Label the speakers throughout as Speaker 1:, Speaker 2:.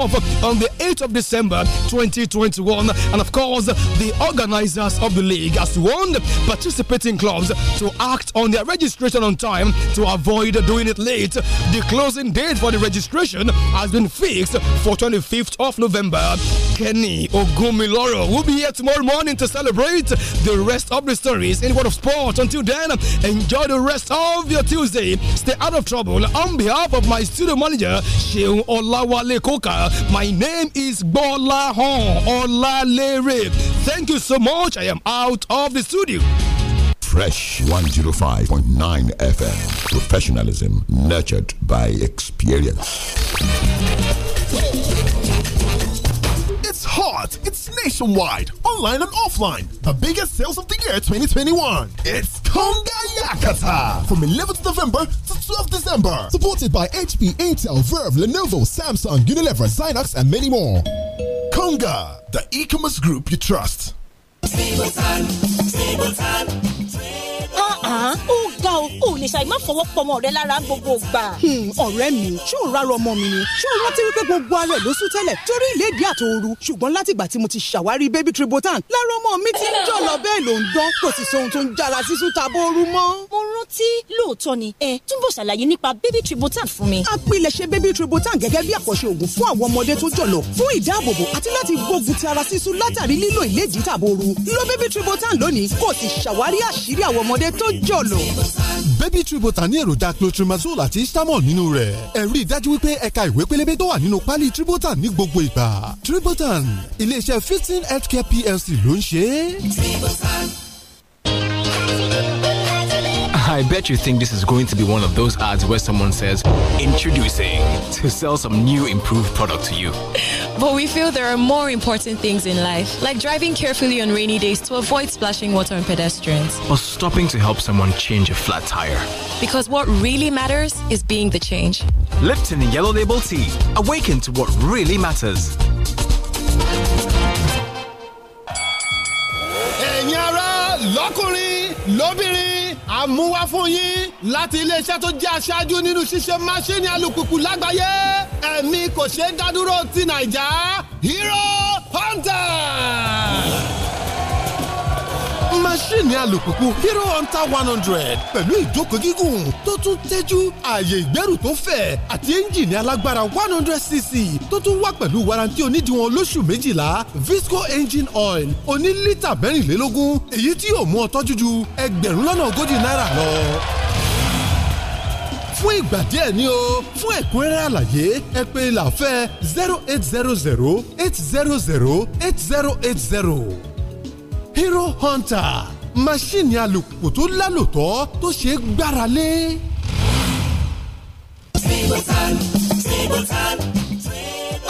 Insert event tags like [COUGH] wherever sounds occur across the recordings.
Speaker 1: on the 8th of December 2021. And of course, the organizers of the league has warned participating clubs to act on their registration on time to avoid doing it late. The closing date for the registration has been fixed for 25th of November. Kenny Ogumiloro will be here tomorrow morning to celebrate the rest of the stories in World of Sport. Until then, enjoy the rest of your Tuesday. Stay out of trouble. On behalf of my studio manager, Sheung Olawale Koka, my name is Bola Hon Olalere. Thank you so much. I am
Speaker 2: out of the studio.
Speaker 3: Fresh 105.9 FM. Professionalism nurtured by experience.
Speaker 2: It's hot nationwide, online and offline. The
Speaker 4: biggest sales of the year 2021. It's Konga Yakata from 11th November to 12th December. Supported by HP, Intel, Verve, Lenovo, Samsung, Unilever, Zynox, and many more. Konga, the e commerce group you trust.
Speaker 5: Table time, table time, time. Uh-uh. o ò lè ṣàì má fọwọ́ pọmọ rẹ lára gbogbo gbà. Hmm, ọ̀rẹ́ mi ṣé ò rárọ ọmọ mi ni ṣé o rántí wípé gbogbo ara ẹ̀ ló sún tẹ́lẹ̀ torí ìlédìí àtòoru ṣùgbọ́n látìgbà tí mo ti ṣàwárí baby tributan lára ọmọ mi ti ń jọ̀lọ̀ bẹ́ẹ̀ ló ń dán kò sì sóhun tó ń jára sísun tabóoru mọ́. mo rántí lóòótọ́ ni ẹ túbọ̀ ṣàlàyé nípa baby tributan fún mi. a pilẹ̀ ṣe baby tributan gẹ́gẹ́ bí àkọ́ṣe òògùn fún àwọn ọmọdé tó jọ̀lọ̀ fún ìdáàbòbò àti láti gbógun ti ara sísun látàrí lílo ìlédìí tàbóoru lo baby tributan lónìí kò sì ṣàwárí àṣírí àwọn ọmọdé tó jọ̀lọ̀
Speaker 4: baby tree botany ní èròjà clotrimazole àti stamol nínú rẹ̀ ẹ rí i dájú wípé ẹ̀ka ìwé pélébé tó wà nínú pálí tribotan ní gbogbo ìgbà tribotan iléeṣẹ́ fifteen healthcare plc ló ń ṣe é. tribotan
Speaker 1: I bet you think this is going to be one of those ads where someone says, Introducing, to sell some new improved product to you. But we feel there are more important things in life, like driving carefully on rainy days to avoid splashing water on pedestrians, or stopping to help someone change a flat tire. Because what really matters is being the change. Lipton Yellow Label Tea. Awaken to what really matters.
Speaker 4: lọ́kùnrin lóbìnrin àmúwá fún yín láti iléeṣẹ́ tó jẹ́ aṣáájú nínú ṣíṣe máṣíìnì alùpùpù lágbàáyé ẹ̀mí kò ṣeé dádúró ti nàìjà Hero Hunter máṣíìnì alùpùpù hero hunter one hundred pẹ̀lú ìjókòó gígùn tó tún tẹ́jú ààyè ìgbẹ́rù tó fẹ̀ àti ẹ́ńjìnì alágbára one hundred cc tó tún wá pẹ̀lú warranty onídìíwọ̀n lóṣù méjìlá visco engine oil oní lítà mẹ́rìnlélógún èyí tí yóò mú ọ tọ́jú ju ẹgbẹ̀rún lọ́nà ogójì náírà lọ fún ìgbà díẹ̀ ni o fún ẹ̀kúnrẹ́rẹ́ àlàyé ẹ pè làfẹ́ zero eight zero zero eight zero zero eight zero eight zero. Hero Hunter máṣíìnì alùpùpù tó lálòtọ́ tó ṣeé gbára lé.
Speaker 5: Tributan, Tributan, Tributan.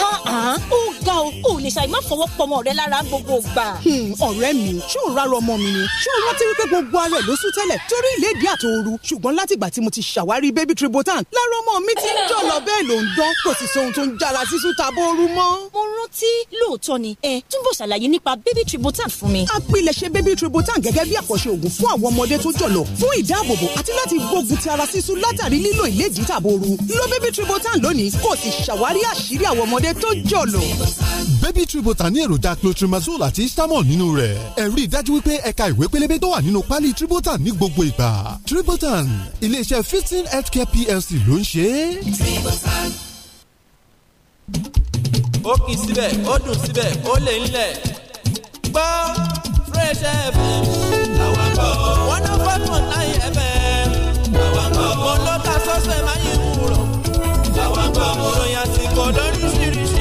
Speaker 5: Uh-uh. Ó o ò lè ṣàì má fọwọ́ pọmọ rẹ lára gbogbo gbà. Hmm, ọ̀rẹ́ mi ṣé ò rárá ọmọ mi ni ṣé o rántí wípé gbogbo ara ẹ̀ ló sún tẹ́lẹ̀ torí ìlédìí àtòoru ṣùgbọ́n látìgbà tí mo ti ṣàwárí baby tributan lára ọmọ mi ti ń jọ̀lọ̀ bẹ́ẹ̀ ló ń dán kò sì sóhun tó ń jára sísún tabóoru mọ́. mo rántí lóòótọ́ ni ẹ túbọ̀ ṣàlàyé nípa baby tributan fún mi. apilẹ̀ṣẹ̀ baby tributan gẹ́gẹ́ bí àkọ́ṣe òògùn fún àwọn ọmọdé tó jọ̀lọ̀ fún ìdáàbòbò àti láti gbógun ti ara sísún látàrí lílo ìlédìí tàbóoru lo baby tributan lónìí kò sì ṣàwárí àṣírí àwọn ọmọdé tó jọ̀lọ̀
Speaker 4: baby tributan ní èròjà clotrimazole àti istamol nínú rẹ̀
Speaker 5: ẹ rí i dájú wípé
Speaker 4: ẹ̀ka ìwé pélébé tó wà nínú pálí tributan ní gbogbo ìgbà tributan iléeṣẹ́ fifteen healthcare plc ló ń ṣe é.
Speaker 5: tributan.
Speaker 6: ó kì í síbẹ̀ ó dùn síbẹ̀ ó lè ń lẹ̀ gbọ́ fresh fm làwọn kọ́ one oh five point nine fm làwọn kọ́ mo lọ́ta sọ́sẹ̀ máa ń yí wúrọ̀ làwọn kọ́ mo ròyìn àsìkò lóríṣiríṣi.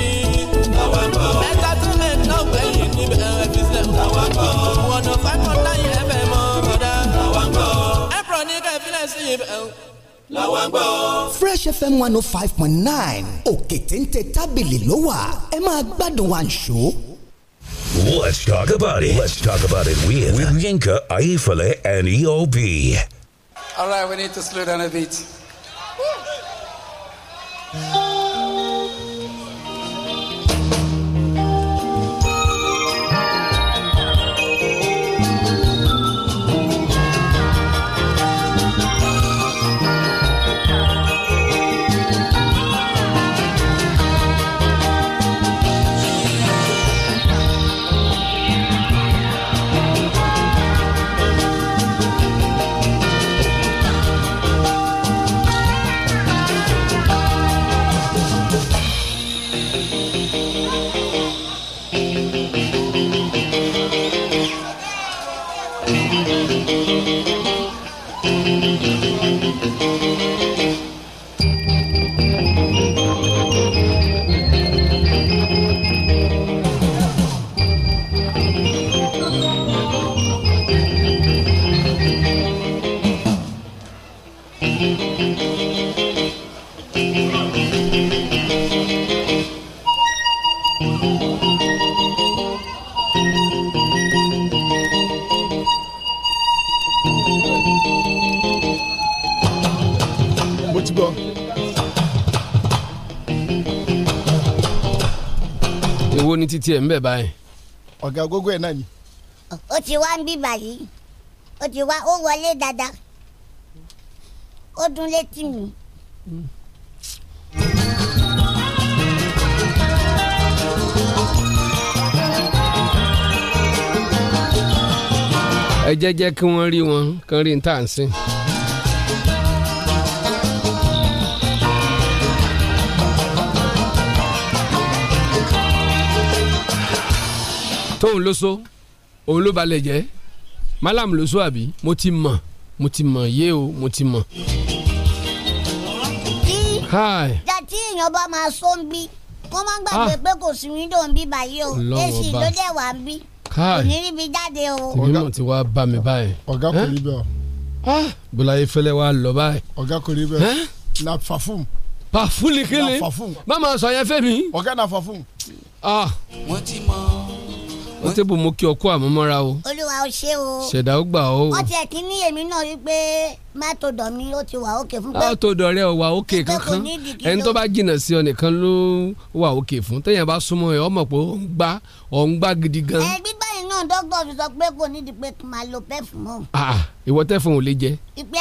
Speaker 5: Fresh FM one oh five point nine òkè téńté tábìlì ló wà ẹ máa gbádùn àǹṣó.
Speaker 3: Let's talk about it. Let's talk about it with, with Yinka, Aifale, and EOB.
Speaker 7: All right, we need to slow down a bit.
Speaker 8: Thank you. títí ẹ̀ ń bẹ̀ báyìí. ọ̀gá gógó ẹ̀ náà ni.
Speaker 9: ó ti wá ń bí báyìí ó ti wá ó wọlé dáadáa ó dún létí mi.
Speaker 7: ẹ jẹ́ jẹ́ kí wọ́n rí wọn kán rí ní tàǹsìn. tóun ló so òun ló balẹ̀ jẹ́ malam ló so àbí mo ti mọ̀ mo ti mọ̀ yé o mo ti mọ̀.
Speaker 9: ìjà tí èèyàn bá máa so ń bí kó má gbàgbé ah. pé kò sí wíńdò ń bí báyìí o èsì ló dẹ̀ wá ń bí kò ní ríbi jáde o. tèmi náà
Speaker 7: ti wá bá mi báyìí. ọ̀gá kò rí
Speaker 8: bẹ́ẹ̀ o.
Speaker 9: Ah,
Speaker 7: bùláyé fẹlẹ́ wa lọ báyìí. ọ̀gá kò rí bẹ́ẹ̀ la fàfún. pàfún ni kí ni
Speaker 8: má máa sọ yẹn fẹ́ mi. ọ̀gá na fàfún.
Speaker 7: ah. Portable mo kí ọkọ àmúmọ́ra o.
Speaker 9: olúwa ó ṣe o.
Speaker 7: ṣẹ̀dá ó gbà ó. wọ́n
Speaker 9: ti ẹ̀ kí ní èmi náà rí pé mátòdọ̀ mi ó ti wà òkè fún pé.
Speaker 7: mátòdọ̀ rẹ wà òkè kankan ẹni tó bá jìnnà sí ọ nìkan ló wà òkè fún téèyàn bá súnmọ́ ẹ ọmọ pé ó ń gbá ó ń gbá gidi gan. ẹ
Speaker 9: gbígbá yìí náà dókítà fi sọ pé kò nídìí pé kí n máa lo pẹ́fùmù.
Speaker 7: Ah, ah, ìwọ tẹ́fùn ò lè jẹ. ìpè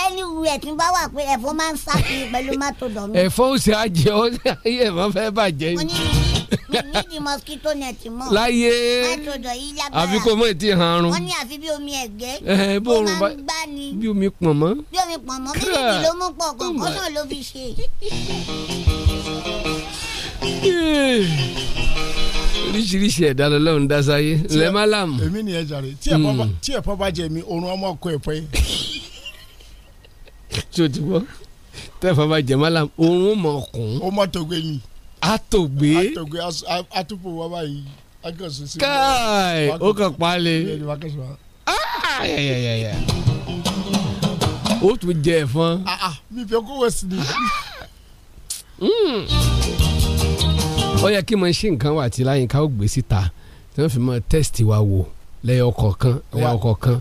Speaker 7: jẹ ọ́
Speaker 9: mi ní mosquito net mọ́. láyé àfi kò mọ ètí ìhanrun. wọ́n ní àfi bí omi ẹ̀gẹ́. ẹ bó orun bá
Speaker 7: bí omi pọ̀n mọ́. bí
Speaker 9: omi pọ̀n mọ́ méjèèjì ló mú pọ̀ kọ̀ọ̀kan náà ló fi ṣe.
Speaker 7: Eh. oríṣiríṣi ẹ̀dá lọ́lọ́run dá sáyé
Speaker 8: lẹ́málàmù. èmi nìyẹn jàre tí ẹ̀fọ́ hmm. bá jẹ mi oorun ọmọ ọkọ ẹ̀fọ́ yẹn. tí o ti gbọ́ tẹ́fọ́ bá jẹ málàmù oorun ó mọ̀ ọkùn. ó mọ̀ tó gbé ni àtògbé àtògbé àtúpọ̀ wà báyìí akẹ́sọ̀ sí. káì ó kàn palẹ̀ ah, ó tún jẹ ẹ̀fọn. Ah, ah, mi fẹ́ kó wẹ̀
Speaker 10: sí ni. Hmm.
Speaker 7: ó yẹ kí n máa ṣe nǹkan wà tí láyínká ó gbé síta tí wọ́n fi máa tẹ́sítì wa wò lẹ́yọkọ̀kan lẹ́yọkọ̀kan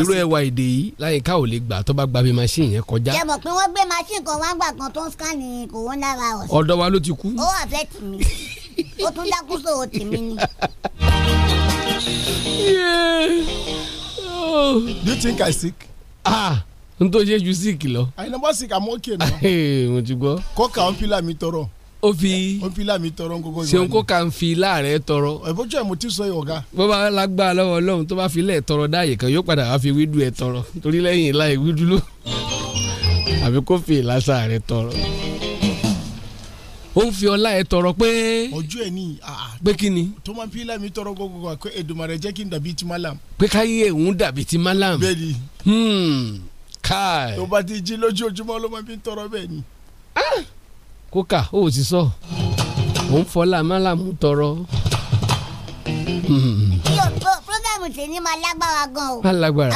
Speaker 7: irú ẹwà èdè yìí láyìíká ò lè gbà tó bá gba machine yẹn kọjá. jẹ́
Speaker 9: mọ̀ pé wọ́n gbé machine kan wá gbà kan tó ń scan corona virus.
Speaker 7: ọ̀dọ̀ wa ló ti kú. ó
Speaker 9: wà fẹ́ tì mí ó tún dákú sòwò tì mí ni.
Speaker 8: do you think I sick? ah n tó ṣe ju sick lọ. I never sick I'm okay now. [LAUGHS] mo ti gbọ́. kọ́ka ń pílà mi tọrọ ó fi ó fi láàmì tọrọ nkókó ìwà ni ṣeun kó kà ń fi láàrẹ tọrọ. ẹ̀bùjọ́ ẹ̀ mo ti sọ ọ̀gá.
Speaker 7: bó bá lágbá lọ́wọ́ ọlọ́run tó bá fi lẹ̀ tọrọ dáàyè kan yóò padà wá fi wídú ẹ̀ tọrọ torí lẹ́yìn láì wídú ló àbí kó fi ìlàsà rẹ̀ tọrọ.
Speaker 8: ó ń fi ọlá ẹ̀ tọrọ pé. ojú ẹ ní àà. pé kí ni. tó máa ń fi láàmì tọrọ gbogbo àpé Èdùmàrè jẹ́ kí n dàbí ti malam. pé káyé òun dàbí ti malam. bẹ́ẹ̀ni. hmm kai. tó bá ti jí lójoojúmọ́ ló máa fi tọrọ ni. ah
Speaker 7: kókà ó sì sọ òun fọlá málàmú tọrọ.
Speaker 9: fúrógámù tèmi máa lágbára gan o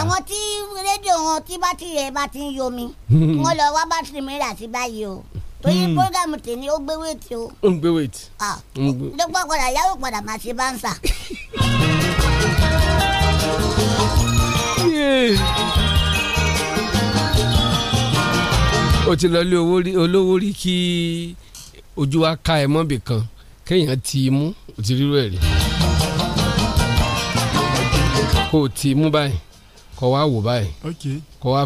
Speaker 9: àwọn tí rédíò wọn tí bátìrì rẹ bá ti ń yomi hmm. wọn lọ wá bátìrì mìíràn sí báyìí o torí fúrógámù hmm. tèmi ó gbé wéètì o. ó
Speaker 7: ń gbé wéètì. dọ́pọ̀
Speaker 9: padà yàwó padà máa ṣe báńsà. [LAUGHS]
Speaker 7: Yeah. o ti lọ lé olówó rí kí ojú wa ká ẹ mọ́bì kan kéèyàn ti mú o ti rírọ ẹ̀ rí kó o ti mú báyìí kó wá wò báyìí kó wá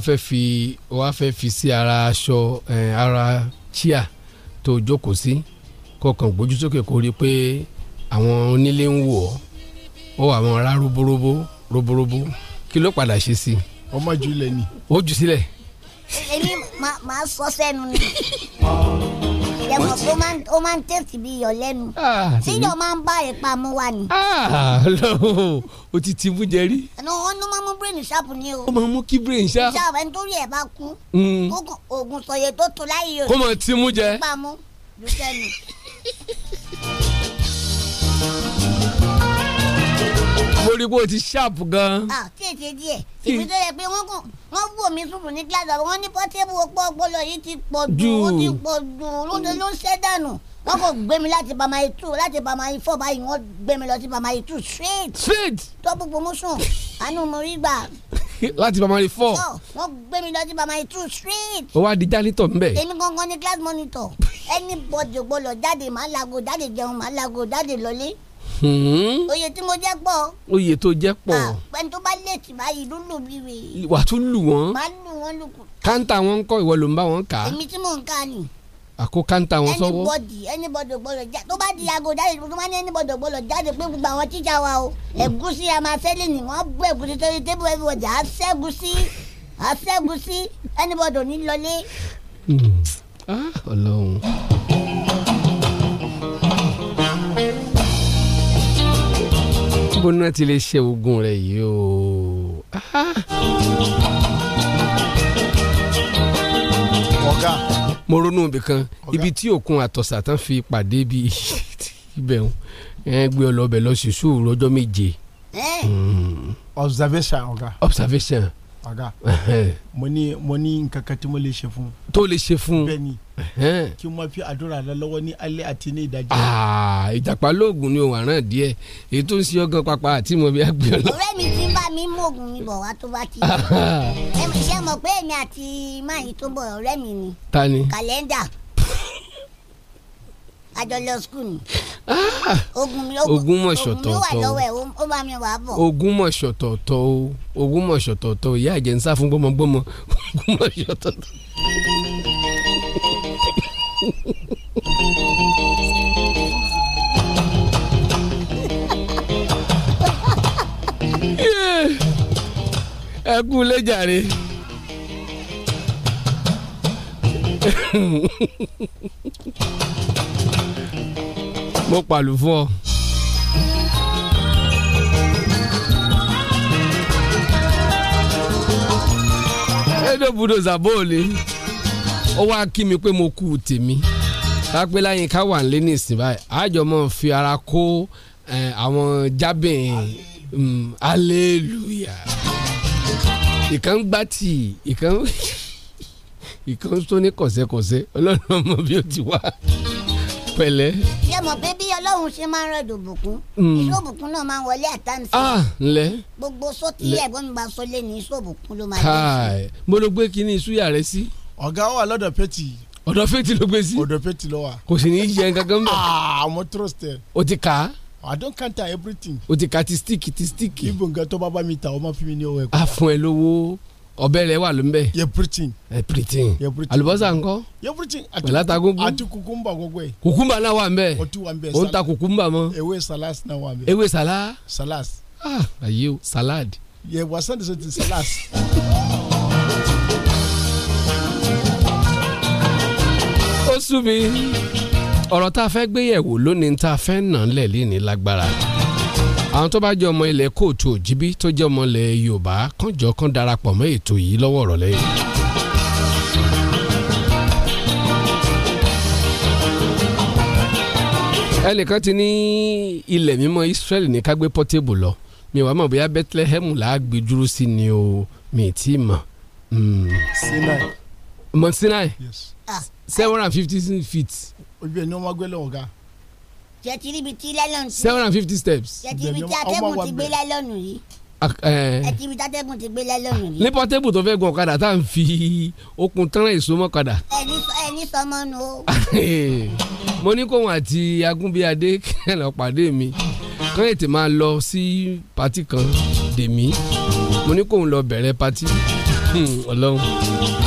Speaker 7: wá fẹ́ fi sí ara aṣọ ara chia tó jókòó sí kó kàn gbójú sókè kó rí i pé àwọn onílé ń wò ọ́ ó wà wọn rá roborobo kí ló padà ṣe sí i. ọmọ ju ilẹ̀ ni. ó jù sílẹ̀
Speaker 9: èmi màá sọ sẹ́nu ni yẹmọ tó máa ó máa ń tẹ̀sí bí iyọ̀ lẹ́nu ah, tíjọ máa ń bá ìpamọ́ wa ni. Ah,
Speaker 7: o ti ti mú jẹ rí.
Speaker 9: ẹnu wọn ló máa mú brain sharp ni o. ó máa mú
Speaker 7: kí brain sharp.
Speaker 9: sharp ẹni tó rí ẹ bá kú. Hmm. oògùn sọyẹ tó tó láyé o. kó mọ̀ ti mú jẹ. ìpamọ́ ló sẹ́nu. [LAUGHS]
Speaker 7: mo rí i pé o ti sharp gan.
Speaker 9: tètè díẹ̀ èmi tó yẹ pé wọ́n kàn wọ́n wò mí sùpù ní kíláàsì wọ́n ní pọ́tébù ọpọ́ ọpọlọ yìí ti pọ̀ jù ó ti pọ̀ jù lóde ló ń ṣẹ́ dànù wọ́n kò gbé mi láti bàmà yìí tù láti bàmà yìí fọ́ báyìí wọ́n gbé mi lọ sí bàmà yìí tù straight. straight. tó gbogbo mú sùn àánú mo rí gbà
Speaker 7: láti primary four.
Speaker 9: wọ́n gbé mi lọ sí primary two street.
Speaker 7: ó [LAUGHS] wá di janitor ń bẹ̀. èmi
Speaker 9: gangan ni class monitor [LAUGHS] anybody gbọ́dọ̀ jáde màá lago jáde jẹun màá lago jáde lọlé
Speaker 7: Hmm?
Speaker 9: oyè tí mo jẹ́ pọ̀.
Speaker 7: oyè tó jẹ́ pọ̀.
Speaker 9: pẹ̀lú ah, tó bá lè tì báyìí ló lù mí rè.
Speaker 7: wà á tún lù wọ́n. má lù wọ́n lù kù. káńtà wọn ń kọ́ ìwọ ló ń bá wọn kà. èmi
Speaker 9: tí mò ń kà ni.
Speaker 7: àkó káńtà wọn sọ́wọ́. ẹnibọdì
Speaker 9: ẹnibọdì gbọ́dọ̀ jáde tó bá di aago jáde tó bá ní ẹnibọdì gbọ́dọ̀ jáde pé gbogbo àwọn tíjà wa o. ẹ̀gúsí a máa sẹ́lẹ̀ ni wọ́n bú ẹ̀gúsí torí tébù ẹ̀fọ̀jà á sẹ́gúsí á sẹ́gúsí ẹnibọdì ò ní lọlé. Hmm. Ah, ọlọ́run.
Speaker 7: níbo náà ti lè ṣe oògùn rẹ yìí o.
Speaker 8: Ah. ọ̀gá.
Speaker 7: mo ronú ibì kan ibi tí òkun àtọ̀sà tán fi pàdé bí [LAUGHS] ibẹ̀ ń gbé ọlọ́bẹ̀ lọ sí sùúrù ọjọ́ méje. Hmm.
Speaker 8: observation ọ̀gá. observation ọ̀gá mo ní mo ní nǹkan kan tí mo lè ṣe fún. tó lè ṣe fún. bẹ́ẹ̀ni kí mo fi àdúrà rẹ lọ́wọ́ ní alẹ́ àti ní ìdájọ́.
Speaker 7: Ah, ìjàpá lóògùn ni òun àràn díẹ̀ èyí tó ń ṣe ọgàn pápá àti mo bí a gbé ọ. ọ̀rẹ́
Speaker 9: mi ti ń bá mi mú oògùn mi bọ̀ wá tó bá ti yẹ ah. ṣé mo pé èmi àti máyì tó bọ̀ ọ̀rẹ́ mi ni. ta ni. kàlẹ́ndà àjọ lọ skul ni. Ògúnmọ̀ṣọ́ tọ̀ọ̀tọ̀ ó bá mi wà bọ̀.
Speaker 7: Ògúnmọ̀ṣọ́ tọ̀ọ̀tọ̀ o Ògúnmọ̀ṣọ́ tọ̀ọ̀tọ̀ o ìyá àjẹ́ ń sá fún gbọ́mọgbọ́mọ Ògúnmọ̀ṣọ́ tọ̀ọ̀tọ̀. [LAUGHS] Eh! ẹ kú lẹ́jàre. Yeah. [LAUGHS] mo pàlù fún ọ. ẹ̀dọ̀ budoza bóòlì ó wá kí mi pé mo kú tèmi lápẹ́ láyìn ká wà nílé ní ìsìn báyìí àjọmọ́ fi ara kó àwọn jábìn mm, hallelujah ìkàngbàtì ìkàngbàtì ìkan tó ní kọ̀sẹ́kọ̀sẹ́ ọlọ́run ọmọ [LAUGHS] bí ó ti wá pẹ̀lẹ́.
Speaker 9: ṣé mo pé bí ọlọ́run ṣe máa ń rọ̀dọ̀ hmm. òbùkún iṣẹ́ náà máa ń wọlé àtàmì ah nlẹ. gbogbo sọtí ẹ̀gbọ́n mi bá sọ lé ní iṣẹ́ òbùkún ló máa dé
Speaker 8: sí. mo ló gbé kinní ìṣúyà rẹ sí. ọ̀gá wà lọ́dọ̀ pẹ́tì ọ̀dọ̀ fẹ́ẹ̀tì ló gbé sí. ọ̀dọ̀ fẹ́ẹ̀tì ló wà. kò sì ní í jẹ kankan mọ́. aa ah, mo trust o ti kà I don't count everything. o ti kà ti stick ti stick. ibo nǹkan tó bá bá mi ta o ma fi mi ní owó
Speaker 7: ẹ̀kọ́ ọbẹ̀ rẹ wà ló ń bẹ̀.
Speaker 8: yẹ piritin. ẹ piritin. yẹ piritin. àlùbọ́sà ńkọ́. yẹ piritin. kukumba gbogbo ẹ̀. kukumba náà wà ń bẹ̀. ọtí wà ń bẹ̀. o ń ta kukumba mọ́. ewé salas náà wà ń bẹ̀. ewé sala. salas. ah ayi o salad. yẹ wasan de se ti
Speaker 10: salas.
Speaker 7: ó sú mi ọ̀rọ̀ tá a fẹ́ gbéyẹ̀wò lónìí tá a fẹ́ nà ń ní lágbára àwọn tó bá jẹ́ ọmọ ilẹ̀ kóòtù òjìbí tó jẹ́ ọmọ ilẹ̀ yorùbá kànjọ kan darapọ̀ mọ́ ètò yìí lọ́wọ́ ọ̀rọ̀ ẹnìkan ti ní ilẹ̀ mímọ́ Israel ní ká gbé pọ́tébù lọ mi wàá mọ̀ bóyá Bethlehem là á gbé dúró sí ni
Speaker 8: o mi ì tí mọ̀. Hmm. Sinai. Mount Sinai. yes. Ah. seven hundred and fifty feet. ojú ẹ̀ ní wọ́n máa gbé lọ́wọ́ ga
Speaker 9: ṣètìlí ibi tí lẹ́lọ́nù ti.
Speaker 7: seven and fifty steps.
Speaker 9: ṣètìlí ah, eh. ibi tí atẹ́gùn ti gbé lẹ́lọ́nù yìí. ẹtì ibi tí atẹ́gùn ti gbé lẹ́lọ́nù yìí. ní
Speaker 7: pọ́tébù tó fẹ́ gun ọ̀kadà tá à ń fi okùn tán ìsomọ́ kadà.
Speaker 9: ẹni ẹni sọmọ nu o. Ah,
Speaker 7: eh. mo ní kóhun àti agúnbíadé kẹlẹ pàdé mi kán ètè máa lọ sí pati kan dèmí mo ní kóhun lọ bẹ̀rẹ̀ pati hmm, ọlọ́run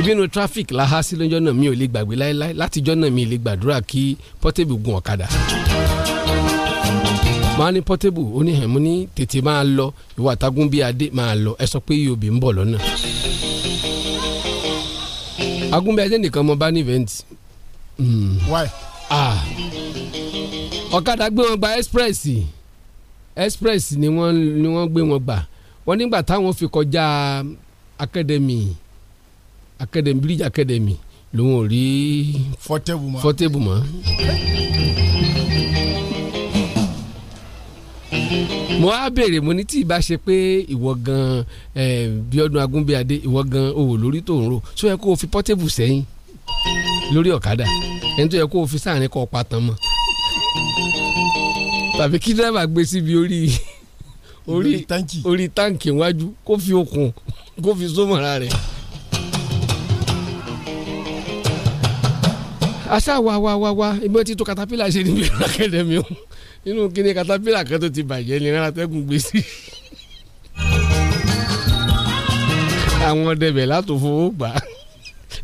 Speaker 7: ibi inú traffic la há sí lọ́jọ́ náà mi ò lè gbàgbé láéláé látijọ́ náà mi ò lè gbàdúrà kí Portable gun ọ̀kadà máa ní Portable oníhẹ̀mú ní tètè máa lọ ìwà àtàgùn bíi adé máa lọ ẹ sọ pé yóò ń bọ̀ lọ́nà. agúnbẹ́ẹ́dẹ́ nìkan mo bá ní event.
Speaker 10: Hmm.
Speaker 8: why.
Speaker 7: ah ọ̀kadà gbé wọn gba express express ni wọ́n ni wọ́n gbé wọn gbà wọ́n nígbà táwọn fi kọjá academy academy bridge academy lòun ò rí fọ́tẹ́bù mọ́. mo á béèrè mo ní tí ìbá ṣe pé ìwọ gan bí ọdún agúnbíadé ìwọ gan òwò lórí tó ń rò sọ yẹ kó o fi pọ́tẹ́bù sẹ́yìn lórí ọ̀kadà ẹni tó yẹ kó o fi sáàrin kọ́ ọ̀pá tán mọ́ tàbí kí dábàá gbé síbi orí orí táǹkì wájú kó fi okùn kó fi sómọ̀ra rẹ̀. àṣà wa wa wa wa ìbọn títún katapila ṣe níbi akademi o inú kíni katapila kan tó ti bàjẹ́ ní rárá tẹ́gùn gbèsè àwọn ọdẹbẹ̀ látò fowó gbà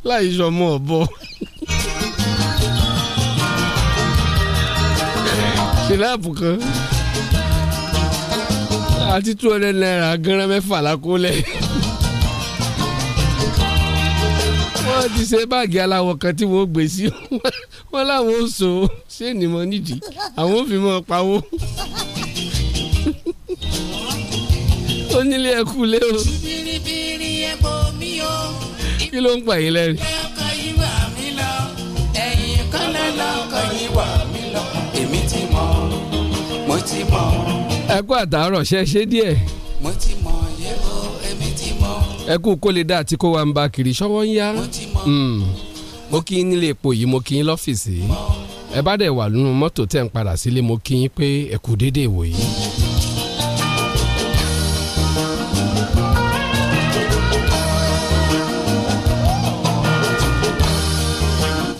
Speaker 7: láì sọmọ ọ̀bọ. sínáàpù kan àti two hundred naira gánran mẹ́fà lákólẹ̀. wọ́n ti ṣe báàgì aláwọ̀ kan tí wọ́n gbé sí [LAUGHS] wọ́n láwọn ò ṣé ni mo nídìí àwọn fi mọ́ pawó [LAUGHS] ó nílé ẹkú lé o kí ló ń pa yín lẹ́rìn. ọkọ̀ yìí
Speaker 6: wà mí lọ ẹ̀yìn kan lọ́kọ̀ yìí wà mí lọ èmi ti mọ̀ mo ti mọ̀.
Speaker 7: ẹ kú àtàárọ̀ ṣe ṣe díẹ̀. mo ti ẹ kú kó lè dá àti kó wa ń bá kiri ṣọwọ́ ń yá hmm. mo kí yín nílé epo yìí mo kí yín lọ́fíìsì ẹ bá dẹ̀ wà nínú mọ́tò tẹ̀ ń padà sílé mo kí yín pé ẹ dédé ìwò yìí.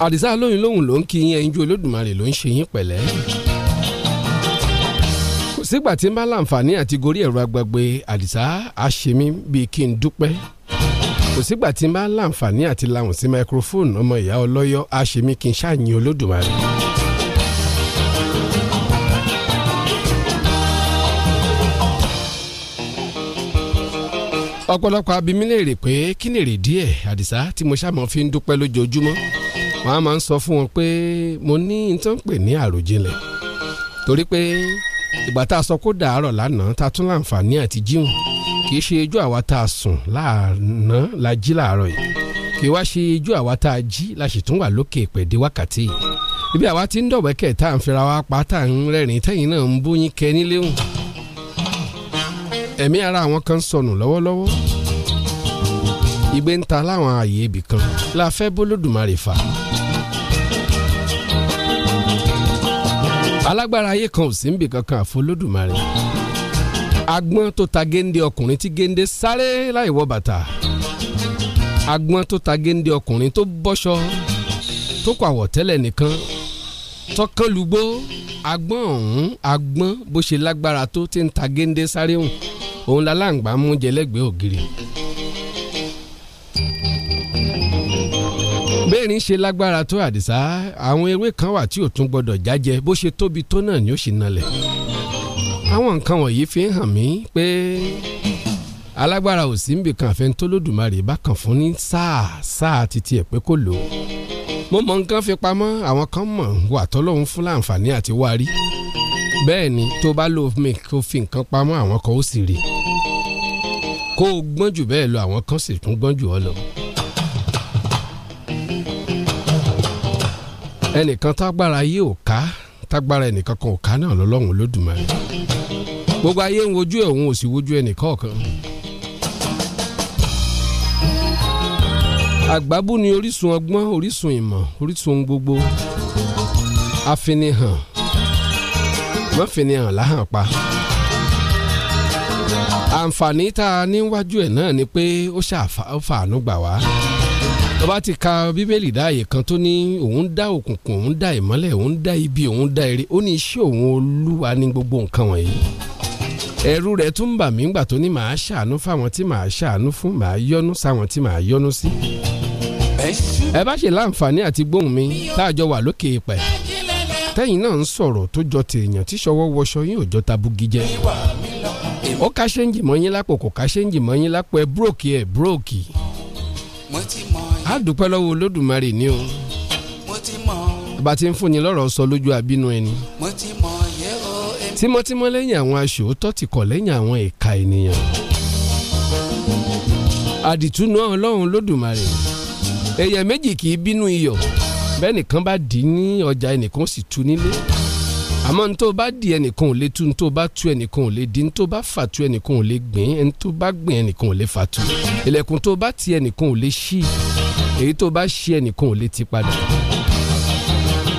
Speaker 7: àdìsá lóyún lóhùn ló ń kí yín ẹyin ju olódùmarè ló ń ṣe yín
Speaker 10: pẹ̀lẹ́
Speaker 7: sígbà tí n bá láǹfààní àti gorí ẹ̀rọ agbègbè àdìsá àṣemí bíi kí n dúpẹ́ kò sígbà tí n bá láǹfààní àti lahùn sí microphone ọmọ ìyá ọlọ́yọ́ àṣemí kí n ṣàyìn olódùmarè. ọ̀pọ̀lọpọ̀ abimí léèrè pé kí ni èrè díẹ̀ àdìsá tí mo ṣàmọ́ fi ń dúpẹ́ lójoojúmọ́ wọ́n á máa ń sọ fún wọn pé mo ní nǹkan pè ní àròjinlẹ̀ torí pé ìgbà tá a sọ kó dàárọ̀ lánàá ta tún láǹfààní àti jíun kì í ṣe ijó àwa tá a sùn láàánà la jí làárọ̀ yìí kì í wá ṣe ijó àwa tá a jí la sì tún wà lókè pẹ̀dé wákàtí yìí ibi àwa ti ń dọ̀wẹ́kẹ̀ tá à ń fira wa pa tá à ń rẹ́rìn tẹ́yìn náà ń bóyin kẹ níléhùn ẹ̀mí ara àwọn kan sọnù lọ́wọ́lọ́wọ́ igbe ń ta láwọn ààyè ibì kan la fẹ́ bólódùmarè fà alágbára ayé kan ò sí níbi kankan àfolódùmarè agbọ́n tó ta géńdé ọkùnrin tí géńdé sáré láì wọ bàtà agbọ́n tó ta géńdé ọkùnrin tó bọ́ṣọ tó kọ àwọ̀tẹ́lẹ̀ nìkan tọkàn lùgbó agbọ́n ọ̀hún agbọ́n bó ṣe lágbára tó ti ń ta géńdé sáré hùn òun làlàǹgbà mú jẹlẹ́gbẹ̀ẹ́ ògiri. bẹ́ẹ̀rin ṣe lágbára tó àdìsá àwọn ewé kan wà tí ò tún gbọdọ̀ jájẹ bó ṣe tóbi tó náà ni ó ṣì nalẹ̀ àwọn nǹkan wọ̀nyí fi ń hàn mí pé alágbára ò sí níbi kan àfẹn tó lódùmarè bá kàn fún ní sáà sáà títí ẹ̀ pé kò lò ó mo mọ nǹkan fi pamọ́ àwọn kan mọ̀ wà tọ́lọ́hún fún láǹfààní àti wárí bẹ́ẹ̀ tó bá lò mí kó fi nǹkan pamọ́ àwọn kan ó sì rí kó o gbọ́n jù bẹ́ẹ̀ lọ àwọn kan sì tún gbọ́n jù ọ lọ. ẹnìkan tágbára yìí ò ká tágbára ẹnìkan kan ò ká náà lọ́lọ́run Olódùmarè gbogbo ayé ń wojú ẹ̀ òun ò sì wojú ẹnìkan ọ̀kan. àgbábù ni orísun ọgbọ́n orísun ìmọ̀ orísun ohun gbogbo afinihàn mọ́finihàn láhàn pa àǹfààní tá a níwájú ẹ̀ náà ni pé ó ṣàfàánú gbà wá tó bá ti ka bíbélì dáàyè kan tó ní òun dá òkùnkùn òun dá ìmọ́lẹ̀ òun dá ibi òun dá ire ó ní iṣẹ́ òun olúwa ní gbogbo nǹkan wọ̀nyí ẹ̀rù rẹ̀ tún bà mí ńgbà tó ní màá ṣàánú fáwọn tí màá ṣàánú fún màá yọ́nú sáwọn tí màá yọ́nú sí. ẹ bá ṣe láǹfààní àti gbóhùn mi láàjọ wà lókè ìpẹ́ tẹ́yìn náà ń sọ̀rọ̀ tó jọ tèèyàn tí ṣọwọ́ wọṣọ yín ò jọ tabugi ó ká ṣéǹjì mọ́ yín lápò kò ká ṣéǹjì mọ́ yín lápò ẹ búròkì ẹ búròkì a dúpẹ́ lọ́wọ́ olódùmarè ni o bá ti ń fún ni lọ́rọ̀ sọ lójú àbínú ẹni tímọ́tímọ́ lẹ́yìn àwọn aṣòótọ́ ti kọ̀ lẹ́yìn àwọn ìka ènìyàn àdìtúnú ọlọ́run lódùmarè èèyàn méjì kì í bínú iyọ̀ bẹ́ẹ̀ nìkan bá dì í ní ọjà ẹnìkan sì tu nílé àmọ́ ní tó bá di ẹnìkan ò lè tu ní tó bá tu ẹnìkan ò lè di ní tó bá fà tu ẹnìkan ò lè gbìn ní tó bá gbìn ẹnìkan ò lè fà tu ilẹ̀kùn tó bá ti ẹnìkan ò lè ṣí i èyí tó bá ṣe ẹnìkan ò lè ti padà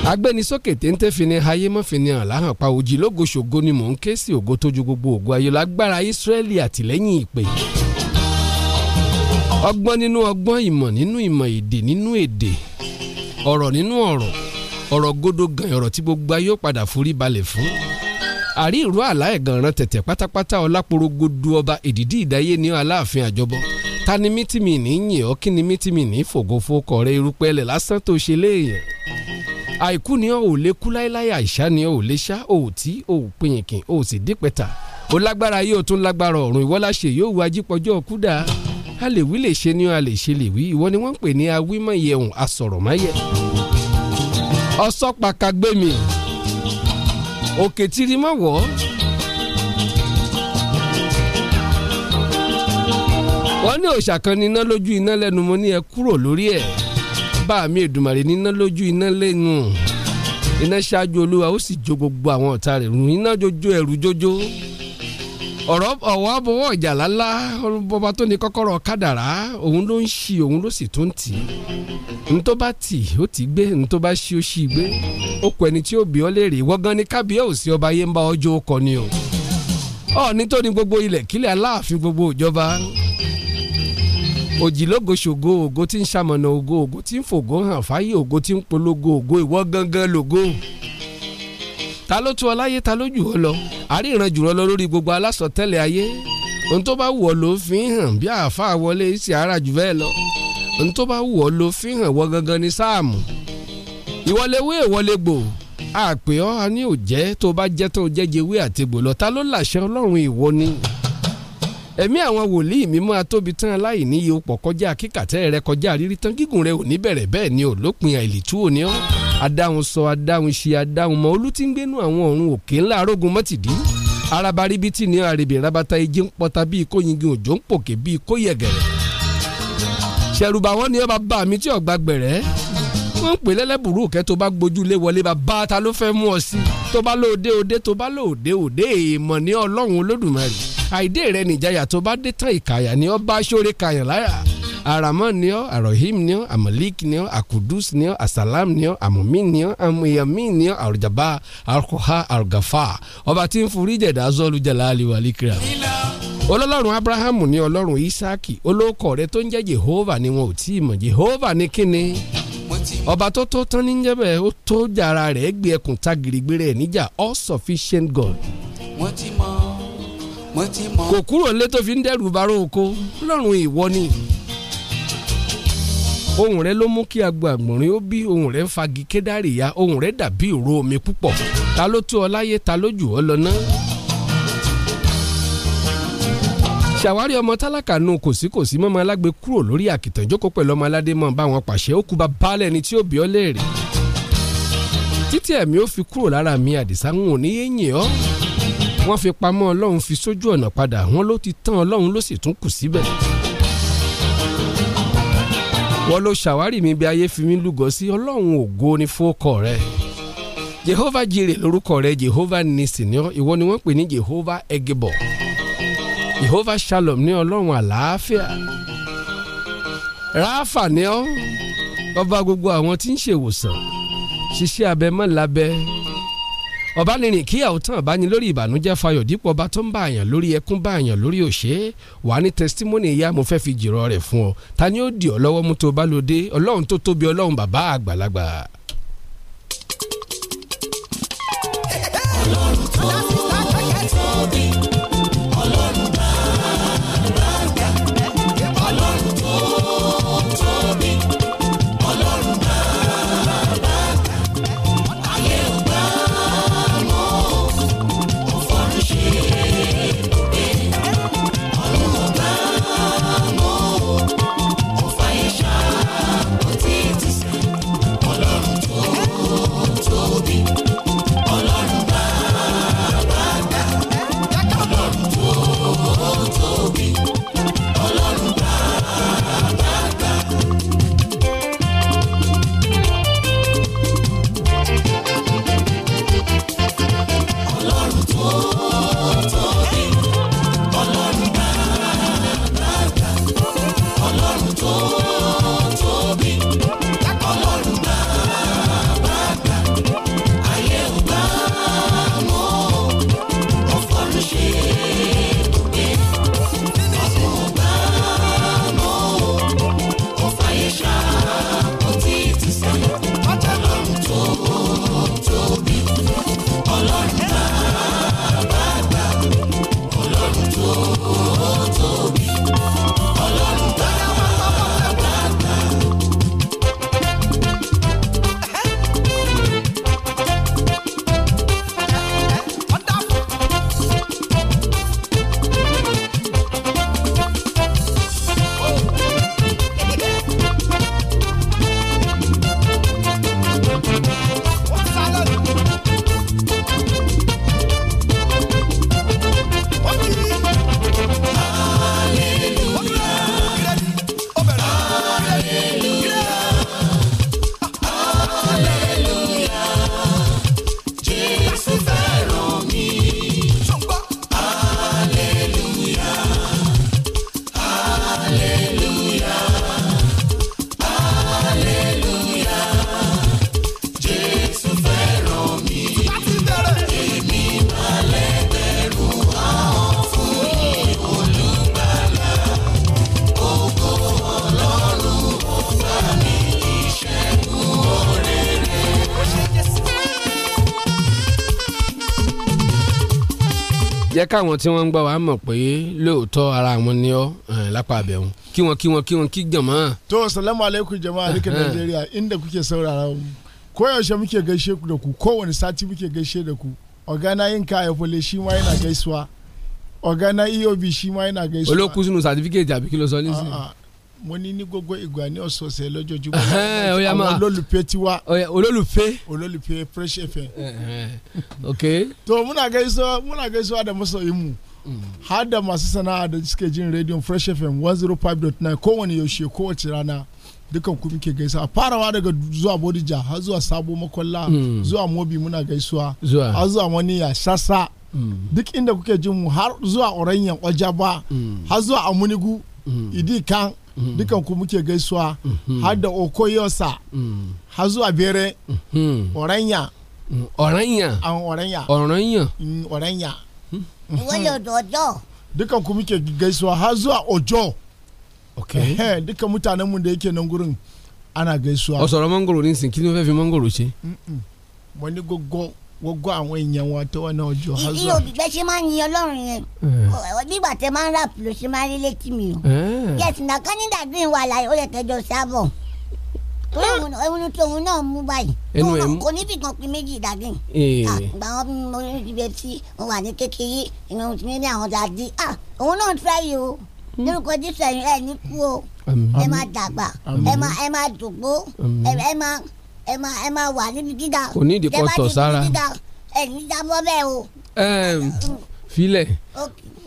Speaker 7: agbẹnisókè téńté fi ni ayé mọ́ fi ni hàn láhàn pa òjì lógoṣogo ni mò ń ké sí ògo tójú gbogbo ògo ayé lágbára Ísírẹ́lì àtìlẹ́yìn ìpè ọgbọ́n nínú ọgbọ́n ìmọ̀ nínú ìmọ̀ èdè nínú èdè ọ̀rọ̀ nínú ọ̀rọ̀ ọ̀rọ̀ godo gan ọ̀rọ̀ tí gbogbo ayé ó padà forí balẹ̀ fún àrí ìró àlá ẹ̀gànràn tẹ̀tẹ̀ pátápátá ọláporogodo ọba èdìdí ìdáyé ní aláàfin àjọbọ ta ni mí tí mi ní yìn ọ́ kí ni mí tí mi ní fògófó kọ̀ rẹ irúpẹ́ lẹ̀ lásán tó ṣe léèyàn àìkú ni ọ́ ò lè kú láéláé àìsá ni ọ́ ò lè ṣá ò tí ò pinyìnkìn ò sì dípẹ́ta ó lágbára yóò tún lágbára ọ̀run ìwọ la yóò wá jípọ̀jọ́ kúdà a lè wí lè ṣe ni a lè ṣe lè wí ìwọ ni wọ́n ń pè ní awímọ̀yẹ̀hùn asọ̀rọ̀máyẹ̀ ọ̀sọ́pàkàgbẹ́mi òkè tìrìmọ̀wọ́ wọ́n ní òòṣà kan níná lójú iná lẹ́nu mo ní ẹ kúrò lórí ẹ̀ bá mi Èdùmàrè níná lójú iná lẹ́nu iná ṣáájú olúwa ó sì jó gbogbo àwọn ọ̀tá rẹ̀ run iná jojo ẹ̀rù jojo ọ̀rọ̀ ọ̀wọ́ abọwọ́ ìjà lálá bọba tó ní kọ́kọ́rọ́ kádàrá òun ló ń ṣí òun ló sì tó ń tì í n tó bá tì ó ti gbé n tó bá ṣí ó ṣí gbé ó kọ ẹni tí ó bí ọ léèrè wọ́gán ní kábíyèsí ọba yé ń bá ọjọ́ kọ ni o ọ̀ọ́ni tó ní gbogbo ilẹ̀ kílẹ̀ aláàfin gbogbo ìjọba òjìlógo ṣògo ògo tí ń ṣamọ̀nà ògo ògo tí ń fògo hàn fáyé ògo tí ń polongo ògo ìwọ gangan lògo ta ló tú ọ láyé ta ló jù ọ lọ àríran jù ọ lọ lórí gbogbo alásọtẹ́lẹ̀ ayé ohun tó bá wù ọ ló fi hàn bí àáfàá wọlé sí ara jù bẹ́ẹ̀ lọ ohun tó bá wù ọ ló fi hàn wọ gangan ní sáàmù ìwọléwé ìwọlégbò àpè ọ a ní òjẹ́ tó bá jẹ́ tó jẹ́jẹ́ wé àtegbò lọ ta ló làṣẹ ọlọ́run ìwọ ni ẹ̀mí àwọn wòlíì mímọ́ atóbi tán láì ní iye pọ̀ kọjá kíkàtẹ́ rẹ kọjá rírí tán gígùn rẹ ò ní bẹ̀rẹ̀ bẹ́ẹ̀ ni ò lópin àìlìtú òní ọ́ adáhùn sọ adáhùn ṣe adáhùn mọ olú tí ń gbénú àwọn ọ̀run òkè ńlá arógun mọ́tìdí arabaribiti ní àrèbè rabata ijé ń pọta bíi kóyingin òjò ń pòkè bíi kóyẹ̀gẹ̀rẹ̀ ṣẹ̀rùbà wọn ni ọba bá mi tí ọgbà gbẹ̀rẹ́ wọ́n ń pè lẹ́lẹ́bùrú òkẹ́ tó bá gbójú lé wọlé bá bá ta ló fẹ́ mú ọ sí tó bá lóde òde tó bá lóde òde èèmọ̀ ní ọlọ́run olódùmarè àìdè rẹ nìjáyà tó bá dé tán ìkàyà ni ọ bá sóore kàyàn láyà aramọ ni ọ arohim ni ọ amalik ni ọ akudus ni ọ asalam ni ọ amumi ni ọ amuyami ni ọ arujaba arukoha arugafa ọba tí ń forí jẹ̀dá zọ́ọ̀lù jalali walikira. olọ́lọ́run abrahamu ni ọlọ́run isaki olóòkọ̀ rẹ tó ń jẹ́ jehova ni wọn ò tí ì mọ̀ jehova ni kíni ọba tó tó tán ní jẹ́bẹ̀ ó tó jàrá rẹ̀ gbé ẹkùn tagirigbé rẹ̀ níjà all sufficient God kò kúrò nílé tó fi ń dẹ́rù bàrà oko lọ́rùn ìwọ ni ohùn rẹ ló mú kí agbo ó bí ohùn rẹ ń fagi kédàrí ya ohùn rẹ dàbí ìró omi púpọ̀ ta ló tú ọ láyé ta ló jù ọ lọ ná. ṣàwárí ọmọ tálákà nu kòsíkòsí mọ́mọ́ alágbe kúrò lórí àkìtàn jókòó pẹ̀lú ọmọ aládé mọ́ bá pàṣẹ ó kú bá ni tí ó bí ọ léèrè títí ẹ̀mí ó fi kúrò lára mi àdìsá ń wò ní yéèyàn ọ́ wọ́n fi pamọ́ ọlọ́run fi sójú ọ̀nà padà wọ́n ló ti tán ọlọ́run ló sì tún kù síbẹ̀ wọ́n ló ṣàwárí mi bí ayé fi mí lúgọ sí ọlọ́run ògo ni fọ́kọ rẹ̀ jehova jire lórúkọ rẹ̀ jehova nisi ni ìwọ ni wọ́n pè ní jehova egebo jehova shalom ní ọlọ́run àlàáfíà ráfà ni ọ́ ọba gbogbo àwọn tí ń ṣèwòsàn ṣiṣẹ́ abẹ mọ́ lábẹ́ ọ̀bánirin kíyàwó tán bá ní lórí ìbànújẹ́ fayọ̀ dípò ọba tó ń bá àyàn lórí ẹkún bá àyàn lórí òṣè wà ní testimony ìyá mo fẹ́ fi jìrọ̀ rẹ̀ fún ọ ta ni ó dì ọ lọ́wọ́ mú tó bá lò dé ọlọ́run tó tóbi ọlọ́run bàbá àgbàlagbà. ọlọ́run tó káwọn tí wọ́n ń gbọ́ wa mọ̀ pé lóòótọ́ ara àwọn ni ọ́ lápá abẹ́hùn kí wọn kí wọn
Speaker 8: kí wọn kí jàmọ́. to salamu alaikum jama'a duka Najeriya inda kuke saurara mu koyaushe muke gaishe ku da ku kowane sati muke gaishe da ku ogana yin kaya fole shi ma yana gaisuwa ogana eob shi ma yana gaisuwa.
Speaker 7: olókùn sínú certificate àbí kí ló sọ nísìnyí
Speaker 8: mo ní ní gbogbo ìgbà ní ọ̀sọ̀ọ̀sẹ̀ lójoojúmọ́ àwọn olólùfẹ́ tiwa olólùfẹ́ olólùfẹ́ fresh fm. ok. to muna gaisuwa muna gaisuwa da masoyinmu har da masu sana'a da suke jin rediyon fresh fm 105.9 kowane yaushe kowace rana dukan ku muke gaisa farawa daga zuwa bodija mm. mm. har zuwa sabo makwalla zuwa mobi muna gaisuwa har zuwa wani ya sassa duk inda kuke jin mu har zuwa oranyan ojaba har zuwa amunigu idi kan dukan ku muke gaisuwa har da okoyosa mhm. har zuwa bere oranya mhm. oranya oranya oranya oranya mm, mhm. wani ojo dukan ku gaisuwa har zuwa ojo okay dukan mutanen mu da yake ana gaisuwa
Speaker 7: ọsọrọ mangoro nisin kí ni wọn fẹẹ fi mangoro ṣe.
Speaker 8: mo ní gbogbo gbogbo àwọn èèyàn wọn tó wọn náà jọ. iye òbígbẹ́
Speaker 9: ṣe máa ń yin ọlọ́run yẹn nígbà eh. tẹ máa ń rap ló ṣe máa ń rí létí mi o. Eh. yẹtì náà kánidà green wà láyé ó lè tẹjọ sábọ̀ torí hmm. òun tí òun náà mú báyìí kò ní fìkan pin méjì ìdágbìn eh. ah, gbà wọn mo ní ibi tí mo wà ní kékeré ìrìn òun ti ní àwọn dàdí ah, òun náà fẹ́ yìí o hmm. lórúkọ jésù ẹ̀yìn ẹ̀ ní kú o ẹ máa dàgbà ẹ máa dògbó ẹ máa ẹ máa ẹ máa wà níbi gíga kò ní ìdí kó sára ẹ ní jábọ́ bẹ́ẹ̀ o.
Speaker 7: filẹ̀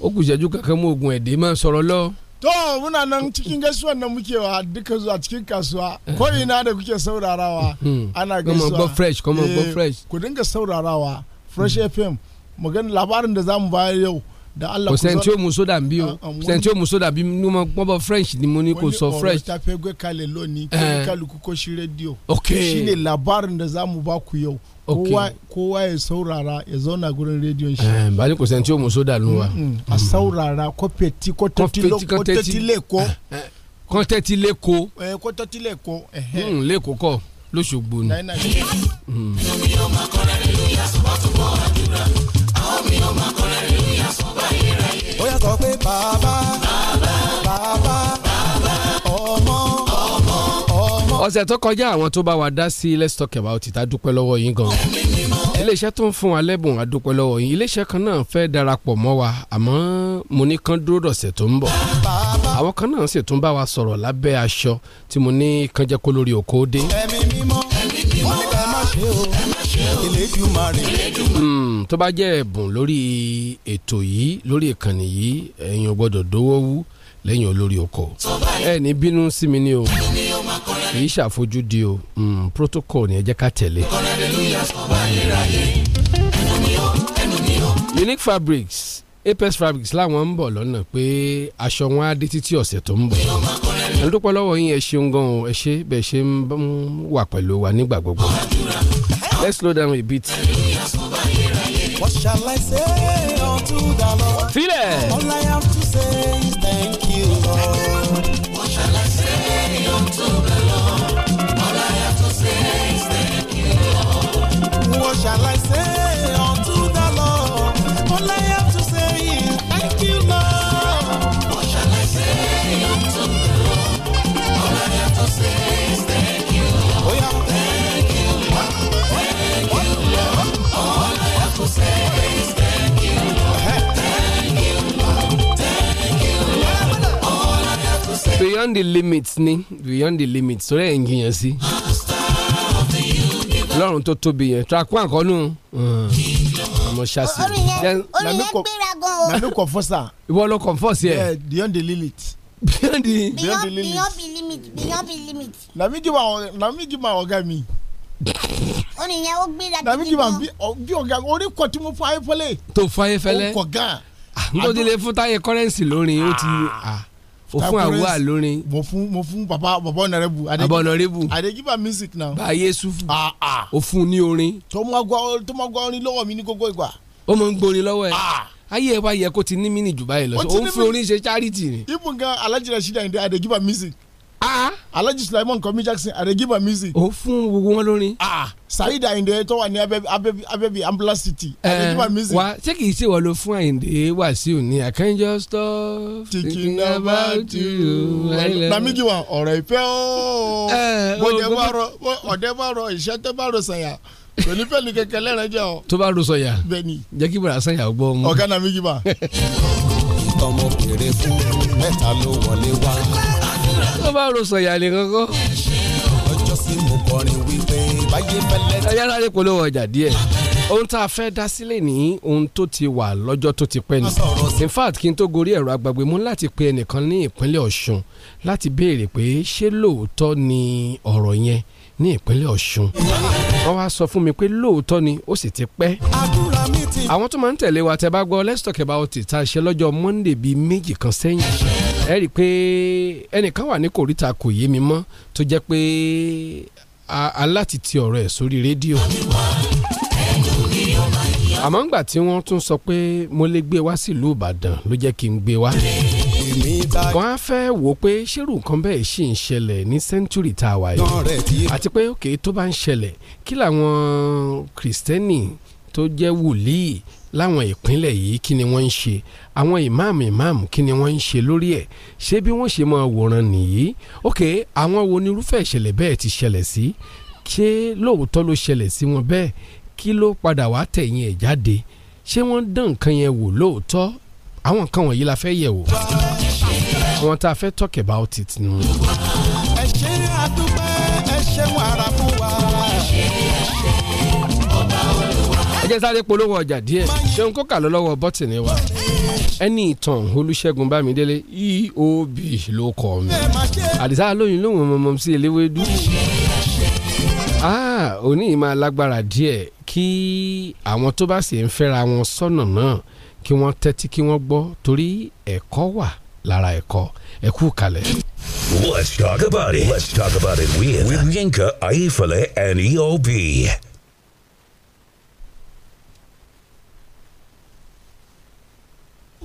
Speaker 7: ó kù ìṣẹ́jú kankan mú oògùn ẹ̀dẹ́ máa sọ̀rọ̀ lọ.
Speaker 8: to muna nan cikin gaisuwan nan muke wa duka zuwa cikin kasuwa ko ina da kuke saurarawa ana gaisuwa kuma fresh kuma eh, fresh ku dinga saurarawa fresh hmm. fm magana labarin da zamu bayar yau kò sẹ́ni tí ó mu sódà bí o sẹ́ni tí ó mu
Speaker 7: sódà bí mo mọ pọ́nbọ french ni mo ní kò sọ french. wọ́n ní ọ̀rọ̀ ta
Speaker 8: fẹ́ gbé kalẹ̀ lónìí kí rédíò. ok shi ne labarin ba ku ok kowa kowa ya saurara ya zauna gurin rediyon
Speaker 7: bali ko sẹ́ni tí ó mu sódà wa.
Speaker 8: a saurara ko peti ko tẹ́tí lẹ́kọ́.
Speaker 7: ko tẹ́tí lẹ́kọ́.
Speaker 8: ko tẹ́tí lẹ́kọ́. Eh, eh,
Speaker 7: lẹ́kọ́ eh, mm, kọ́ lóṣogbo ni.
Speaker 8: Mm
Speaker 5: mi ó máa kọ́ ọ̀sẹ̀
Speaker 7: tó kọjá àwọn tó bá wa dá sí let's talk about it a dúpẹ́ lọ́wọ́ yín gan. iléeṣẹ́ tó ń fún wa lẹ́bùn a dúpẹ́ lọ́wọ́ yín iléeṣẹ́ kan náà fẹ́ darapọ̀ mọ́ wa àmọ́ mo ní kán dúró dọ̀sẹ̀ tó ń bọ̀ àwọn kan náà sì tún bá wa sọ̀rọ̀ lábẹ́ aṣọ tí mo ní kánjẹ́ kó lórí òkó dé. Hmm, tó bá jẹ́ ẹ̀bùn lórí ètò yìí lórí ìkànnì yìí ẹ̀yin ò gbọ́dọ̀ dówó wú lẹ́yìn olórí ọkọ̀ ẹ ní bínú sí mi ní o kì í ṣàfojúdi o hmm, protocol ni ẹ jẹ́ ká tẹ̀lé. unique fabrics apex fabrics làwọn ń bọ̀ lọ́nà pé aṣọ wọn á dé títí ọ̀sẹ̀ tó ń bọ̀ ẹ dúpẹ́ yín ẹ ṣeun gan-an ẹ ṣe bẹ́ẹ̀ ṣe ń wà pẹ̀lú wa nígbà gbogbo let's slow down a bit.
Speaker 11: What the Lord?
Speaker 6: Feel
Speaker 7: beyond the limits, ni beyond the limits. sórí ẹ̀ ń jiyàn sí. lọ́run tó tóbi yẹn track one kọ́ nù.
Speaker 8: àmọ́ ṣáṣì. orin yẹn gbéra gan o. nami kò fọ́ ìwọ ló kò fọ́ ẹ. beyond the limits. beyond the beyond the limit. beyond
Speaker 9: the limits. beyond the limit.
Speaker 8: nami ọ̀gá mi.
Speaker 9: orin yẹn ó gbéra gidi gan. nami jí ma
Speaker 8: bí ọ̀gá orí kọ tí mo fọ ayé fẹlẹ. tó fọ ayé fẹlẹ. ó kọ gan. Ah, n tó délé fún táyé kọ́rẹ́ǹsì lórin ó ti. Ah. Ah o fún àwọ àlórin. mo fún mo fún papa papa ọ̀nàrẹ́bù. baba ọ̀nàrẹ́bù. àdéjìbá music now. báyé sufu. o fún ní orin. tó máa gbọ́ tó máa gbọ́ orin lọ́wọ́ mi ní gbogbo ìgbà. ó máa ń gbórin lọ́wọ́ ẹ ayé ẹ bá yẹ kó ti ní mí ní jù báyìí lọ. ó ń fún orin ṣe charity ni. ibùn gan alájìrẹ ṣídà ní àdéjìbá music Ah. alhaji sulaiman kọmi jackson adegiba music. ó fún gbogbo wọn lórin. Ah. saheed ayinde tó wà ní abẹ́bí ambulance city adegiba music. wa
Speaker 7: ṣé kìí ṣe wọ́n ló fún ayinde wàsíù ní i can just stop
Speaker 8: thinking about you. bamigi wa ọ̀rọ̀ ìfẹ́ ooo bọ́dẹ bá rọ ọ̀dẹ bá rọ ìṣẹ́ tẹ́ bá rọ sàyà pẹ̀lú pẹ̀lú kẹ̀kẹ́ lẹ́rìn jẹ́ o. tó bá rọ sọ̀yà jẹ́ kí bùrọ̀ àṣàyà gbọ́ mu. ọ̀gá nàmígi bá. [LAUGHS] ọmọ kéré fún
Speaker 11: mẹ́ta ló wọlé wá
Speaker 7: wọ́n bá ro sọ̀yà ní kọ́kọ́.
Speaker 11: ọjọ́ sí mo kọrin wípé báyé fẹ́lẹ́.
Speaker 7: ẹ̀yà ara rẹ̀ polówó ọjà díẹ̀ ohun tá a fẹ́ dá sílẹ̀ ní ohun tó ti wà lọ́jọ́ tó ti pẹ́ ni in fact kí n tó gorí ẹ̀rọ agbègbè mú láti pe ẹnìkan ní ìpínlẹ̀ Ọ̀ṣun láti béèrè pé ṣé lóòótọ́ ni ọ̀rọ̀ yẹn ní ìpínlẹ̀ Ọ̀ṣun wọ́n wá sọ fún mi pé lóòótọ́ ni ó sì ti pẹ́ àwọn tó máa ń tẹ̀lé wa tẹ́ bá gbọ́ let's talk about it tá a ṣe lọ́jọ́ Monday bíi méjì kan sẹ́yìn ẹ rí i pé ẹnìkan wà ní kòríta kò yé mi mọ́ tó jẹ́ pé aláti ti ọ̀rọ̀ ẹ̀ sórí rédíò àmọ́ ńgbà tí wọ́n tún sọ pé mo lè gbé wá sílùú Ìbàdàn ló jẹ́ kí n gbé wá wọ́n á fẹ́ wò pé ṣérù nǹkan bẹ́ẹ̀ ṣì ń ṣẹlẹ̀ ní sẹ́ńtúrì tá a wà yìí àti pé òkè tó bá ń ṣẹlẹ̀ kí làwọn kìrìsìtẹ́nì tó jẹ́ wòlíì láwọn ìpínlẹ̀ yìí kí ni wọ́n ń ṣe àwọn ìmáàmù ìmáàmù kí ni wọ́n ń ṣe lórí ẹ̀ ṣé bí wọ́n ṣe máa wòran nìyí ok àwọn wo ni irúfẹ́ ìṣẹ̀lẹ̀ bẹ́ẹ̀ ti ṣẹlẹ̀ sí ṣé lóòótọ́ ló ṣẹlẹ̀ sí wọn bẹ́ẹ̀ kí ló padà wá tẹ̀yìn ẹ̀ jáde ṣé wọ́n dán nǹkan yẹn wò lóòótọ́ àwọn nǹkan wọ̀nyí la fẹ́ yẹ̀ wò àwọn tá fẹ́ talk about it nù.
Speaker 6: ẹ ṣe àdúpẹ́ ẹ ṣe wàrà fún wa. ẹ ṣe ẹ
Speaker 7: ṣe ajẹ́sáré polówó ọjà díẹ̀ ṣeun kó kà lọ lọ́wọ́ bọ́tìnì wa ẹni ìtàn olùṣègùn bámidélé eob ló kọ mi àdìsá lóyún lóhùn mọ̀mọ́ sí eléwédú ah, òní máa lágbára díẹ̀ kí àwọn tó bá sì ń fẹ́ra wọn sọ́nà náà kí wọ́n tẹ́tí kí wọ́n gbọ́ torí ẹ̀kọ́ wà lára ẹ̀kọ́ ẹ̀kú kalẹ̀.
Speaker 3: Let's talk about it. Let's talk about it with, with Yinka Ayifale and EOB.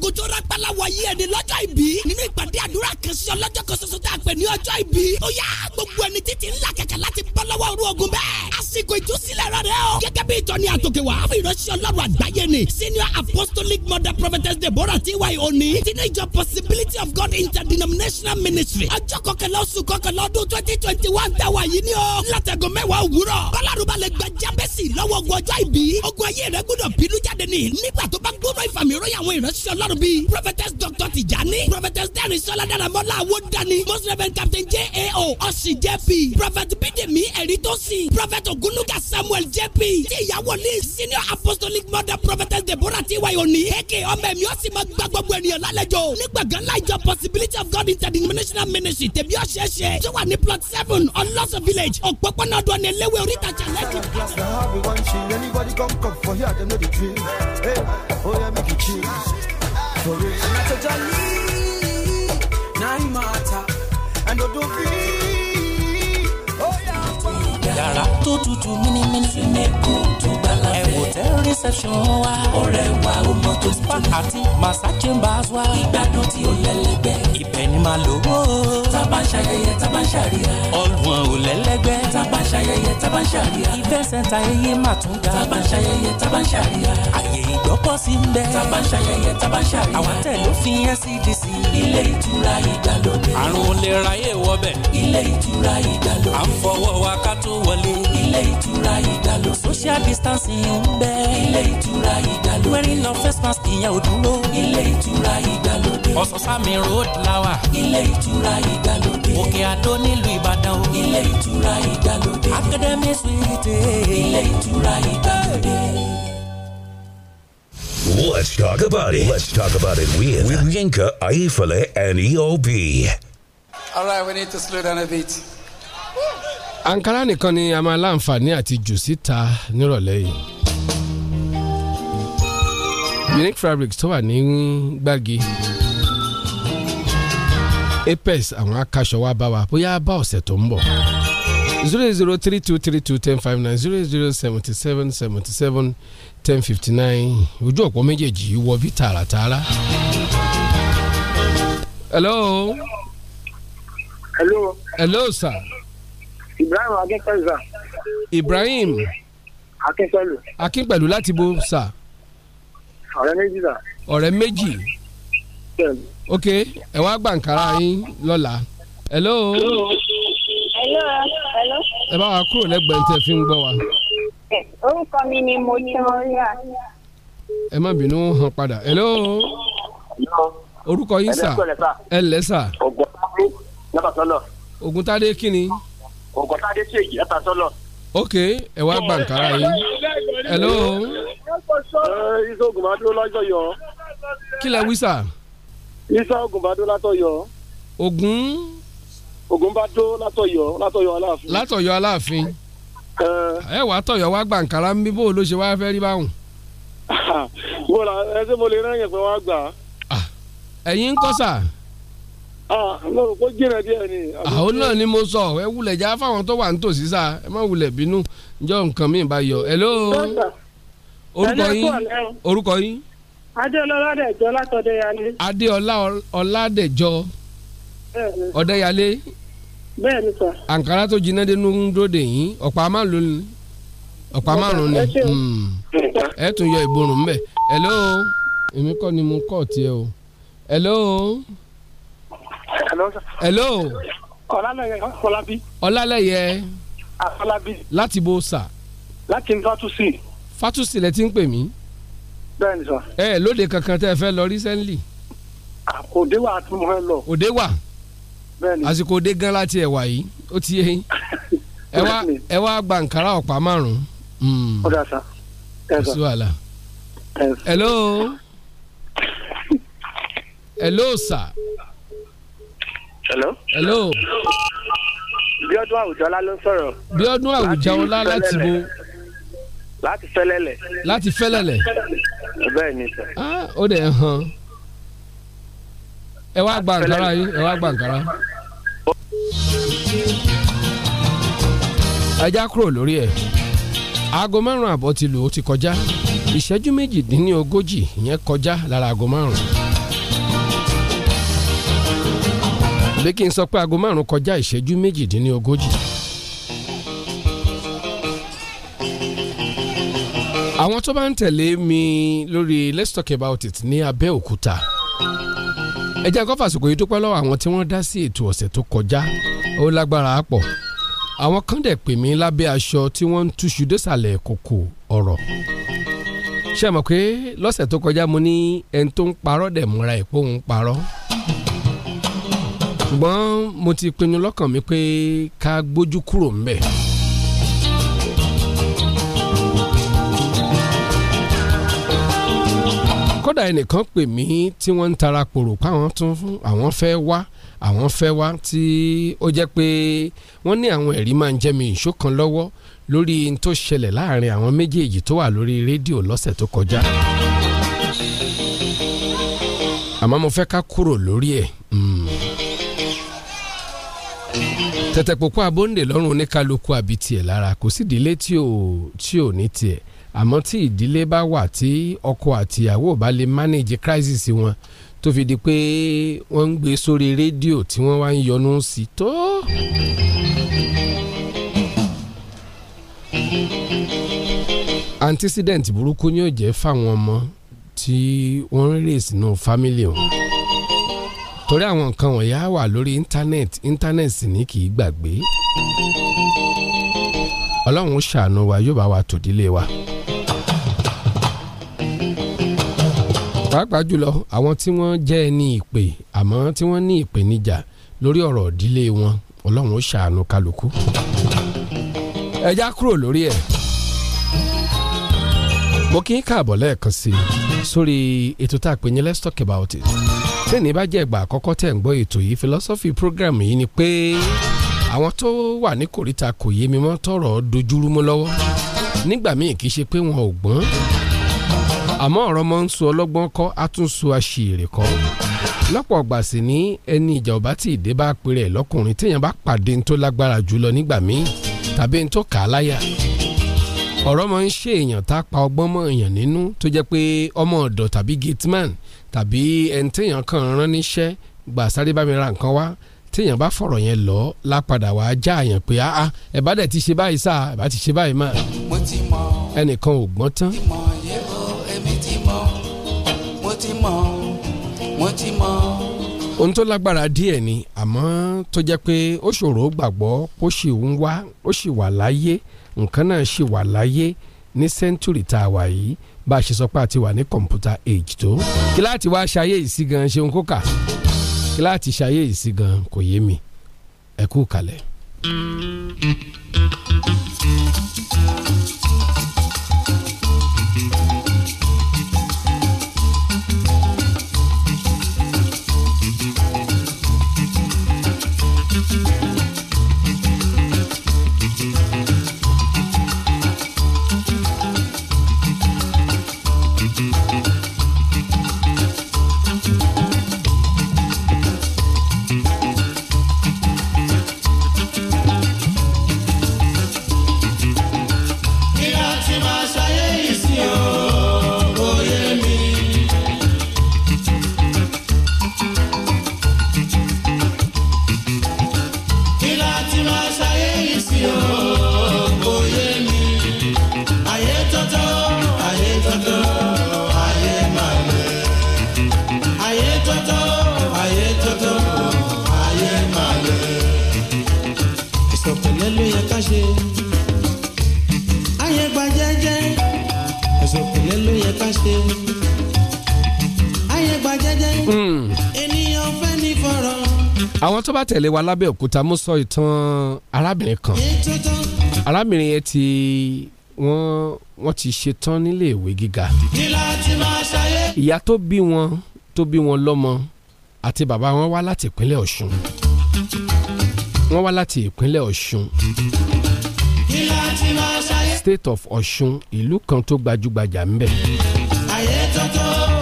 Speaker 12: gojora gbala wọ̀nyí ẹni lọ́jọ́ ìbí nínú ìpàdé àdúrà kan sí ọlọ́jọ́ kan ṣoṣo tá a pè ní ọjọ́ ìbí ó yá gbogbo ẹni títí ńlá kẹ̀kẹ́ láti bọ́ lọ́wọ́ orú ogun bẹ́ẹ̀ àsìkò ìtúsílẹ̀ rẹ̀ rẹ̀ o gẹ́gẹ́ bí ìtọ́ni àtòkè wá fún ìránṣẹ́ ọlọ́run àgbáyé ni senior apostolic mother prophetess deborah ty oni tinú ìjọ possibility of god interdenominational ministry ọjọ́ kọkànlá oṣù kọkànlá ọdún twenty twenty one tẹ̀ wá yìí ni o látẹ̀gọ́ mẹ́wàá òwúrọ̀ kọ́lárùbá lè gba jábẹ́sì lọ́wọ́ ogun ni nígbà tó bá gbọ́dọ̀ ìfàmì ìròyìn àwọn ọlọ́run bíi prophetess doctor tijani prophetess dẹ́rìn sọlá daramọ́lá awọ́dani most reverend captain JAO, a o ọ̀sìn jp prophet bídèmí ẹ̀rí tó sìn prophet ogunuga samuel jp tí ìyàwó ní senior apostolic mother prophetess deborah ti wáyé òní èké ọmọ ẹ̀mí ọ̀sìn máa gbá gbogbo ènìyàn lálejò nígbà gánlá ìjọ possibility of god interdenominational ministry tèmi ọ̀ṣẹ̀ṣẹ̀ tó wà ní plot seven ọlọ́sọ village òpópónà ọdún ọ̀nà eléwé oríta
Speaker 6: challenge. for real. I'm not a jolly, nine matter, and I don't feel. yàrá
Speaker 12: tó tutù mímímí.
Speaker 1: sinéku tó gbà láfẹ́. ẹ̀wò tẹ
Speaker 12: rìsẹ̀pṣọ̀n wa.
Speaker 1: ọ̀rẹ́ wa ó mọ tó tutù. spa àti massa chambers wa. ìgbádùn tí ó lẹ́lẹ́gbẹ́. ibẹ̀ ni màá lò ó. tábà ń ṣayẹyẹ tábà ń ṣàríyá. ọlùwọ̀n ò lẹ́lẹ́gbẹ́. tábà ń ṣayẹyẹ tábà ń ṣàríyá. ìfẹ́ sẹ́ńtà eyé mà tún ga. tábà ń ṣayẹyẹ tábà ń ṣàríyá. àyè ìgbọ́pọ̀ sí ń bẹ. tábà ń ṣayẹyẹ tábà ń ṣàríyá. àwọn tẹ̀ ló fi NCDC. E ilé ìtura ìgbàlódé. àrùn olè ráyè wọbẹ̀. wọlé. ilé ìtura ìdàlú. social distancing ń bẹ. ilé ìtura ìdàlú. wearing face mask ìyẹn ò dúró. ilé road
Speaker 6: lawa.
Speaker 12: ilé ìtura òkè àdó nílùú ìbàdàn o. ilé ìtura academy suite. ilé ìdàlódé.
Speaker 3: Let's talk about it. Let's talk about it with, with Yinka, Aifale, and EOB.
Speaker 7: All right, we need to slow down a bit. Ankara nìkan ni a máa láǹfààní àti jù síta nírọ̀lẹ́ yìí Unique Fabrics tó wà ní Gbági Apex àwọn akaṣọ wa bá wa bóyá bá ọ̀sẹ̀ tó ń bọ̀ zero zero three two three two ten five nine zero zero seventy seven seventy seven ten fifty nine ojú ọ̀pọ̀ méjèèjì wọ bí tààràtààrà. hello. hello. hello sir
Speaker 13: ibrahim akínpẹ̀lú sà. ibrahim akínpẹ̀lú.
Speaker 7: akínpẹ̀lú láti bo sà. ọ̀rẹ́ méjì sà. ọ̀rẹ́ méjì. ok ẹ wá gba Ankara yín lọ́la. hello. hello hello. ẹ bá wa kúrò lẹ́gbẹ̀ẹ́ tẹ́ fi ń gbọ́ wa.
Speaker 13: Eh, orúkọ mi ni mo ti ń rí à.
Speaker 7: ẹ má bínú hàn padà. hello. orúkọ yín sà. ẹ lẹ́ sà. ògùntàdé kí ni ògọ́tàdé tí
Speaker 13: èyí ẹ̀ta sọ́lọ̀.
Speaker 7: ok ẹ wá gba nkàrà yín
Speaker 13: hello. Eh, iṣogun máa dúró lọ́jọ́ yọ. kí lẹ wí sà. iṣogun máa dúró látọ̀ yọ. ogun. ogun bá dúró látọ̀ yọ látọ̀ yọ aláàfin.
Speaker 7: látọ̀ yọ aláàfin. Eh. ẹ wàá tọ̀yọ̀ wá gba nkàrà ń bí bó ló ṣe wá fẹ́ rí báwọn.
Speaker 10: [LAUGHS]
Speaker 13: mo ra ẹ ṣé mo lè rán yẹn pé wọ́n á gbà. Ah, ẹ̀yin ń kọ́ sà. Ah, àwọn ah, náà ni
Speaker 7: mo sọ ẹ wulẹ̀ já fáwọn tó wà nítòsí sá ẹ má wulẹ̀ bínú njọ́ nǹkan mi bá yọ. orúkọ yín orúkọ yín. adéọlá ọládẹjọ látọdẹyálé. adéọlá ọládẹjọ ọdẹyálé. bẹ́ẹ̀ni sọ. àǹkárá tó jiná dénú ń dóde ọ̀pá márùn ni ọ̀pá márùn ni hmm. ẹ tún yọ ìborùn mbẹ. èmi kọ́ ni mo kọ́ tiẹ̀ o. hello? hello. ọ̀làlẹ̀yẹ ọ̀làbí. ọ̀làlẹ̀yẹ. àfọlábí. láti bo sà. láti fatusi. fatusi lẹ ti ń pè mí. bẹ́ẹ̀ni sọ. ẹ lóde kankan tẹ́ ẹ fẹ́ lọ recently. Ah, òde wà tí mo fẹ́ lọ. òde wà. bẹ́ẹ̀ni. àsìkò òde gan láti ẹ̀wà yìí ó ti yé [LAUGHS] ẹ wá ẹ wá gba nkàrà ọ̀pá márùn-ún. Hmm. ó dà
Speaker 4: sá.
Speaker 3: ẹ
Speaker 7: sọ. hello. [LAUGHS] hello sà
Speaker 13: hello. hello. Bíọ́dún Àwùjọlá ló ń sọ̀rọ̀. Bíọ́dún Àwùjọlá láti bo. láti fẹ́lẹ́lẹ̀. láti fẹ́lẹ́lẹ̀.
Speaker 10: bẹ́ẹ̀ ni sọ.
Speaker 7: Ah, ó dẹ̀ hàn. ẹ wá gba Ankara yín ẹ wá gba Ankara. ajá kúrò lórí ẹ̀ aago márùn-ún àbọ̀ ti lù ó ti kọjá ìṣẹ́jú méjìdínlógójì ìyẹn kọjá lára aago márùn-ún. àbí kí n sọ pé aago márùn kọjá ìṣẹ́jú méjìdínlógójì. àwọn tó bá ń tẹ̀lé mi lórí let's talk about it ní Abẹ́òkúta ẹ jẹ́ kó fàsìkò yìí dúpẹ́ lọ́wọ́ àwọn tí wọ́n dá sí ètò ọ̀sẹ̀ tó kọjá ó lágbára pọ̀ àwọn kan dẹ̀ pè mí lábẹ́ aṣọ tí wọ́n ń túṣu désàlẹ̀ kòkò ọ̀rọ̀ ṣé mọ̀ pé lọ́sẹ̀ tó kọjá mo ní ẹni tó ń parọ́ dẹ̀ múra ẹ̀ pé òun parọ́ ṣùgbọ́n mo ti pinnu lọ́kàn mi pé ká gbójú kúrò ńbẹ̀. kódà ẹnìkan pè mí tí wọ́n ń tara pòrò pé àwọn tún àwọn fẹ́ wá àwọn fẹ́ wá tí ó jẹ́ pé wọ́n ní àwọn ẹ̀rí máa ń jẹ́ mi ìṣó lọ́wọ́ lórí n tó ṣẹlẹ̀ láàrin àwọn méjèèjì tó wà lórí rédíò lọ́sẹ̀ tó kọjá àmọ́ mo fẹ́ ká kúrò lórí ẹ̀. Hmm tẹ̀tẹ̀pọ̀pọ̀ abóńdè lọ́rùn oníkálukú àbí tiẹ̀ lára kò sí ìdílé tí ò tí ò ní tiẹ̀ àmọ́ tí ìdílé bá wà tí ọkọ àtìyàwó bá lè manage crisis wọn tó fi di pé wọ́n ń gbé sórí rédíò tí wọ́n wá ń yọnu sí tó. antecedent burúkú ni ó jẹ́ fáwọn ọmọ tí wọ́n ń rè sínú fámílì wọn torí àwọn nǹkan wọ̀nyí wà lórí íńtánẹ́ẹ̀tì íńtánẹ́ẹ̀tì sì ní kì í gbàgbé ọlọ́run ṣàánú wa yóò bá wa tòdílé wa. pàápàá jùlọ àwọn tí wọ́n jẹ́ ẹni ìpè àmọ́ tí wọ́n ní ìpèníjà lórí ọ̀rọ̀ ìdílé wọn ọlọ́run ṣàánú kálukú. ẹ kúrò lórí ẹ̀ mo kí n káàbọ̀ lẹ́ẹ̀kan sí i sórí ètò tá a pè ní let's talk about it tẹ́ni bá jẹ́ ìgbà àkọ́kọ́ tẹ̀ ń gbọ́ ètò yìí philosophy program yìí ni pé àwọn tó wà ní kòríta kò yé mi mọ́ tọ̀rọ̀ dojúrú mọ́ lọ́wọ́ nígbà míì kì í ṣe pé wọn ò gbọ́n àmọ́ ọ̀rọ̀ mọ́ ń sọ ọlọ́gbọ́n kọ́ á tún sọ àṣìírí kọ́ lọ́pọ̀ ọgbà sì ní ẹni ìjà ọba tí ìdè bá pe lọ́kùnrin téèyàn bá pàdé ní tó lágbára jùlọ nígbà míì tàbí ní tó kà á láyà ọ̀rọ̀ mọ́ ń ṣe èèyàn tá a pa ọgbọ́n mọ́ èèyàn nínú tó jẹ́ pé ọmọ ọ̀dọ̀ tàbí gateman tàbí ẹni téèyàn kàn rán níṣẹ́ gbà sáré bá mi ra nǹkan wá téèyàn bá fọ̀rọ̀ yẹn lọ lápadà wàá já àyàn pé ah ẹ bá dẹ̀ ti ṣe báyìí sáà ẹ bá ti ṣe báyìí mà ẹnìkan ò gbọ́n tán. ohun tó lágbára díẹ̀ ni àmọ́ tó jẹ́ pé ó ṣòro gbàgbọ́ ó sì ń wá ó sì wà láyé nǹkan náà sì wà láyé ní sẹ́ńtúrì tá a wà yìí bá a ṣe sọ pé a ti wà ní computer age tó kí láti wá ṣayé ìsí gan ṣeun kó kà kí láti ṣayé ìsí gan kò yé mi ẹ kú kalẹ̀.
Speaker 6: ènìyàn fẹ́ ní fọ̀rọ̀.
Speaker 7: àwọn tó bá tẹ̀lé wa lábẹ́ òkúta mú sọ ìtàn arábìnrin kan arábìnrin yẹn ti wọ́n wọ́n ti ṣetán nílé ìwé gíga ìyá tó bí wọn tó bí wọn lọ́mọ àti bàbá wọn wá láti ìpínlẹ̀ Ọ̀ṣun wọ́n wá láti ìpínlẹ̀ Ọ̀ṣun state of Ọ̀ṣun ìlú kan tó gbajúgbajà ń bẹ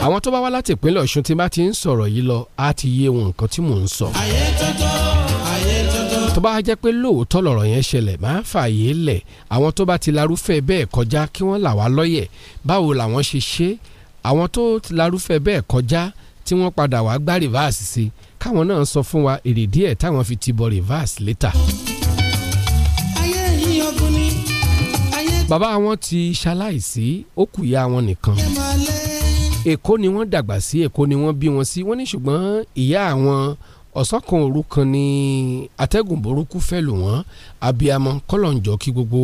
Speaker 7: àwọn tó bá wá láti ìpínlẹ̀ Ọ̀ṣun tí bá ti ń sọ̀rọ̀ yìí lọ á ti yé wọn nǹkan tí mò ń sọ. ayé tọ́tọ́ ayé tọ́tọ́. tó bá jẹ́ pé lóòótọ́ lọ̀rọ̀ yẹn ṣẹlẹ̀ máa fààyè lẹ̀ àwọn tó bá ti larúfẹ́ bẹ́ẹ̀ kọjá kí wọ́n là wá lọ́yẹ̀ báwo làwọn ṣe ṣe àwọn tó larúfẹ́ bẹ́ẹ̀ kọjá tí wọ́n padà wá gbá rìváàsì sí káwọn náà sọ fún wa èrèdí ẹ̀ táwọn fi ti bọ rìváàsì létà. bàbá wọn ti ṣaláìsí ó kù ya wọn nìkan.
Speaker 6: ẹ
Speaker 7: èkó ni wọ́n dàgbà sí èkó ni wọ́n bí wọn sí wọ́n ní ṣùgbọ́n ìyá àwọn ọ̀sán kan ni atẹ́gùn burúkú fẹ́ lù wọ́n abiyamọ kọ́lọ̀njọ́ kí gbogbo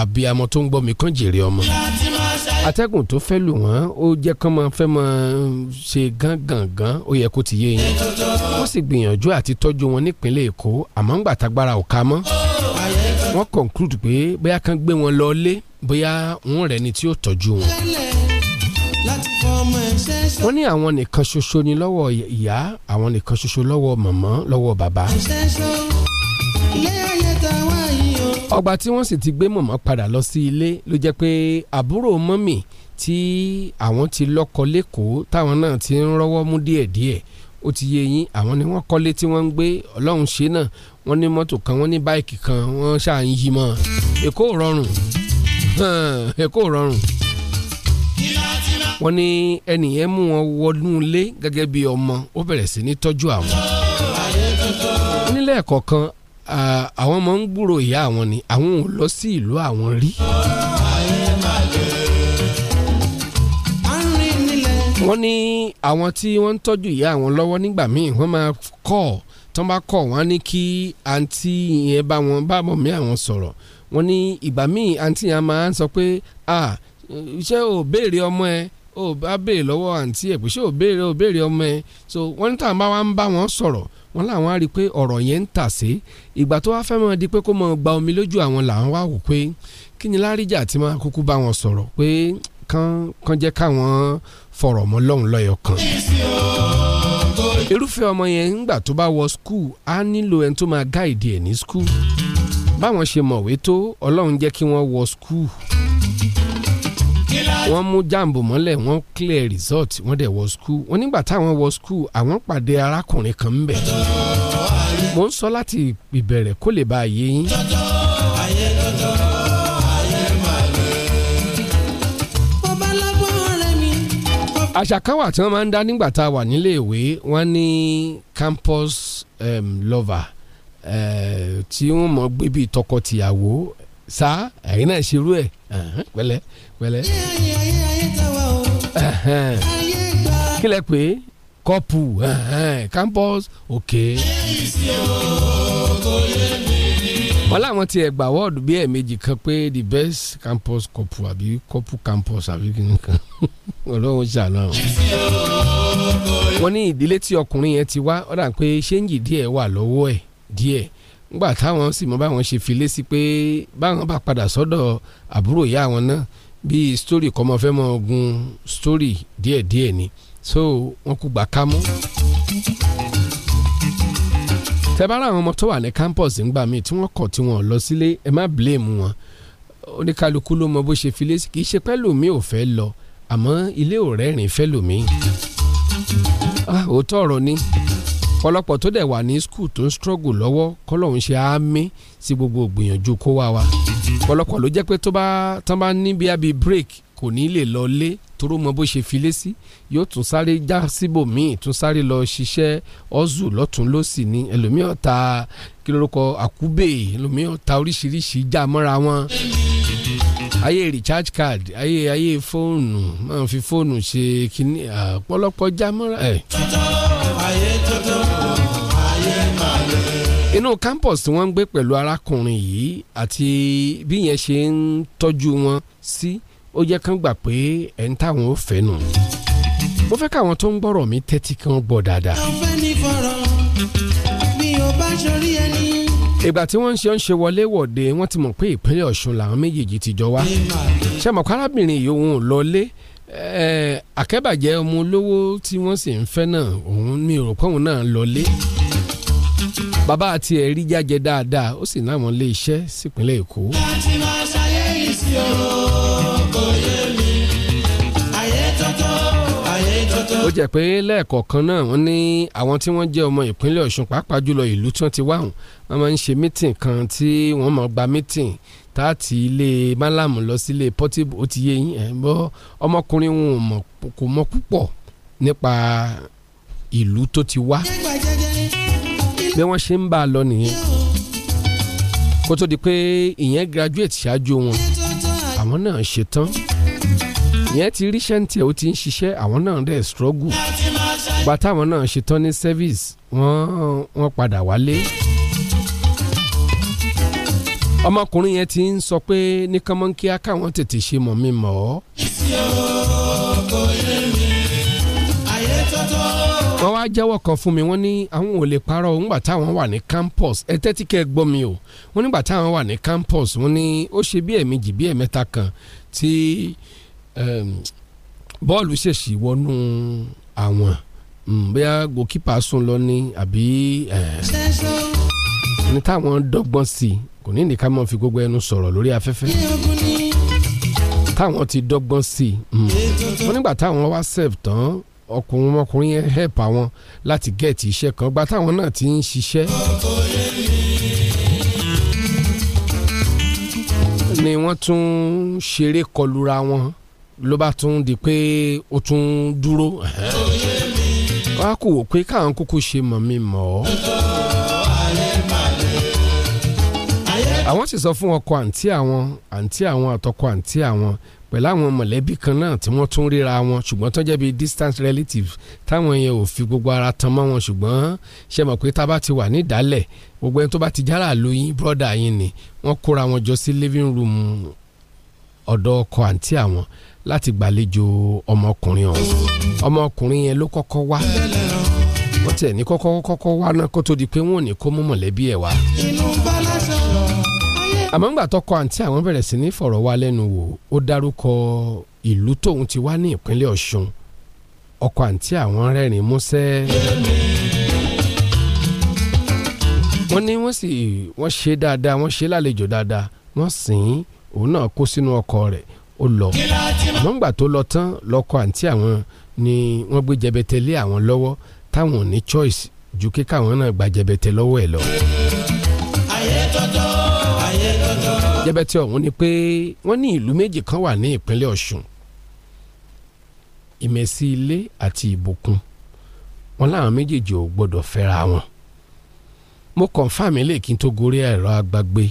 Speaker 7: abiyamọ tó ń gbọ́ mi kàn jèrè ọmọ atẹ́gùn tó fẹ́ lù wọ́n ó jẹ́ kán máa fẹ́ máa ṣe gángangan ó yẹ kó ti yé yẹn wọ́n sì gbìyànjú àti tọ́jú wọn nípínlẹ̀ èkó àmọ́ ń gbàtagbára ò ká mọ́ wọ́n conclude pé bóyá kán gbé wọn lọ lé bóyá wọ́n rẹ̀ ni tí ó tọ́jú wọn wọ́n ní àwọn nìkan ṣoṣo ni lọ́wọ́ ìyá àwọn nìkan ṣoṣo lọ́wọ́ màmá lọ́wọ́ bàbá. ọgbà tí wọ́n sì ti gbé màmá padà lọ sí ilé ló jẹ́ pé àbúrò mọ́mì tí àwọn ti lọ́kọ lẹ́kọ̀ọ́ táwọn náà ti ń rọ́wọ́ mú díẹ̀díẹ̀ ó ti yé yín àwọn ni wọ́n kọ́lé tí wọ́n ń gbé ọlọ́run ṣe náà wọ́n ní mọ́tò kan wọ́n ní báìkì kan wọ́n ṣáà ń yí mọ́ Èkó rọrùn Èkó rọrùn wọ́n ní ẹnìyẹn mú wọn wọnú ilé gẹ́gẹ́ bí ọmọ ó bẹ̀rẹ̀ sí ní tọ́jú àwọn. nílẹ̀ kọ̀ọ̀kan àwọn ọmọ ń gbúrò ìyá àwọn ni àwọn ò lọ sí ìlú àwọn rí. wọ́n ní àwọn tí wọ́n ń tọ́jú ìyá àwọn lọ́wọ́ nígbà míì wọ́n máa kọ́ tán bá kọ́ wọ́n á ní kí àǹtí yẹn bá wọn bá mọ̀ mí àwọn sọ̀rọ̀ wọ́n ní ìgbà míì àǹtí yẹn máa ń sọ pé ṣé o béèrè ọmọ ẹ ó bá béèrè lọ́wọ́ àǹtí ẹ̀ pé ṣé ò béèrè ò béèrè ọmọ ẹ̀ so wọ́n ní tàǹbá wa ń bá wọn sọ̀rọ̀ wọn làwọn á rí i pé ọ̀rọ̀ yẹn ń tà sí ìgbà tó wá fẹ́ mọ́ di pé kó mọ́ gba omi lójú àwọn làwọn wá wò pé kí ni láríjà tí máa kúkú bá wọn sọ̀rọ̀ pé kán jẹ́ káwọn fọ̀rọ̀ mọ́ lọ́hùn lọ́yọ̀ kan. irúfẹ́ ọmọ yẹn ńgbà tó bá wọ skul á nílò ẹni tó máa gáìdì ẹ̀ ní skul báwọn ṣe mọ̀wé tó ọlọ́run jẹ́ kí wọ́n wọ skul wọ́n mú jambo mọ́lẹ̀ wọ́n clear result wọ́n dẹ̀ wọ school wọ́n nígbà táwọn wọ school àwọn pàdé arákùnrin kan ń bẹ̀. mo ń sọ láti ìbẹ̀rẹ̀ kó lè bá a yé yín. àṣà kan wà tí wọ́n máa ń dá nígbà tá a wà nílé wọ́n ní campus um, lover uh, tí wọ́n mọ̀ gbé bíi tọkọ-tìyàwó sá ẹ̀yin náà ṣerú ẹ̀ pẹ̀lẹ́. Uh -huh, pẹ̀lẹ́. kílẹ̀ pé kọ́pù campus òkè. wọ́n láwọn ti ẹ̀gbà wọ́ọ̀dù bí ẹ̀ẹ̀mejì kan pé the best campus kọ́pù àbí kọ́pù campus àbí kìnnì kan [LAUGHS] ọlọ́run ṣàánú. wọ́n ní ìdílé tí ọkùnrin yẹn ti wá ọ̀dà pé ṣéǹjì díẹ̀ wà lọ́wọ́ ẹ̀ díẹ̀ ngbà táwọn sì mọ báwọn ṣe fi lé sí pé báwọn bá padà sọ́dọ̀ àbúrò ìyá wọn náà bí story kọ́ mọ fẹ́ mọ gun story díẹ̀díẹ̀ ni so wọ́n kú gbà kámú. tẹ́bára àwọn ọmọ tó wà ní campus ńgbà míì tí wọ́n kọ̀ tí wọ́n lọ sílé ẹ má blame wọn oníkálukú ló mọ bó ṣe fi lé sí kì í ṣe pẹ́ lòmí ò fẹ́ lọ àmọ́ ilé ò rẹ́rìn fẹ́ lòmí. Ah, òótọ́ ọ̀rọ̀ ni ọ̀pọ̀lọpọ̀ tó dẹ̀ wà ní skul tó ń struggle lọ́wọ́ kọ́lọ́hún ṣe àmì sí gbogbo ìgbìyànjú kó wá wa. wa ọ̀pọ̀lọpọ̀ ló jẹ́ pé tó bá tán bá ní bí abi break kò ní lè lọ lé toró mọ bó ṣe filé sí yóò tún sáré já síbò míì tún sáré lọ ṣiṣẹ́ ọ́zù lọ́tún lọ́sì ní ẹlòmíràn ta kílórúkọ àkúbè ẹlòmíràn ta oríṣiríṣi já mọ́ra wọn ayé recharge card ayé ayé fóònù máa fi fóònù ṣe kíní ọ̀pọ̀lọpọ̀ já mọ́ra ẹ̀. tuntun
Speaker 6: ayé tuntun
Speaker 7: inú campus tí wọ́n ń gbé pẹ̀lú arákùnrin yìí àti bí yẹn ṣe ń tọ́jú wọn sí ó jẹ́ kán gbà pé ẹ̀ ń táwọn ò fẹ́ nù. mo fẹ́ káwọn tó ń gbọ́rọ̀ mi tẹ́tí kí wọ́n gbọ́ dáadáa.
Speaker 6: ọ̀fẹ́ ní fọ̀rọ̀ mi ò bá sọrí ẹni.
Speaker 7: ìgbà tí wọ́n ń ṣe ń ṣe wọlé wọ̀de wọ́n ti mọ̀ pé ìpínlẹ̀ Ọ̀ṣun làwọn méjèèjì ti jọ wá. ṣé mọ̀ kárábìnrin yìí òun ò lọlé àkẹ́bàjẹ́ ọmọ olówó tí wọ́n sì ń fẹ́ náà òun mi ò òun náà lọlé bàbá àti ẹ̀rí jájẹ dáadáa ó sì náà mọ̀ lé iṣẹ́ sípínlẹ̀ èkó.
Speaker 6: láti máa ṣayé yìí sí ọ̀rọ̀ kò yé mi
Speaker 7: ayé tótó ayé tótó. ó jẹ́ pé lẹ́ẹ̀kọ̀ọ̀kan náà wọ́n ní àwọn tí wọ́n jẹ́ ọmọ ìpínlẹ̀ ọ̀ṣun pàápàá jùlọ ìlú tí wọ́n ti wáhùn wọ́n máa ń ṣe mítìn kan tí wọ́n máa gba mítìn táàtì ilé málàmù lọ sílé pọ́tìbù ó ti yé yín ẹ̀ ń bọ́ ọmọkùnrin wọn kò mọ̀ púpọ̀ nípa ìlú tó ti wá bí wọ́n ṣe ń bá a lọ nìyẹn kó tó di pé ìyẹn graduate ṣáájú wọn àwọn náà ṣetán ìyẹn ti rí ṣẹ́ǹtì ẹ̀ ó ti ń ṣiṣẹ́ àwọn náà dẹ̀ struggle gba táwọn náà ṣetán ní service wọ́n wọ́n padà wálé ọmọkùnrin yẹn ti ń sọ pé ní kánmọ́nkíá káwọn tètè ṣe mọ̀ mi mọ̀ ọ́.
Speaker 10: ìsì ọkọ̀ ilé
Speaker 6: mi
Speaker 7: ayé tọ́tọ́ kan wá jẹ́wọ́ kan fún mi wọ́n ní àwọn ò lè parọ́ nígbà táwọn wà ní campus ẹ tẹ́tí kẹ́ ẹ gbọ́ mi o wọ́n nígbà táwọn wà ní campus wọ́n ní ó ṣe bí ẹ̀ẹ̀mejì bí ẹ̀ẹ̀mẹ́ta kan tí ehm, bọ́ọ̀lù ṣèṣì wọnú àwọn hmm, bóyá gòkípà sùn lọ ní àbí eh, ní táwọn dọ́gbọ́n sí kò ní nìkan mọ́ fi gbogbo ẹnu sọ̀rọ̀ lórí afẹ́fẹ́ táwọn ti dọ́gbọ́n sí hmm. wọ́n nígbà táwọn wá sẹ́ẹ̀ tán ọkùnrin ọmọkùnrin yẹn help àwọn láti gẹ̀ẹ́tì iṣẹ́ kan gba táwọn náà ti ń ṣiṣẹ́. ni wọ́n tún ṣeré kọlura wọn ló bá tún di pé ó tún dúró. wọ́n á wò pé káwọn kúkú ṣe mọ̀ mi mọ̀ ọ́. àwọn sì sọ fún ọkọ àǹtí àwọn àǹtí àwọn àtọkọ àǹtí àwọn pẹ̀lú àwọn mọ̀lẹ́bí kan náà tí wọ́n tún ríra wọn ṣùgbọ́n tó jẹ́ bí distance relatives táwọn yẹn ò fi gbogbo ara tan mọ́ wọn ṣùgbọ́n ṣe mọ̀ pé tá a bá ti wà ní ìdálẹ̀ gbogbo ẹni tó bá ti jára lóyún brọ́dà yín ni wọ́n kóra wọn jọ sí living room ọ̀dọ̀ ọkọ àǹtí àwọn láti gbàlejò ọmọkùnrin ọ̀hún ọmọkùnrin yẹn ló kọ́kọ́ wá wọ́n tẹ̀ ní kọ́kọ́ kọ́kọ́ wá náà kó tó di pé wọ́n àmọ́ ńgbà tọkọ àǹtí àwọn bẹ̀rẹ̀ sí ní fọ̀rọ̀ wá lẹ́nu wò ó dárúkọ ìlú tóun ti wá ní ìpínlẹ̀ Ọ̀ṣun ọkọ àǹtí àwọn rẹ́rìn músẹ́ wọ́n ní wọ́n sì wọ́n ṣe dáadáa wọ́n ṣe lálejò dáadáa wọ́n sìn ín òun náà kó sínú ọkọ rẹ̀ ó lọ àmọ́ ńgbà tó lọ tán lọ́kọ àǹtí àwọn ni wọ́n gbé jẹbẹtẹ lé àwọn lọ́wọ́ táwọn ò ní choice ju kíkà àwọn náà gba jẹbẹtẹ lọ́wọ́ ẹ̀ lọ jẹ́bẹ́tì ọ̀hún ni pé wọ́n ní ìlú méjì kan wà ní ìpínlẹ̀ Ọ̀ṣun ìmẹ̀sí ilé àti ìbùkún wọn láwọn méjèèjì ò gbọ́dọ̀ fẹ́ra wọn mo kọ̀ǹfàmì lè kí n tó gorí ẹ̀rọ agbágbé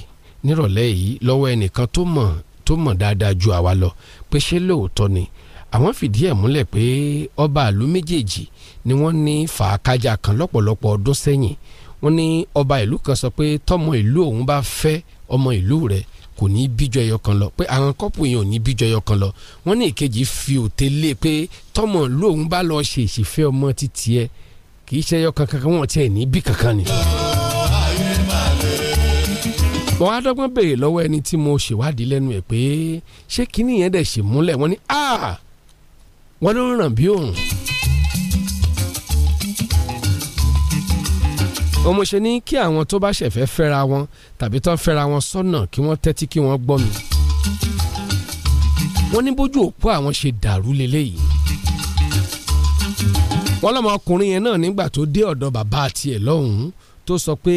Speaker 7: nírọ̀lẹ́ yìí lọ́wọ́ ẹnìkan tó mọ̀ tó mọ̀ dáadáa ju àwa lọ pé ṣé lóòótọ́ ni àwọn fìdí ẹ̀ múlẹ̀ pé ọba ìlú méjèèjì ni wọ́n ní fàákájà kan lọ́pọ̀lọpọ̀ ọdún sẹ́yìn wọ́n ní ọba ìlú kan sọ pé tọ́mọ ìlú òun bá fẹ́ ọmọ ìlú rẹ̀ kò ní bíjọ ẹyọ kan lọ pé àwọn kọ́pù yẹn ò ní bíjọ ẹyọ kan lọ wọ́n ní ìkejì fi òtẹ́ lé pé tọ́mọ lóun bá lọ ṣe ìṣìfẹ́ ọmọ títí ẹ kì í ṣe ẹyọ kankan wọn tiẹ̀ ní bí kankan ni. mo wá dọ́gbọ́n béèrè lọ́wọ́ ẹni tí mo ṣèwádìí lẹ́nu ẹ̀ pé ṣé kinní yẹn dẹ̀ ṣèmúlẹ̀ wọ́n ní ah! wọ́n ló ràn bí òun. òun mo ṣe ní kí àwọn tó bá ṣẹ̀fẹ́ fẹ́ra wọn tàbí tó fẹ́ra wọn sọ́nà kí wọ́n tẹ́tí kí wọ́n gbọ́ mi wọ́n ní bójú òpó àwọn ṣe dàrú leléyìí wọ́n lọ́mọkùnrin yẹn náà nígbà tó dé ọ̀dọ̀ bàbá tiẹ̀ lọ́hùn-ún tó sọ pé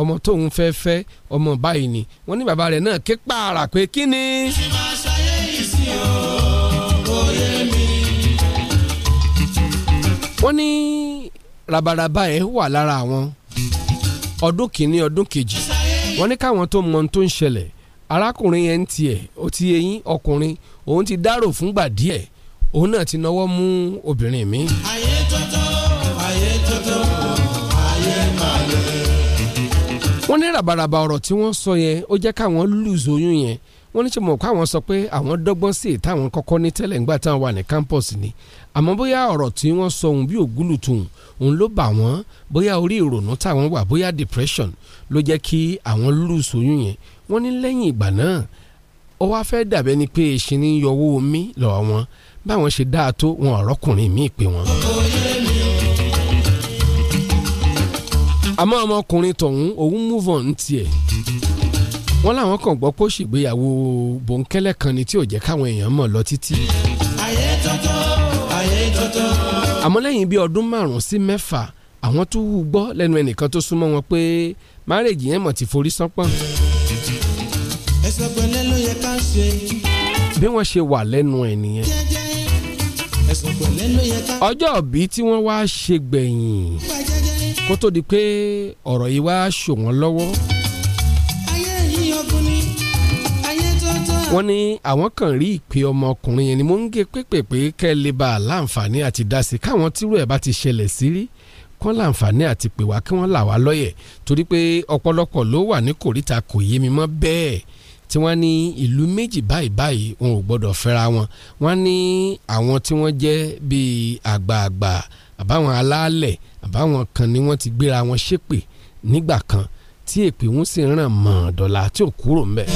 Speaker 7: ọmọ tóun fẹ́ fẹ́ ọmọ báyìí ni wọ́n ní bàbá rẹ̀ náà ké pààrà pé kí ni. ṣé máa ṣayé yìí sí wọ́n ní rabaraba ẹ̀ wà lára àwọn ọdún kìíní ọdún kejì wọ́n ní káwọn tó mọ ohun tó ń ṣẹlẹ̀ arákùnrin yẹn ń tiẹ̀ ó ti eyín ọkùnrin òun ti dárò fúngbà díẹ̀ òun náà ti náwó mú obìnrin mi. ayé tọ́tọ́ ayé tọ́tọ́
Speaker 10: ayé màlẹ́.
Speaker 7: wọ́n ní ràbàràbà ọ̀rọ̀ tí wọ́n sọ yẹn ó jẹ́ káwọn lùzóyún yẹn wọ́n ní ṣe mọ̀ pé àwọn sọ pé àwọn dọ́gbọ́n sí ìtàwọn kọ́kọ́ ní tẹ́lẹ̀ ńgbà táwọn wà ní campus ni àmọ́ bóyá ọ̀rọ̀ tí wọ́n sọ ohun bí ògúlùtùn òun ló bà wọ́n bóyá orí ìrònú táwọn wà bóyá depression ló jẹ́ kí àwọn lùsù oyún yẹn wọ́n ní lẹ́yìn ìgbà náà ó wá fẹ́ dàbẹ́ ni pé èsì ní yọwọ́ omi lọ́wọ́ wọn báwọn ṣe dáa tó wọn ọ̀rọ̀kùnrin míì pé wọn. àmọ́ ọmọkùnrin tọ̀hún òun move on tiẹ̀ wọ́n láwọn kàn gbọ́ pé ó ṣègbéyàwó bòńkẹ́lẹ́ kan ni tí ò jẹ́ káwọn èèyàn mọ̀ lọ títí. ayé
Speaker 6: tọ́tọ́ ayé tọ́tọ́.
Speaker 7: àmọ́ lẹ́yìn bíi ọdún márùn-ún sí mẹ́fà àwọn tó wù gbọ́ lẹ́nu ẹnìkan tó súnmọ́ wọn pé márèjì yẹn mọ̀ ti forí sánpọ́n.
Speaker 6: ẹsẹ̀ pẹ̀lẹ́ ló yẹ ká ṣe.
Speaker 7: bí wọ́n ṣe wà lẹ́nu ẹ̀ nìyẹn. ọjọ́ ìbí tí wọ́n wá ṣe kó tó di pé ọ̀rọ̀ yìí wá ṣò wọ́n lọ́wọ́. wọ́n ní àwọn kan rí ìpè ọmọkùnrin yẹn ni mò ń gé pépèpé kẹ́ ẹ lè bá a láǹfààní àti dá sí káwọn tírú ẹ̀ bá ti ṣẹlẹ̀ sí rí kán láǹfààní àti pè wá kí wọ́n là wá lọ́yẹ̀ torí pé ọ̀pọ̀lọpọ̀ ló wà ní kòríta kò yé mi mọ́ bẹ́ẹ̀ tí wọ́n ní ìlú méjì báyìí báyìí wọn ò gbọ́dọ̀ fẹ́ra wọn wọ́n ní àwọn tí wọ́n jẹ́ bíi àgbààgbà àbáwọn alálẹ̀ àbáwọn kan ni wọ́n ti gbéra wọn ṣépè nígbà kan tí èpè wọn sì ràn mọ́ dọ́là tí ò kúrò ń bẹ̀.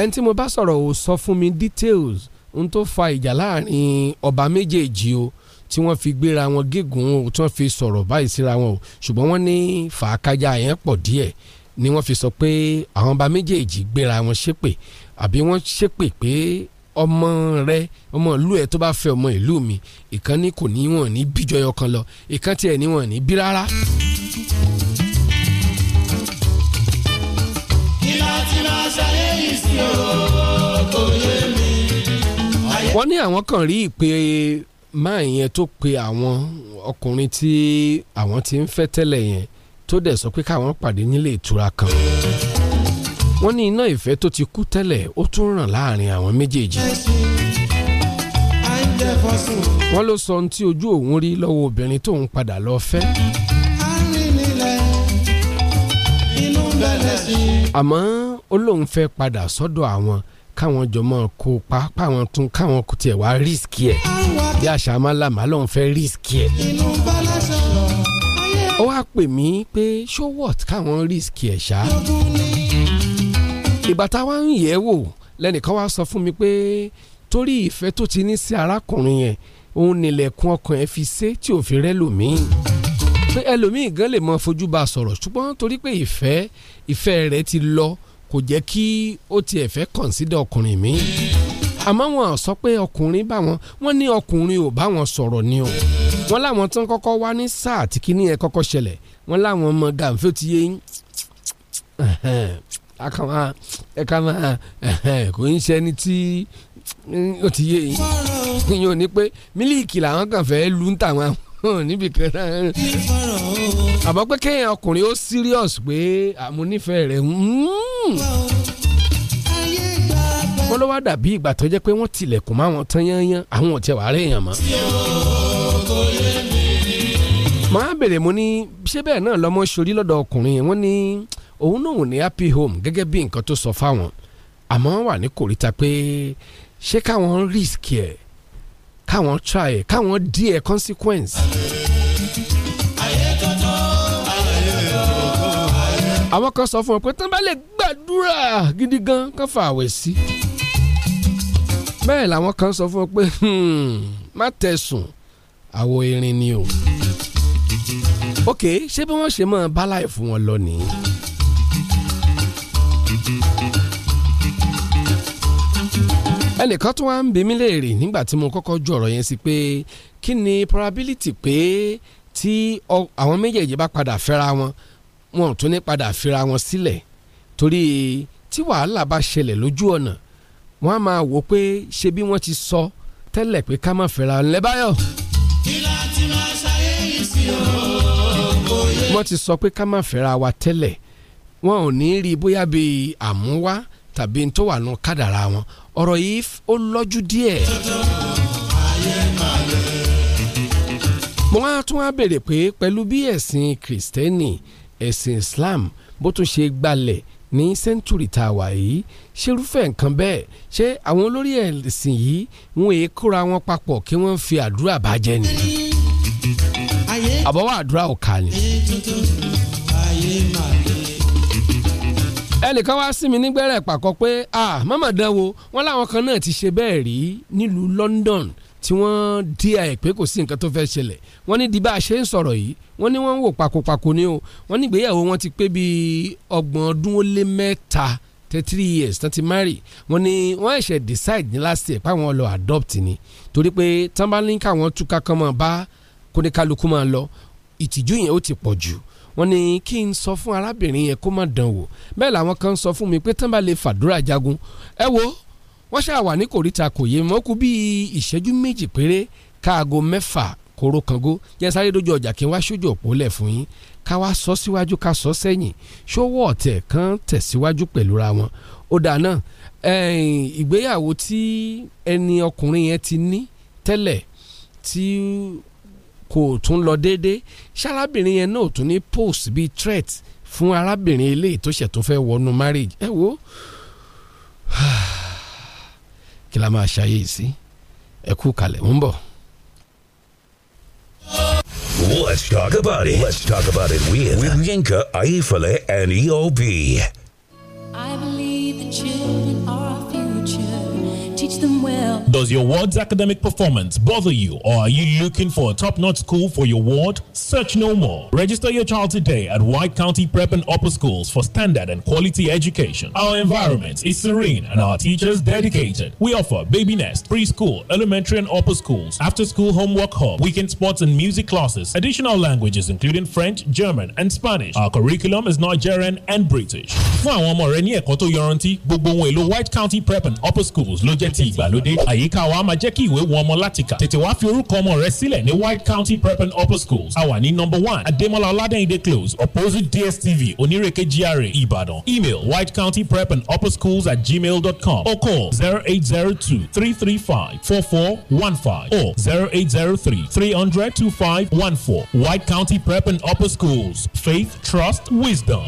Speaker 7: ẹni tí mo bá sọ̀rọ̀ ò sọ fún mi details n tó fa ìjà láàrin ọba méjèèjì o tí wọ́n fi gbéra wọn gígùn o tí wọ́n fi sọ̀rọ̀ báyìí síra wọn o ṣùgbọ́n wọ́n ní fàákájà yẹn pọ̀ díẹ̀ ni wọ́n fi sọ pé àwọn ọba méjèèjì gbéra wọn ṣépè àbí wọ́n ṣépè pé ọmọ rẹ ọmọ ìlú ẹ tó bá fẹ́ ọmọ ìlú mi ìkan kò ní wọn ní bíjọyọ kan lọ ìkan tiẹ̀ ní wọn ní bí rárá. wọ́n ní àwọn kan rí ìpè máa yẹn tó pe àwọn ọkùnrin tí àwọn ti ń fẹ́ tẹ́lẹ̀ yẹn tó dẹ̀ sọ pé káwọn pàdé nílé ìtura kan wọ́n ní iná ìfẹ́ tó ti kú tẹ́lẹ̀ ó tún ràn láàrin àwọn méjèèjì wọ́n ló sọ ohun tí ojú òun rí lọ́wọ́ obìnrin tóun padà lọ fẹ́ àmọ́ ó lóun fẹ́ padà sọ́dọ̀ àwọn káwọn jọ mọ́ kó pápá àwọn tún káwọn kò tiẹ̀ wá rísíkì ẹ̀ bí àṣà amálàmá lòun fẹ́ rísíkì ẹ̀. ó wá pè mí pé show what káwọn rísíkì ẹ̀ ṣá. ìgbà táwa ń yẹ̀ wò lẹ́nìkan wá sọ fún mi pé torí ìfẹ́ tó ti ní sí arákùnrin yẹn òun nílẹ̀kùn ọkàn ẹ̀ fi ṣe tí ò fi rẹ́ lòmíì ẹlòmíì gan lè mọ fojú bá sọ̀rọ̀ ṣùgbọ́n torí pé ìfẹ́ ìfẹ́ rẹ̀ ti lọ kò jẹ́ kí ó tiẹ̀ fẹ́ kọ̀ǹsídà ọkùnrin mi àmọ́ wọn sọ pé ọkùnrin bá wọn wọn ní ọkùnrin ò bá wọn sọ̀rọ̀ ni o wọn láwọn tó ń kọ́kọ́ wá ní sáà tí kinní yẹn kọ́kọ́ ṣẹlẹ̀ wọn láwọn ọmọ gàǹfẹ́ ti yé akama ẹka máa kò ń ṣe ẹni tí ó ti yé yín yóò ní pé mílíìkì làwọn kàn fẹ́ lu ń tàwọn àwọn Hmm, níbi kan náà àmọ́ pé kéèyàn ọkùnrin ó serious pé àmúnífẹ̀ẹ́ rẹ̀ wọ́n hmm. ló wá dàbí ìgbà tó jẹ́ pé wọ́n tilẹ̀kùn máwọn tán yányán àwọn ò tiẹ̀ wá rẹ̀ yàn mọ́. màá bèrè mo ní ṣé bẹ́ẹ̀ náà lọ́mọ sori lọ́dọ̀ ọkùnrin wọ́n ní òun náà ní happy home gẹ́gẹ́ bí nǹkan tó sọ fáwọn àmọ́ wà ní kòríta pé ṣé káwọn risk ẹ̀ káwọn try káwọn díẹ̀ consequence. àwọn kan sọ fún wọn pé tán bá lè gbàdúrà gidi gan kán fa àwẹ̀ sí. bẹ́ẹ̀ làwọn kan sọ fún wọn pé hmm, má tẹ̀sùn àwọ̀ irin ni o. ok ṣé bí wọ́n ṣe máa bá láì fún wọn lọ nìyí. ẹnìkan tó wá ń bi mí léèrè nígbà tí mo kọ́kọ́ ju ọ̀rọ̀ yẹn sí pé kí ni probability pé tí àwọn méjèèjì bá padà fẹ́ra wọn wọn ò tún ní padà fẹ́ra wọn sílẹ̀ torí tí wàhálà bá ṣẹlẹ̀ lójú ọ̀nà wọ́n á máa wò pé ṣe bí wọ́n ti sọ tẹ́lẹ̀ pé ká má fẹ́ra lẹ́báyọ̀. tìlà
Speaker 6: tìlà ṣayé yìí sí o. wọ́n ti
Speaker 7: sọ pé ká má fẹ́ra wa tẹ́lẹ̀ wọn ò ní rí bóyá bíi àmúwá tàbí n tó wà nù kádàrá wọn ọ̀rọ̀ yìí ó lọ́jú díẹ̀. mo wá tún wá béèrè pé pẹ̀lú bí ẹ̀sìn kìrìsìtẹ́nì ẹ̀sìn Islam bó tún ṣe gbalẹ̀ ní sẹ́ńtúrì tá a wà yìí ṣerúfẹ́ nǹkan bẹ́ẹ̀ ṣé àwọn olórí ẹ̀sìn yìí wọn èé kóra wọn papọ̀ kí wọ́n fi àdúrà bàjẹ́ ni àbọ̀wọ́ àdúrà ò kà ni ẹnìkan wá sí mi nígbẹ́rẹ́ pàkọ́ pé ah mọ́mọ́ dán wo wọ́n láwọn kan náà ti ṣe bẹ́ẹ̀ rí nílùú London tí wọ́n dí ẹ̀ pé kò sí nǹkan tó fẹ́ ṣẹlẹ̀ wọ́n ní di bá a ṣe ń sọ̀rọ̀ yìí wọ́n ní wọ́n ń wò pakopako ni o wọ́n ní ìgbéyàwó wọn ti pé bíi ọgbọ̀n ọdún ó lé mẹ́ta thirty three years tán ti marry wọ́n ní wọ́n ẹ̀ṣẹ̀ decide ní last year páwọn lọ adopt ni torí pé tán bá ní káwọn túká kan mọ̀ bá kóníkálukú máa lọ ìtìjú yẹn ó ti pọ̀ jù wọ́n ní kí n sọ fún arábìnrin yẹn kó má dán wò bẹ́ẹ̀ làwọn kan sọ fún mi pé tán bá lè fàdúrà jagun ẹ wo wọ́n ṣáà wà ní kòríta kò yé mọ́kú bíi ìṣẹ́jú méjì péré káago mẹ́fà kóró kango jẹ́ sáré dojú ọjà kí n wá sójú òpó lẹ̀ fún yín ká wá sọ síwájú ká sọ sẹ́yìn ṣówó ọ̀tẹ̀ kan tẹ̀síwájú pẹ̀lú wọn ó dà náà ìgbéyàwó tí ẹni ọkùnrin yẹn ti ní tẹ́lẹ̀ tí kò tún lọ déédéé ṣarábìnrin yẹn náà tún ní post bíi threat fún arábìnrin eléyìí tó ṣẹ̀ tó fẹ́ wọnú marriage ẹ wo [SIGHS] kí la máa ṣàyè sí ẹ kú kalẹ̀ ń bọ̀.
Speaker 3: Let's talk about it. Let's talk about it with, with Yinka, Aifale, and EOB.
Speaker 5: I believe the children are our future. Teach them well.
Speaker 2: Does your ward's academic performance bother you, or are you looking for a top notch school for your ward? Search no more. Register your child today at White County Prep and Upper Schools for standard and quality education. Our environment is serene and our teachers dedicated. We offer baby nest, preschool, elementary and upper schools, after school homework hub, weekend sports and music classes, additional languages including French, German, and Spanish. Our curriculum is Nigerian and British. Fún àwọn ọmọ rẹ yọrantí, gbogbo ohun White County Prep and Upper Schools ló jẹ́ ìpàdé àyíká wa máa jẹ́ kí ìwé wọn ọmọ láti kà tètè wá fi orúkọ ọmọ rẹ sílẹ̀ ní White County Prep and Upper Schools a wà ní number one Adémọ́lá Ọládẹ́yìndé close opposite DSTV Onírèké GRA Ìbàdàn email whitecountyprepandupperschools at gmail.com or call zero eight zero two three three five four four one five or zero eight zero three three hundred two five one four White County Prep and Upper Schools faith trust wisdom.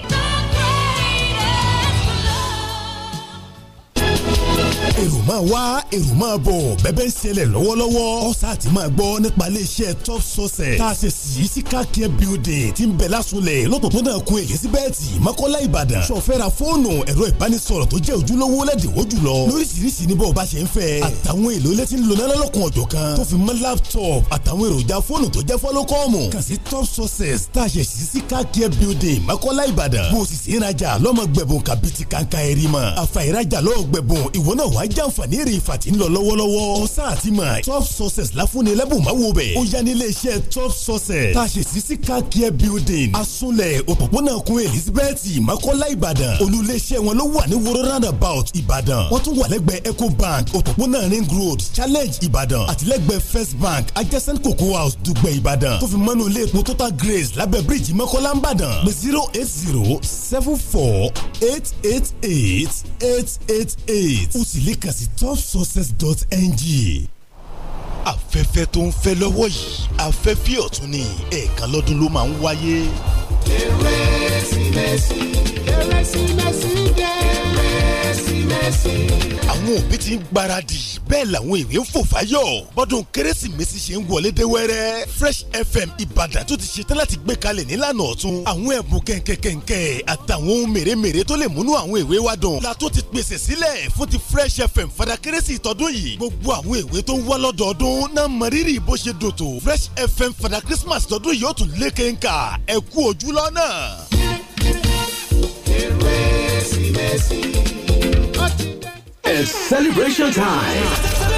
Speaker 14: èrò máa wá èrò máa bọ̀ bẹ́bẹ́ ń ṣẹlẹ̀ lọ́wọ́lọ́wọ́ ọ̀sà àti máa gbọ́ nípa iléeṣẹ́ top sources tá a ṣe sí sí káàkiri building tí ń bẹ̀ lásunlẹ̀ lọ́pọ̀pọ̀nà kun elizabeth mọ́kọ́lá ìbàdàn sọ̀fẹ́ra fóònù ẹ̀rọ ìbánisọ̀rọ̀ tó jẹ́ ojúlówó lẹ́dínwó jùlọ lóríṣiríṣi ní bọ́ọ̀ bá ṣe ń fẹ́ àtàwọn èlò ilé tí ń lona lọ́lọ́kun ọ̀jọ̀ kan tó fi mọ́ laptop àtàwọn èròjà fóònù tó jẹ́ fọ́lọ́kọ́ọ̀mù kàn sí top sources tá a ṣe sí sí káàkiri building mọ́kọ́lá ìbàdàn bó o sì sí ìrajà lọ́mọ gbẹ̀bùn kàbìtì kàǹkà ẹ̀rí mọ́ àfàìrajà lọ́ọ̀ gbẹ̀bùn ìwọ náà wáyé jàǹfààní èrè ìfàtí ń lọ lọ́wọ́lọ́wọ́ ọ̀sán àti mà top success láfúnni lẹ́bùn máa wo bẹ̀ ó yá ní iléeṣẹ́ top success tá sisi ṣe sí sí car care building asunlẹ̀ òpópónà kun elizabeth makola ìbàdàn olùléeṣẹ́ wọn ló wà ní woro roundabout ìbàdàn wọ́n tún wà lẹ́gbẹ̀ẹ́ ecobank òpópónà ring road challenge ìbàdàn àtìlẹ́gbẹ̀ẹ́ first bank adjacent cocoa house dùgbẹ̀ ìbàdàn tó fi mọ́nú ilé epo total grace lábẹ́ bíríìjì mọ́kọ́lá ń bàdàn pé zero eight zero seven four eight eight eight eight eight eight Usili kàn sí topsuccess.ng afẹ́fẹ́ tó ń fẹ́ lọ́wọ́ yìí afẹ́fẹ́ ọ̀tun ni ẹ̀ẹ̀kan lọ́dún ló máa ń wáyé. kérésìmesì
Speaker 11: kérésìmesì dé
Speaker 14: àwọn òbí ti ń gbáradì bẹ́ẹ̀ làwọn èwe ń fò fáyọ̀ bọ́dún kérésìmesì ṣe ń wọlé dé wẹ́rẹ́ Fresh FM Ìbàdàn tó ti ṣe tán láti gbé kalẹ̀ nílànà ọ̀tun àwọn ẹ̀bùn kẹ̀kẹ̀kẹ̀kẹ̀ àtàwọn ohun mèremère tó lè múnú àwọn èwe wa dùn la tó ti pèsè sílẹ̀ fún ti Fresh FM fada kérésì tọdún yìí gbogbo àwọn èwe tó ń wá lọ́dọọdún náà mọ rírì bó ṣe dùn Fresh FM fada Christmas tọdún yìí ó tún lé kéńkà ẹ kú ojú lọ́nà.
Speaker 1: kérésìmesì It's celebration time.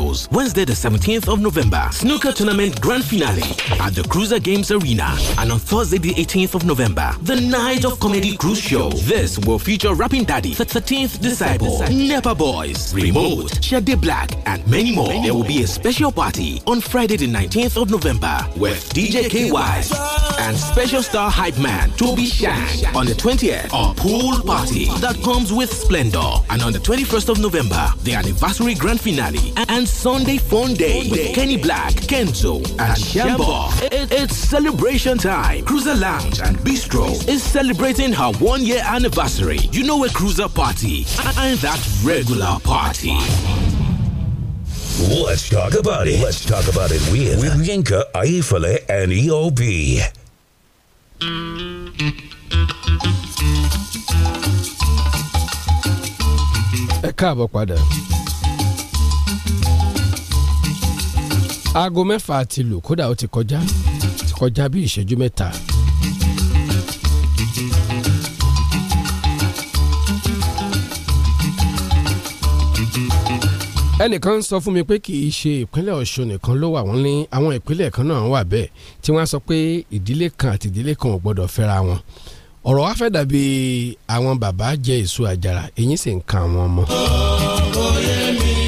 Speaker 1: Wednesday, the 17th of November. Snooker Tournament Grand Finale at the Cruiser Games Arena. And on Thursday, the 18th of November, the Night of Comedy Cruise Show. This will feature Rapping Daddy, The 13th Disciple, Nepa Boys, Remote, Shade Black, and many more. There will be a special party on Friday, the 19th of November with DJ KY and special star hype man Toby Shang on the 20th. A pool party that comes with splendor. And on the 21st of November, the anniversary grand finale and Sunday Fun Day with Kenny Black, Kenzo, and Shambo. It's celebration time. Cruiser Lounge and Bistro is celebrating her one year anniversary. You know a cruiser party and that
Speaker 3: regular party. Let's talk about it. Let's talk about it with, with Yinka, Aifale, and EOB.
Speaker 7: Ẹ káàbọ̀ padà. aago mẹ́fà ti lù kódà ó ti kọjá ti kọjá bí ìṣẹ́jú mẹ́ta. ẹnìkan sọ fún mi pé kì í ṣe ìpínlẹ̀ ọ̀ṣun nìkan ló wà wọ́n ní àwọn ìpínlẹ̀ kan náà wà bẹ́ẹ̀ tí wọ́n á sọ pé ìdílé kan àti ìdílé kan ò gbọ́dọ̀ fẹ́ra wọn ọ̀rọ̀ wa fẹ́ dàbí àwọn bàbá jẹ èso àjàrà èyí sì ń kan àwọn ọmọ.
Speaker 6: ọ̀rọ̀ yẹn mi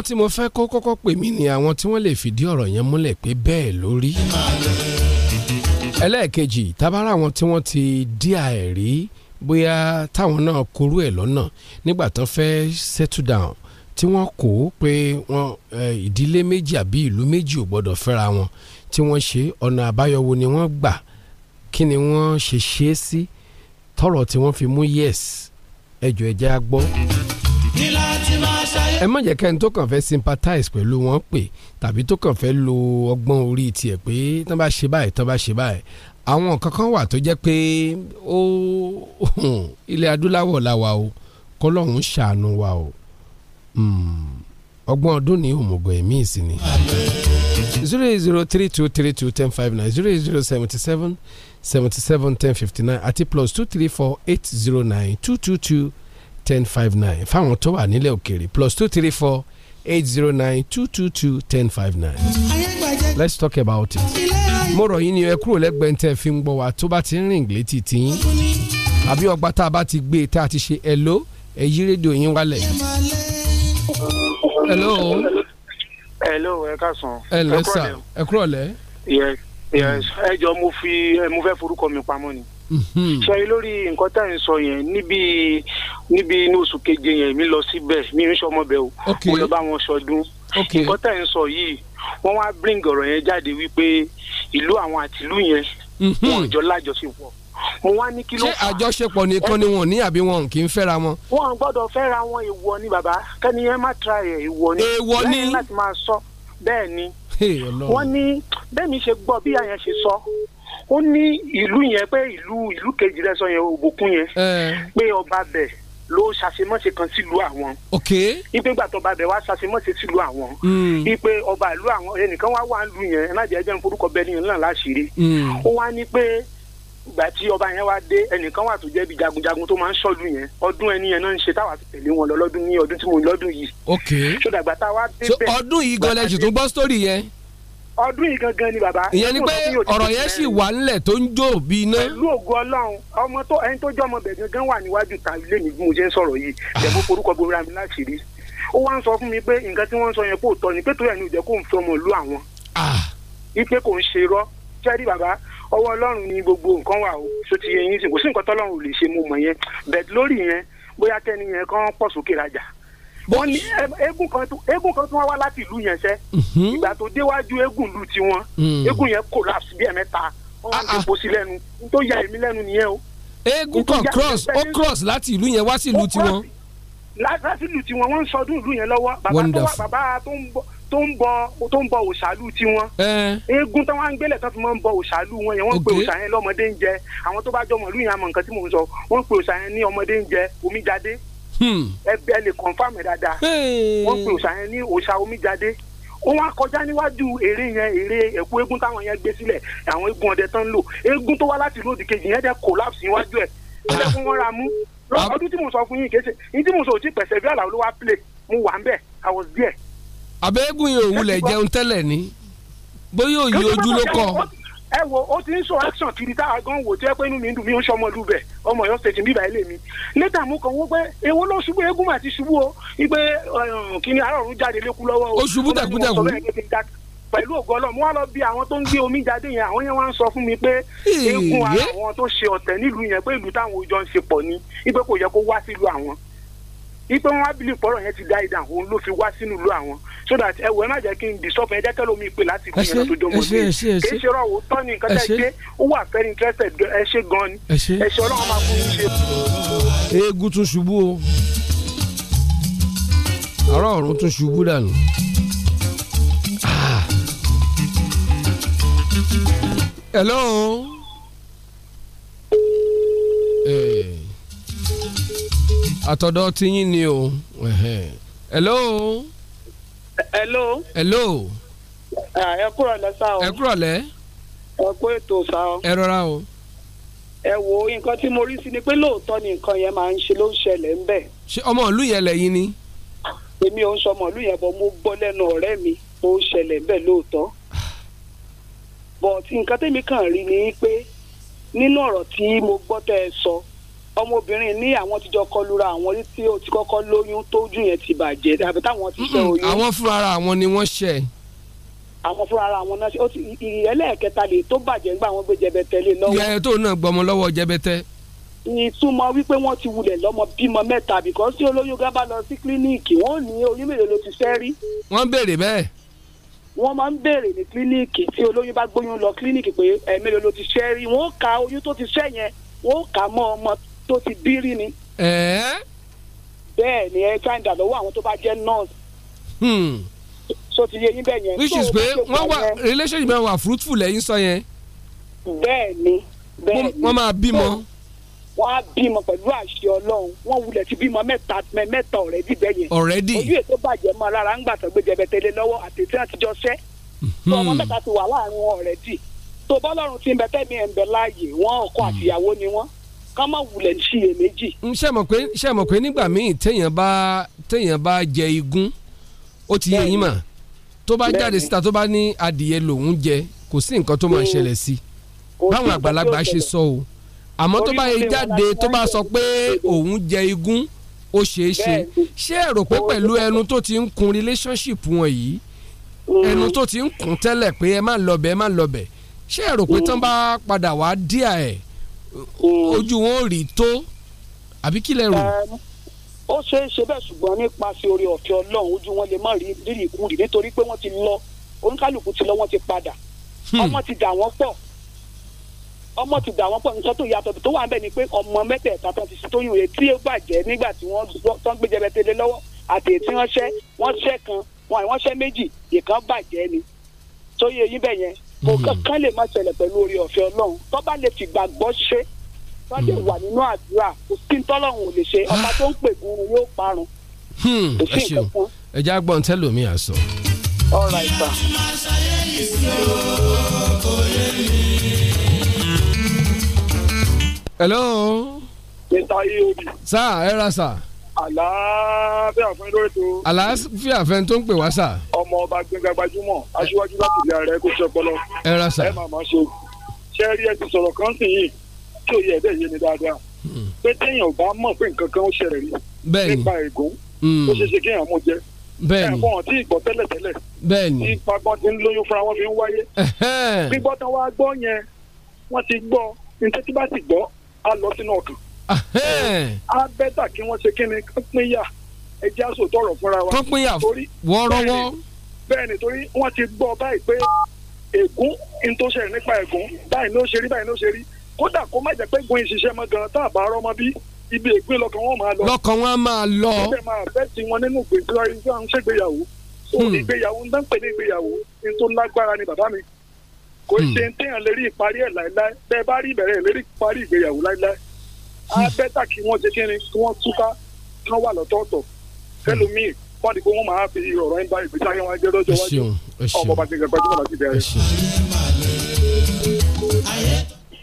Speaker 7: àwọn tí mo fẹ́ kó kọ́kọ́ pè mí ni àwọn tí wọ́n lè fìdí ọ̀rọ̀ yẹn múlẹ̀ pé bẹ́ẹ̀ lórí. ẹlẹ́ẹ̀kejì tábára àwọn tí wọ́n ti dí àìrí bóyá táwọn náà korú ẹ̀ lọ́nà nígbà tán fẹ́ settle down tí wọ́n kó pé wọ́n ìdílé méjì àbí ìlú méjì ò gbọ́dọ̀ fẹ́ra wọn tí wọ́n ṣe ọ̀nà àbáyọ wo ni wọ́n gbà kí ni wọ́n ṣe ṣe é sí tọ̀rọ̀ tí wọ́n fi mú yes ẹjọ́ ẹ̀jẹ̀ á gbọ́. kí láti máa ṣayé ẹ má jẹ́ kẹ́ni tó kàn fẹ́ sympathize pẹ̀lú wọn pé tàbí tó kàn fẹ́ lo ọgbọ́n orí tiẹ̀ pé tán bá ṣe báyìí tán bá ṣe báyìí àwọn kankan wà tó jẹ́ pé ó [LAUGHS] ilẹ̀ adúláwọ̀ la wa o kọ́lọ́hún ṣàánú wa o hmm. ọgbọ́n ọdún ní òmùgọ̀ ẹ̀mí ìsìn ni zero eight zero three two three two ten five nine zero eight zero seventy seven seventy seven ten fifty nine àti plus two three four eight zero nine two two two ten five nine fáwọn tó wà nílẹ̀ òkèèrè plus two three four eight zero nine two two two ten five nine. let's talk about it. mo rọ̀ yín ni ẹ kúrò lẹ́gbẹ̀ẹ́ tẹ́ fi ń gbọ́ wa tó bá ti ń rìn létí tiyín àbí ọgbà tá a bá ti gbé e tá a ti ṣe ẹ ló ẹ yí rédíò yín wálẹ̀.
Speaker 10: hello. hello ẹ káàsán.
Speaker 7: ẹ lẹ́sà ẹ kúrò lẹ́.
Speaker 13: ẹ jọ mo fi mo fẹ́ forúkọ mi pamọ́ ni. Mm-hmm. ṣe lórí nǹkan tá à ń sọ yẹn níbi níbi ní oṣù keje yẹn mi lọ síbẹ̀ mi ń ṣọmọbẹ̀ o mo lọ bá wọn ṣọdún nǹkan tá à ń sọ yìí wọ́n wá bring ọ̀rọ̀ yẹn jáde wípé ìlú àwọn àtìlú yẹn mm-hmm. wọn ò jọ lájọṣepọ̀
Speaker 7: mo wá ní kí ló fà. ṣé àjọṣepọ̀ nìkan ni wọn ní àbí wọn kì í fẹ́ra wọn.
Speaker 13: wọn gbọ́dọ̀ fẹ́ra wọn èèwọ̀ ni bàbá kẹ́ni yẹn má tra ẹ̀ èèwọ̀ ni. èèwọ̀ ni lẹ́yìn láti máa sọ bẹ́ẹ̀ ni ní bẹ́ẹ̀ ṣe gbọ́ bí àyàn ṣe sọ ó ní ìlú yẹn pé ìlú ìlú kejì rẹ sọ yẹn òbòkun yẹn pé ọba bẹ̀ ló ṣàṣemọ́ṣe kan sílùú àwọn. ok ipe gbàtọ̀ ọba bẹ̀ wá ṣàṣemọ́ṣe sílùú àwọn. Hmm. ipe ọba ìlú àwọn ẹnìkan wá wà ń lu yẹn ẹnájẹ ẹjẹ ń forúkọ bẹ́ẹ̀ nìyẹn náà láṣìírí. Hmm. ó wá ní pé ìgbà tí ọba yẹn wá dé ẹnìkan wà tó jẹ́ bí jagunjagun tó máa ń ṣọ́lù yẹn ọdún ẹni yẹn náà ń ṣe táwa tẹ̀lé wọn lọ lọ́dún ní ọdún tí mo lọ́dún yìí. ok so dàgbà tá a dé bẹ́ẹ̀. ọdún yìí gan-an lẹ ọdún yìí gangan ni bàbá. ìyẹn ni pé ọ̀rọ̀ yẹn sì wà nílẹ̀ tó ń jó bí iná. pẹ̀lú ògo ọlọ́run ọmọ tó ẹni tó jẹ́ ọmọ bẹ̀ gangan wà níwájú ta ilé mi bí mo ṣe ń sọ̀rọ̀ yìí tẹ̀mú ah. forúkọ gbogbo ra mi láti rí ó wá ń sọ fún mi pé nǹkan tí wọ́n ń sọ yẹn kó tọ́ ni pé tó yẹ ni ìjẹ́ kó ń fi ọmọ lu àwọn. ipe ah. kò ń ṣe irọ́ sẹ́rí bàbá ọwọ́ ọlọ́run ni gbogbo nǹkan wà ó so ti yẹ yín sìn kò sí nǹkan tọ́lọ́run ò lè ṣe mo mọ̀ yẹn bẹ̀t lórí yẹn bóyá kẹ́ni yẹn kàn pọ̀ sókè rajà wọ́n ní eégún kan tún eégún kan tún wá wá láti ìlú yẹn ṣẹ́ mhm. ìgbà tó déwájú eégún lu tiwọn mm. eégún yẹn collapse bí ẹ̀mẹ́ta wọ́n ti ah, bó ah. sí lẹ́nu n ya èmi lẹ́nu nìyẹn o. eégún kan cross ó cross láti ìlú yẹn wá sí ìlú tiwọn. láti ìlú tiwọn wọ́n ń sọdún ìlú yẹn lọ́wọ́ bàbá tó ń bọ̀ tó ń bọ tó ń bọ òṣàlù tiwọn. eégún tí wọn ń gbélé tó fi máa ń bọ òṣàlù wọn yẹn wọn pe òṣà yẹn lọ́mọdé ń jẹ àwọn tó bá jọmọ ìlú yẹn àmọ́ nǹkan tí mò ń sọ wọn pe òṣà yẹn ní ọmọdé ń jẹ omijade Hmm. ẹbí lè confam ẹ dáadáa pe òòṣà yẹn ní òòṣà omíjáde ó wá kọjá níwájú eré yẹn eré ẹ̀kú eégún táwọn yẹn gbé sílẹ̀ àwọn eégún ọdẹ tán lò eégún tó wá láti lóòdì kejì yẹn dẹ̀ collapse níwájú ẹ̀ ó fún wọn ra mú lọ́dún tí mo sọ fún yín kéṣe yín tí mo sọ ò tí pẹ̀sẹ̀ bí àlàó ló wá play mo wà ń bẹ̀ I was there. àbẹ́gùn yìí òun lẹ̀ jẹun tẹ́lẹ̀ ni bóyá òye ojú ló kọ́ ẹ wo ó ti ń sọ action kiri tá a gan wò tó pé inú mi ń dùn mí ń sọmọ lù bẹ ọmọ Ọ̀yọ́ state bíbá ilé mi létà mú kan wó pé èwo ló ṣubú eégún mà ṣubú o wípé um, kíni arọrùn jáde lékú lọ́wọ́ o. ó ṣubú dàkúdàkú pẹ̀lú ògo Ọlọ́run wọ́n lọ bí àwọn tó ń gbé omi jáde yẹn àwọn yẹn wá ń sọ fún mi pé eégún àwọn tó ṣe ọ̀tẹ̀ nílùú yẹn pé ìlú táwọn òjò ń ṣe pọ̀ ni wípé kò yẹ kó wá sílùú àwọn ipe wọn wá bìlì yẹn ti dáì dàn òun ló fi wá sínú ìlú àwọn so that ẹ wọ ẹ má jẹ́ kí n di sọ́fún ẹ jẹ́ kẹ́ lómi ìpè láti fún yẹn tó jọ mi kì í ṣe rọ̀ òótọ́ ni nǹkan tẹ́ ṣe ó wà very interested ẹ ṣe gan
Speaker 10: ni
Speaker 8: ẹ ṣe ọlọ́run máa fún yín
Speaker 10: ṣe.
Speaker 8: eégún tún ṣubú
Speaker 7: o àárọ̀ ọ̀run tún ṣubú dànù. Ah. hello. Hey. Eh. àtọ̀dọ̀ ti yín ni o. hello. hello. hello.
Speaker 13: ẹ kúrọ̀lẹ́ sá o. ẹ kúrọ̀lẹ́. ẹ kú ètò sá o. ẹ rọra o. ẹ wo nǹkan tí mo rí sí ni pé lóòótọ́ ni nǹkan yẹn máa ń ṣe ló ń ṣẹlẹ̀ ń bẹ̀. ṣé ọmọ ìlú yẹn yín ni. èmi ò ń sọmọ ìlú yẹn bọ́ mo gbọ́ lẹ́nu ọ̀rẹ́ mi ó ń ṣẹlẹ̀ ń bẹ̀ lóòótọ́. but nǹkan tẹ́mi kàn rí ni pé nínú ọ̀rọ̀ tí mo gbọ́ tẹ́ ẹ sọ ọmọbìnrin ní àwọn ti jọ kọlura àwọn rí tí ó ti kọ́kọ́ lóyún tójú yẹn ti bàjẹ́ tàbí táwọn ti ṣe oyún.
Speaker 7: àwọn fúnra ara àwọn ni wọ́n ṣe.
Speaker 13: àwọn fúnra ara àwọn náà ṣe ìrẹ́lẹ̀kẹta lè tó bàjẹ́ nígbà wọn gbé jẹbẹtẹ lé lọ́wọ́. ìyá ẹ̀ tó náà gbọmọ lọ́wọ́ jẹbẹtẹ ìtumọ̀ wípé wọ́n ti wulẹ̀ lọ́mọ bímọ mẹ́ta bìkọ́ sí olóyún gábà lọ sí kílíníìkì wọ́n ní oyún mélòó ti fẹ́ rí. wọ́n béèrè bẹ́ẹ̀. wọ́n máa ń béèrè ní kílíníìkì tí olóyún bá gbóyún lọ kílíníìkì pé ẹ̀ ti fẹ́ rí wọ́n ó ka oyún tó ti fẹ́ yẹn wọ́n ó kà mọ́ ọmọ tó ti bírí ni. Eh? bẹ́ẹ̀ ni ẹ find out lọ́wọ́ àwọn tó bá jẹ́ nurse. Hmm. so ti yé yín bẹ́ẹ̀ yẹn. which is pé wọ́n wà relationship yẹn
Speaker 7: wà fruitful lẹ́yìn sọ yẹn.
Speaker 13: bẹ́ẹ̀ ni bẹ́ẹ̀ ni wọ́n máa bímọ. wọ́n á bímọ pẹ̀lú àṣẹ ọlọ́run wọ́n wulẹ̀ ti bímọ mẹ́ta mẹ́ta ọ̀rẹ́dì bẹ́ẹ̀ yẹn. ọ̀rẹ́dì ojú ètò bàjẹ́ mọ́ lára ń gbàtọ́ gbé jẹbẹtẹlẹ lọ́wọ́ àti tí wọ́n tó ọmọ hmm. mẹ́ta ti wà láàrin wọn ọ̀rẹ́dì tó bọ́lọ́run ká má wulẹ̀ ní ṣiyèméjì. Mm, ṣé mọ̀ pé ṣé mọ̀ pé nígbà míì téèyàn bá
Speaker 7: téèyàn bá jẹ igún ó ti yé yín mà tó bá jáde síta tó bá ní adìyẹ lòún jẹ kò sí nǹkan tó máa ṣẹlẹ̀ sí báwọn àgbàlagbà ṣe sọ o àmọ́ tó bá yẹ jáde tó bá sọ pé òun jẹ igún ó ṣeé ṣe ṣé ẹ rò pé pẹ̀lú ẹnu tó ti ń kun relationship wọn yìí mm. ẹnu tó ti ń kun tẹ́lẹ̀ pé ẹ má lọ bẹ̀ ẹ má lọ ṣé ẹ rò pé tán mm. bá padà wá díà ẹ̀ ojú wọn ò
Speaker 13: rí tó àbí kílẹ̀ rò. ó ṣeé ṣe bẹ́ẹ̀ ṣùgbọ́n nípasẹ̀ orí ọ̀fẹ́ ọlọ́run ojú wọn lè má rí rírì kúrì nítorí pé wọ́n ti lọ oníkálùkù ti lọ wọ́n ti padà hmm. ọmọ ti dà wọ́n pọ̀ ọmọ ti dà wọ́n pọ̀ nǹkan tó yàtọ̀ tó wà ń ni pé ọmọ mẹ́tẹ̀ẹ̀ta tó ti tó yùn etí ó bàjẹ́ nígbà tí wọ́n tán gbé jẹbẹtẹlẹ lọ́wọ́ àti ètí wọ́n wọ́n ṣẹ́ kan wọ́n àìwọ́n ṣẹ́ méjì ìkan bàjẹ́ ni tó yẹ yín bẹ̀ yẹn nǹkan kan lè má ṣẹlẹ̀ pẹ̀lú orí ọ̀fẹ́ ọlọ́run tó bá lè fìgbàgbọ́ ṣe tó hmm. wà nínú àdúrà kò sí tọ́lọ́run ò lè ṣe ah. ọba tó ń pè gun yóò parun
Speaker 7: hmm, kò sí ẹ já gbọ́n tẹ́lómi àṣọ. ọ̀rọ̀ ìgbà. hello. mr iyobi. sir ẹ ra sir
Speaker 15: àlàáfíà fún yín lórí ètò.
Speaker 7: àlàáfíà tó ń pè wá sà.
Speaker 15: ọmọ ọba gbẹngàn gbajúmọ̀ aṣíwájú láti ilé ààrẹ kò ṣe ọpọlọ. ẹ ra sà. ẹ màmá ṣe ṣe rí ẹ ti sọ̀rọ̀ kan sì yìí tí
Speaker 13: òye ẹ̀dẹ̀ yé ni dáadáa. Hmm. pé téèyàn ò mọ̀ pé nǹkan kan ó ṣẹlẹ̀ rí. bẹ́ẹ̀ni nípa ègún hmm. ó ṣeé ṣe kéèyàn mú jẹ bẹ́ẹ̀ni ẹ̀fọn tí ìgbọ́ tẹ́lẹ̀ bẹ́ẹ̀ni tí á bẹ́tà kí wọ́n ṣe kíni kán pínyà ẹjẹ́ àṣọ tọrọ fúnra wa. kán pínyà wọ́ọ́rọ́wọ́. bẹ́ẹ̀ ni torí wọ́n ti gbọ́ báyìí pé ègún ní tó ṣẹlẹ̀ nípa ègún báyìí ló ṣe rí báyìí ló ṣe rí kódà kó má jẹ́ pé gun ìṣiṣẹ́ mọ́ gan tá àbá rọ́mọ bí ibi ègbé lọ́kàn wọn máa lọ. lọ́kàn wọn máa lọ. ó bẹ̀ máa bẹ́ ti wọn nínú hmm. ìgbéyàwó ìgbéyàwó ń dán pè ní ìgbéyàwó ní tó lágbára ni bàbá mi kò hmm. ṣe ń téèyàn lérí ìparí ẹ̀ láéláé bẹ́ẹ̀ bá rí ìbẹ̀rẹ̀ lérí ìparí á bẹ́tà kí wọ́n ṣe kí kí wọ́n túká kí wọ́n wà lọ́tọ̀ọ̀tọ̀
Speaker 15: fẹ́lómìn wọ́n ti kó wọ́n máa fi ọ̀rọ̀ ẹ̀ bá ìgbésí ayé wọn jẹ́ lọ́jọ́ wájú ọmọ bàtí ìgbà gbajúmọ̀ láti bẹ̀rẹ̀.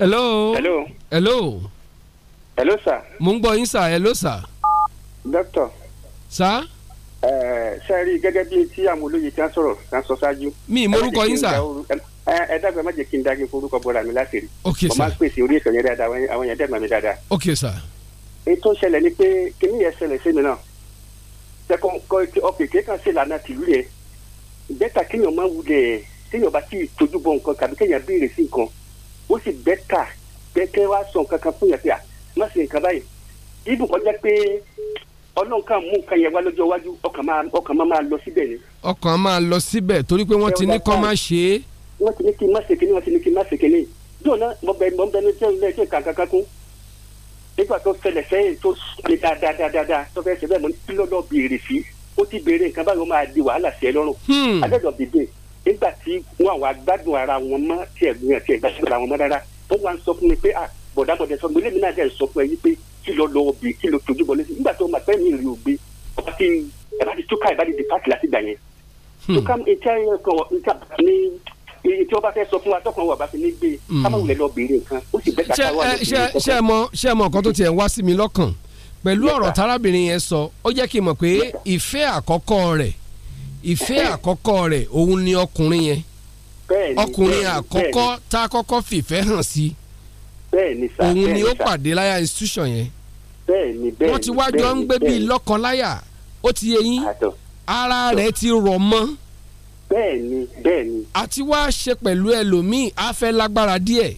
Speaker 7: hello. hello. hello. hello sir. mo ń gbọ́ yín sir hello sir.
Speaker 15: doctor. sir. ẹ ṣe rí gẹ́gẹ́ bíi tí àwọn olóyè ti ń sọ̀rọ̀ ti ń sọ ṣáájú. mi ìmọ̀rúkọ yín
Speaker 7: sir
Speaker 13: ẹ dàgbà má jẹ́ kí n dá kí n forúkọ bọ́ra mi láti rí. ok sir mo máa ń pèsè orí ètò dáadáa àwọn yẹn dẹ́gbà mi dáadáa. ok sir. ètò ìṣẹ̀lẹ̀ ni pé kíní yẹn ṣẹlẹ̀ sí mi náà tẹkọ ọkẹ kéka ṣe lànà tìlú yẹn bẹ́tà kéèyàn máa wulẹ̀ kéèyàn bá ti tójú bọ nǹkan tàbí kéèyàn béèrè sí nǹkan ó sì bẹ́tà kẹ́kẹ́ wá sọ nǹkan kan fún yàtí à má ṣe nǹkan báyìí ibùkọ́ jẹ́ pé ọlọ́run mú nǹkan yẹn wá lọ́jọ́ iwájú ọkàn máa lọ síbẹ̀ ni.
Speaker 7: ọkàn máa lọ síbẹ̀ torí pé wọ́n ti ní kọ́ máa
Speaker 13: ṣe é wọ́n ti ní kí n má ṣe kínní wọ́n ti ní kí n má ṣe kínní dùn náà mo bẹ mo bẹ ní sẹ́yìn lẹ́yìn sẹ́yìn kankan kún nígbà tó fẹlẹ̀ sẹ́yìn tó sọ̀rọ̀ dáadáa tó fẹ́ ṣe bẹ́ẹ̀ mo ní kí lọ́dọ̀ béèrè sí ó ti béèrè nǹkan báyìí ó máa di wàhálà sí ẹ lọ́rùn àdẹ́dọ̀ hmm. bìbè nígbà tí wọn àwọn agbádùn ara wọn mọ́ tí ẹ̀gbìn àti ẹ̀gbàṣẹ́ ara wọn mọ́ rárá ó wá ń sọ fún mi pé ah bọ̀dàbọ̀dà sọ mi lẹ́mìí náà dẹ̀ sọ fún ẹ yí pé èyí tí wọ́n bá fẹ́ sọ fún wa tọkàn wà bá fi ní gbé mm. káwọn wulẹ̀ lọ béèrè nǹkan ó sì bẹ́ẹ̀ kàkà wà ní ìlú kọ́kọ́. ṣé ẹ mọ
Speaker 7: ṣé ẹ mọ nǹkan tó tiẹ̀ ń wá sí mi lọ́kàn pẹ̀lú ọ̀rọ̀ tarábìnrin yẹn sọ ó jẹ́ kí n mọ̀ pé ìfẹ́ àkọ́kọ́ rẹ̀ ìfẹ́ àkọ́kọ́ rẹ̀ òun ni ọkùnrin yẹn
Speaker 13: ọkùnrin àkọ́kọ́
Speaker 7: tá a kọ́kọ́ fìfẹ́ hàn sí òun ni ó pàdé láyà institution yẹn
Speaker 13: wọ́n ti wájọ ń gbé bíi
Speaker 7: lọ́kọ láyà ó ti yẹ yín ara rẹ̀ ti rọ̀ mọ́ bẹ́ẹ̀ni bẹ́ẹ̀ni. àti wá ṣe pẹ̀lú ẹlòmíì á fẹ́ lágbára díẹ̀.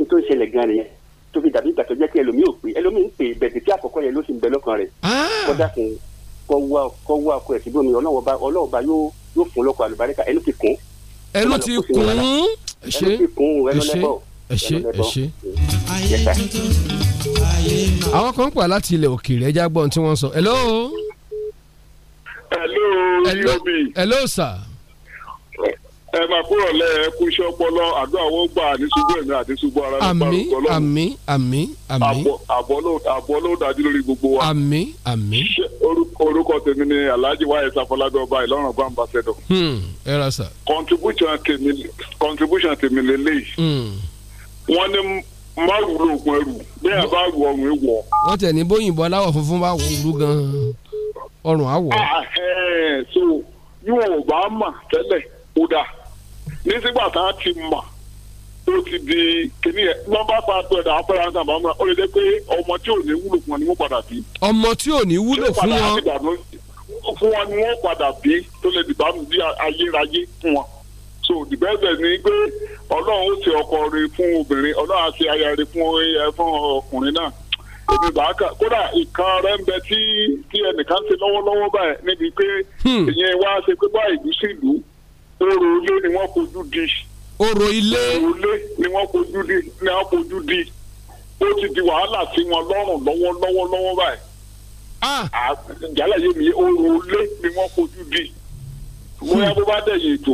Speaker 13: n tó ń ṣẹlẹ̀ gan nìyẹn tó fi dàbí ìgbà kí ẹlòmíì ò pé ẹlòmíì ń pè bẹ̀tẹ̀ tí àkọ́kọ́ yẹn ló sì ń bẹ lọ́kàn rẹ̀. Ah! kọ́dà kan kọ́ wá kọ́ wá ọkọ ẹ̀ síbòmí ọlọ́wọ́ba yóò fún lọ́kọ̀ àlùbáríkà ẹnu ti kún. ẹnu ti kún ẹṣẹ
Speaker 7: àwọn kan ń pà láti ilẹ̀ òkèèrè ẹja gbọ́n tí wọ́n sọ hello.
Speaker 15: hello hello sir ẹ máa kúrò lẹ ẹ kú iṣẹ́ ọpọlọ àdúrà wọn gbà níṣubú ẹ̀mí àti ṣubú ara nípa àrùkọ lọ. àmín àmín àmín. àbọ̀ ló dájú lórí gbogbo wa. àmín àmín. orúkọ tèmi ni alhaji wa ẹ̀sà fọlábí ọba ìlọrin ọba ambassador.
Speaker 10: Hmm, ẹ ra sà.
Speaker 15: contribution tèmi lélẹ́yìí. Hmm. wọ́n ní má wúlò ògùn ẹrù bí ẹ bá wọ ọrùn ẹ wọ.
Speaker 7: wọ́n tẹ̀ ní bóyìnbó aláwọ̀ funfun bá wúlú gan-an
Speaker 15: ọrùn á wọ̀. Ah, eh, so yóò bá mà tẹ́lẹ̀ kódà nígbà tá a ti mà ó ti di kíní yẹn wọn bá pa tó ẹ̀dá apẹ̀rẹ̀ àti àbámúra ó lè jẹ́ pé ọmọ tí ò ní wúlò fún wọn ni wọ́n padà bí.
Speaker 7: ọmọ tí ò ní wúlò fún
Speaker 15: wọn. fún wọn ni wọ́n padà bí tó lè dìbà bí ayérayé fún wọn. so dìbẹ́sẹ̀ ni pé ọlọ́run ó ṣe ọkọ rẹ̀ fún obìnrin ọlọ́run á ṣe aya rẹ̀ eh, fún ọkùnrin náà èmi bàá kà kódà ìkan rẹ ń bẹ tí tí ẹnìkan ṣe lọ́wọ́lọ́wọ́ báyìí níbi pé hmm. ìyẹn wá ṣe pé báyìí ìlú sí ìlú orò ilé ni wọ́n kojú di. orò ilé. orò ilé ni wọ́n kojú di ni wọ́n kojú di ó ti di wàhálà sí wọn lọ́rùn lọ́wọ́lọ́wọ́ lọ́wọ́ báyìí. àjálà yé mi orò ilé ni wọ́n kojú di. bóyá bó bá dẹ̀yìn ètò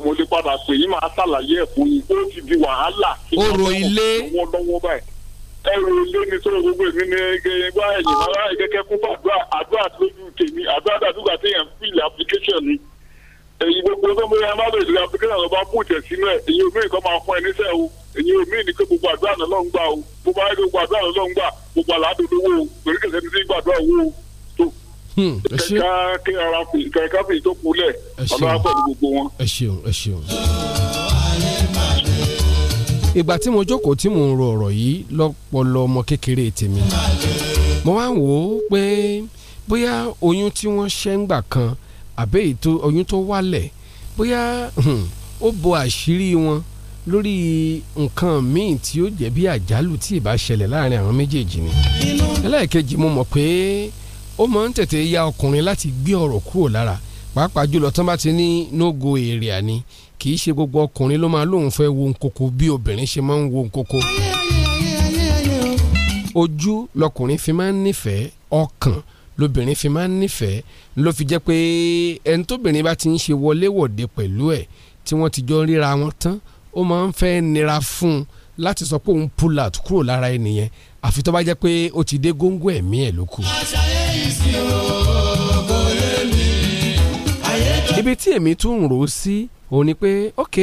Speaker 15: mo lè padà pè yín máa ṣàlàyé ẹ̀ fún yín ó ti di wàhálà sí wọn lọ́wọ́lọ́wọ́ báyìí ẹrù ilé ni sọ̀rọ̀ gbogbo èmi ní gbá ẹ̀yìn máa ń gẹ́gẹ́ fún àdúrà àdúrà lójú tèmi àdúrà dàdúgbà téèyàn fíìlì application ni èyí gbogbo tó múra má lè ṣe àfikún àwọn bá bùtẹ sínú ẹ èyí omi nǹkan máa fún ẹ níṣẹ́ o èyí omi ní gbogbo àdúrà náà ló gbà o bó bá gbogbo àdúrà náà ló gbà gbogbo àlàáfíà lówó o torí kẹsẹ ní sí gbàdúrà owó o tó
Speaker 10: hmm,
Speaker 7: kẹkà
Speaker 15: kí ara fi kẹkà fi tó kulẹ ọlọ́wà gbogbo
Speaker 7: wọn. ẹ ṣeun ẹ ṣeun. ìgbà tí mo jókòó tí mo ń ro ọ̀rọ̀ yìí lọ́pọlọ ọmọ kékeré tèmi mo wá wò ó pé bóyá oyún tí wọ́n ṣẹ́ ń gbà kan àbẹ́ ètò oyún tó wálẹ̀ bóyá ó bo àṣírí wọn lórí nǹkan míì tí ó jẹ́ bí àjálù tí ìbá ṣẹlẹ̀ láàrin àwọn méjèèjì ni. ẹlẹ́ẹ̀kejì mo mọ̀ pé ó máa ń tètè ya ọkùnrin láti gbé ọ̀rọ̀ kúrò lára pàápàá jùlọ tán bá ti ní nógo èrè àní kì í ṣe gbogbo ọkùnrin ló máa lóun fẹ́ wo nkoko bí obìnrin ṣe máa ń wo nkoko. ojú lọkùnrin fi máa ń nífẹ̀ẹ́ ọkàn lóbìnrin fi máa ń nífẹ̀ẹ́ ló fi jẹ́ pé ẹni tóbìnrin bá ti ń ṣe wọléwọ̀de pẹ̀lú ẹ̀ tí wọ́n ti jọ ríra wọn tán ó máa ń fẹ́ nira fún un láti sọ pé òun pull out kúrò lára ẹnìyẹn àfi tó bá jẹ́ pé ó ti dé góńgó ẹ̀mí ẹ̀ ló kù. ibi tí èmi tún rò ó sí òun ni pé ok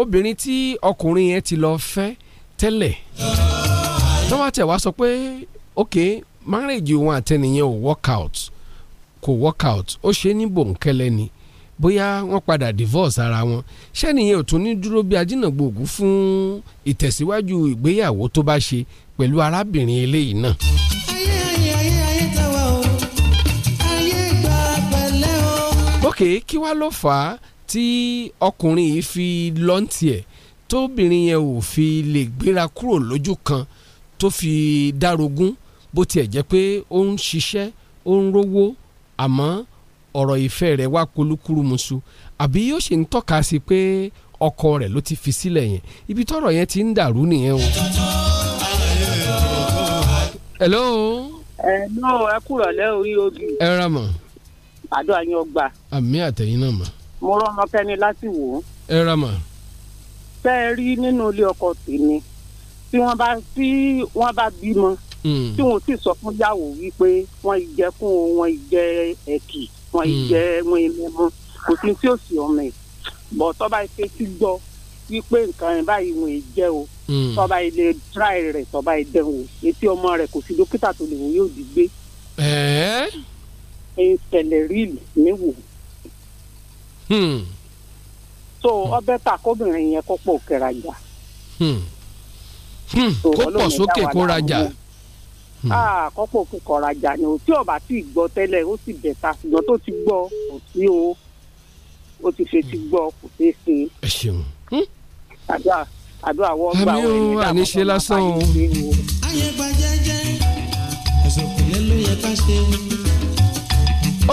Speaker 7: obìnrin tí ọkùnrin yẹn ti lọ fẹ́ tẹ́lẹ̀ tọ́wọ́ wá sọ pé ok marriage wọn àtẹnìyẹn ò work out kò work out ó ṣe ní bòńkẹ́lẹ́ ni bóyá wọ́n padà divorce ara wọn ṣẹ́niyẹn ò tún ní dúró bí ajínàgbòògùn fún ìtẹ̀síwájú ìgbéyàwó tó bá ṣe pẹ̀lú arábìnrin eléyìí náà. ok kí wàá ló fà á tí ọkùnrin yìí fi lọ́ǹtì ẹ̀ tóbìnrin yẹn ò fi lè gbéra kúrò lójú kan tó fi dárogún bó tiẹ̀ jẹ́ pé ó ń ṣiṣẹ́ ó ń rówó àmọ́ ọ̀rọ̀ ìfẹ́ rẹ̀ wá kolúkúrúmuṣu àbí yóò ṣe ń tọ́ka sí pé ọkọ rẹ̀ ló ti fi sílẹ̀ yẹn ibi tọ́rọ̀ yẹn ti ń dàrú nìyẹn o.
Speaker 13: hello. ẹ náà ẹ kúrọ̀ lẹ́ orí obì. ẹ rà àdó àyàn ọgbà.
Speaker 7: àmì àtẹ̀yìn náà mọ̀.
Speaker 13: mo rán ọmọ láti wò ẹ rà mọ̀. rí nínú ilé ọkọ tèmi tí wọ́n bá bímọ. Mm. tí wọn sì sọ fún yàwó wípé wọn jẹ kún un wọn jẹ ẹkì wọn mm. jẹ wọn ẹlẹmọ kò sí tí ó sì ọmọ ẹ bọ tọba ife ti gbọ́ wípé nǹkan ẹ báyìí wọn jẹ o tọba ilé dry rẹ tọba ẹdẹ o etí ọmọ rẹ kò sí dókítà tó lè wò yóò di gbé.
Speaker 15: Eh?
Speaker 13: ẹyin tẹ́lẹ̀ ríìlì níwò. Hmm. so ọbẹ̀ ta kóbìnrin yẹn kó pọ̀ kẹrajà.
Speaker 10: Hmm. Hmm. kó pọ̀ sókè kó rajà. Hmm.
Speaker 13: Hmm. Ah, àkọ́pọ̀ òkú kọ̀ọ̀rọ̀ àjà ni ò tí ọ̀bà tí ì gbọ́ tẹ́lẹ̀ ó sì bẹ̀ta ṣùgbọ́n tó ti gbọ́ kò sí o ó ti fetí gbọ́ kò ṣeé ṣe. ẹ ṣeun. Hmm? àdúrà àdúrà wọ́n gbà wọ́n ẹni dàbọ̀
Speaker 7: àmì ṣe lásán o. ayẹ̀gbà
Speaker 6: jẹ́jẹ́ ọ̀sọ̀kùnrin ló yẹ ká ṣe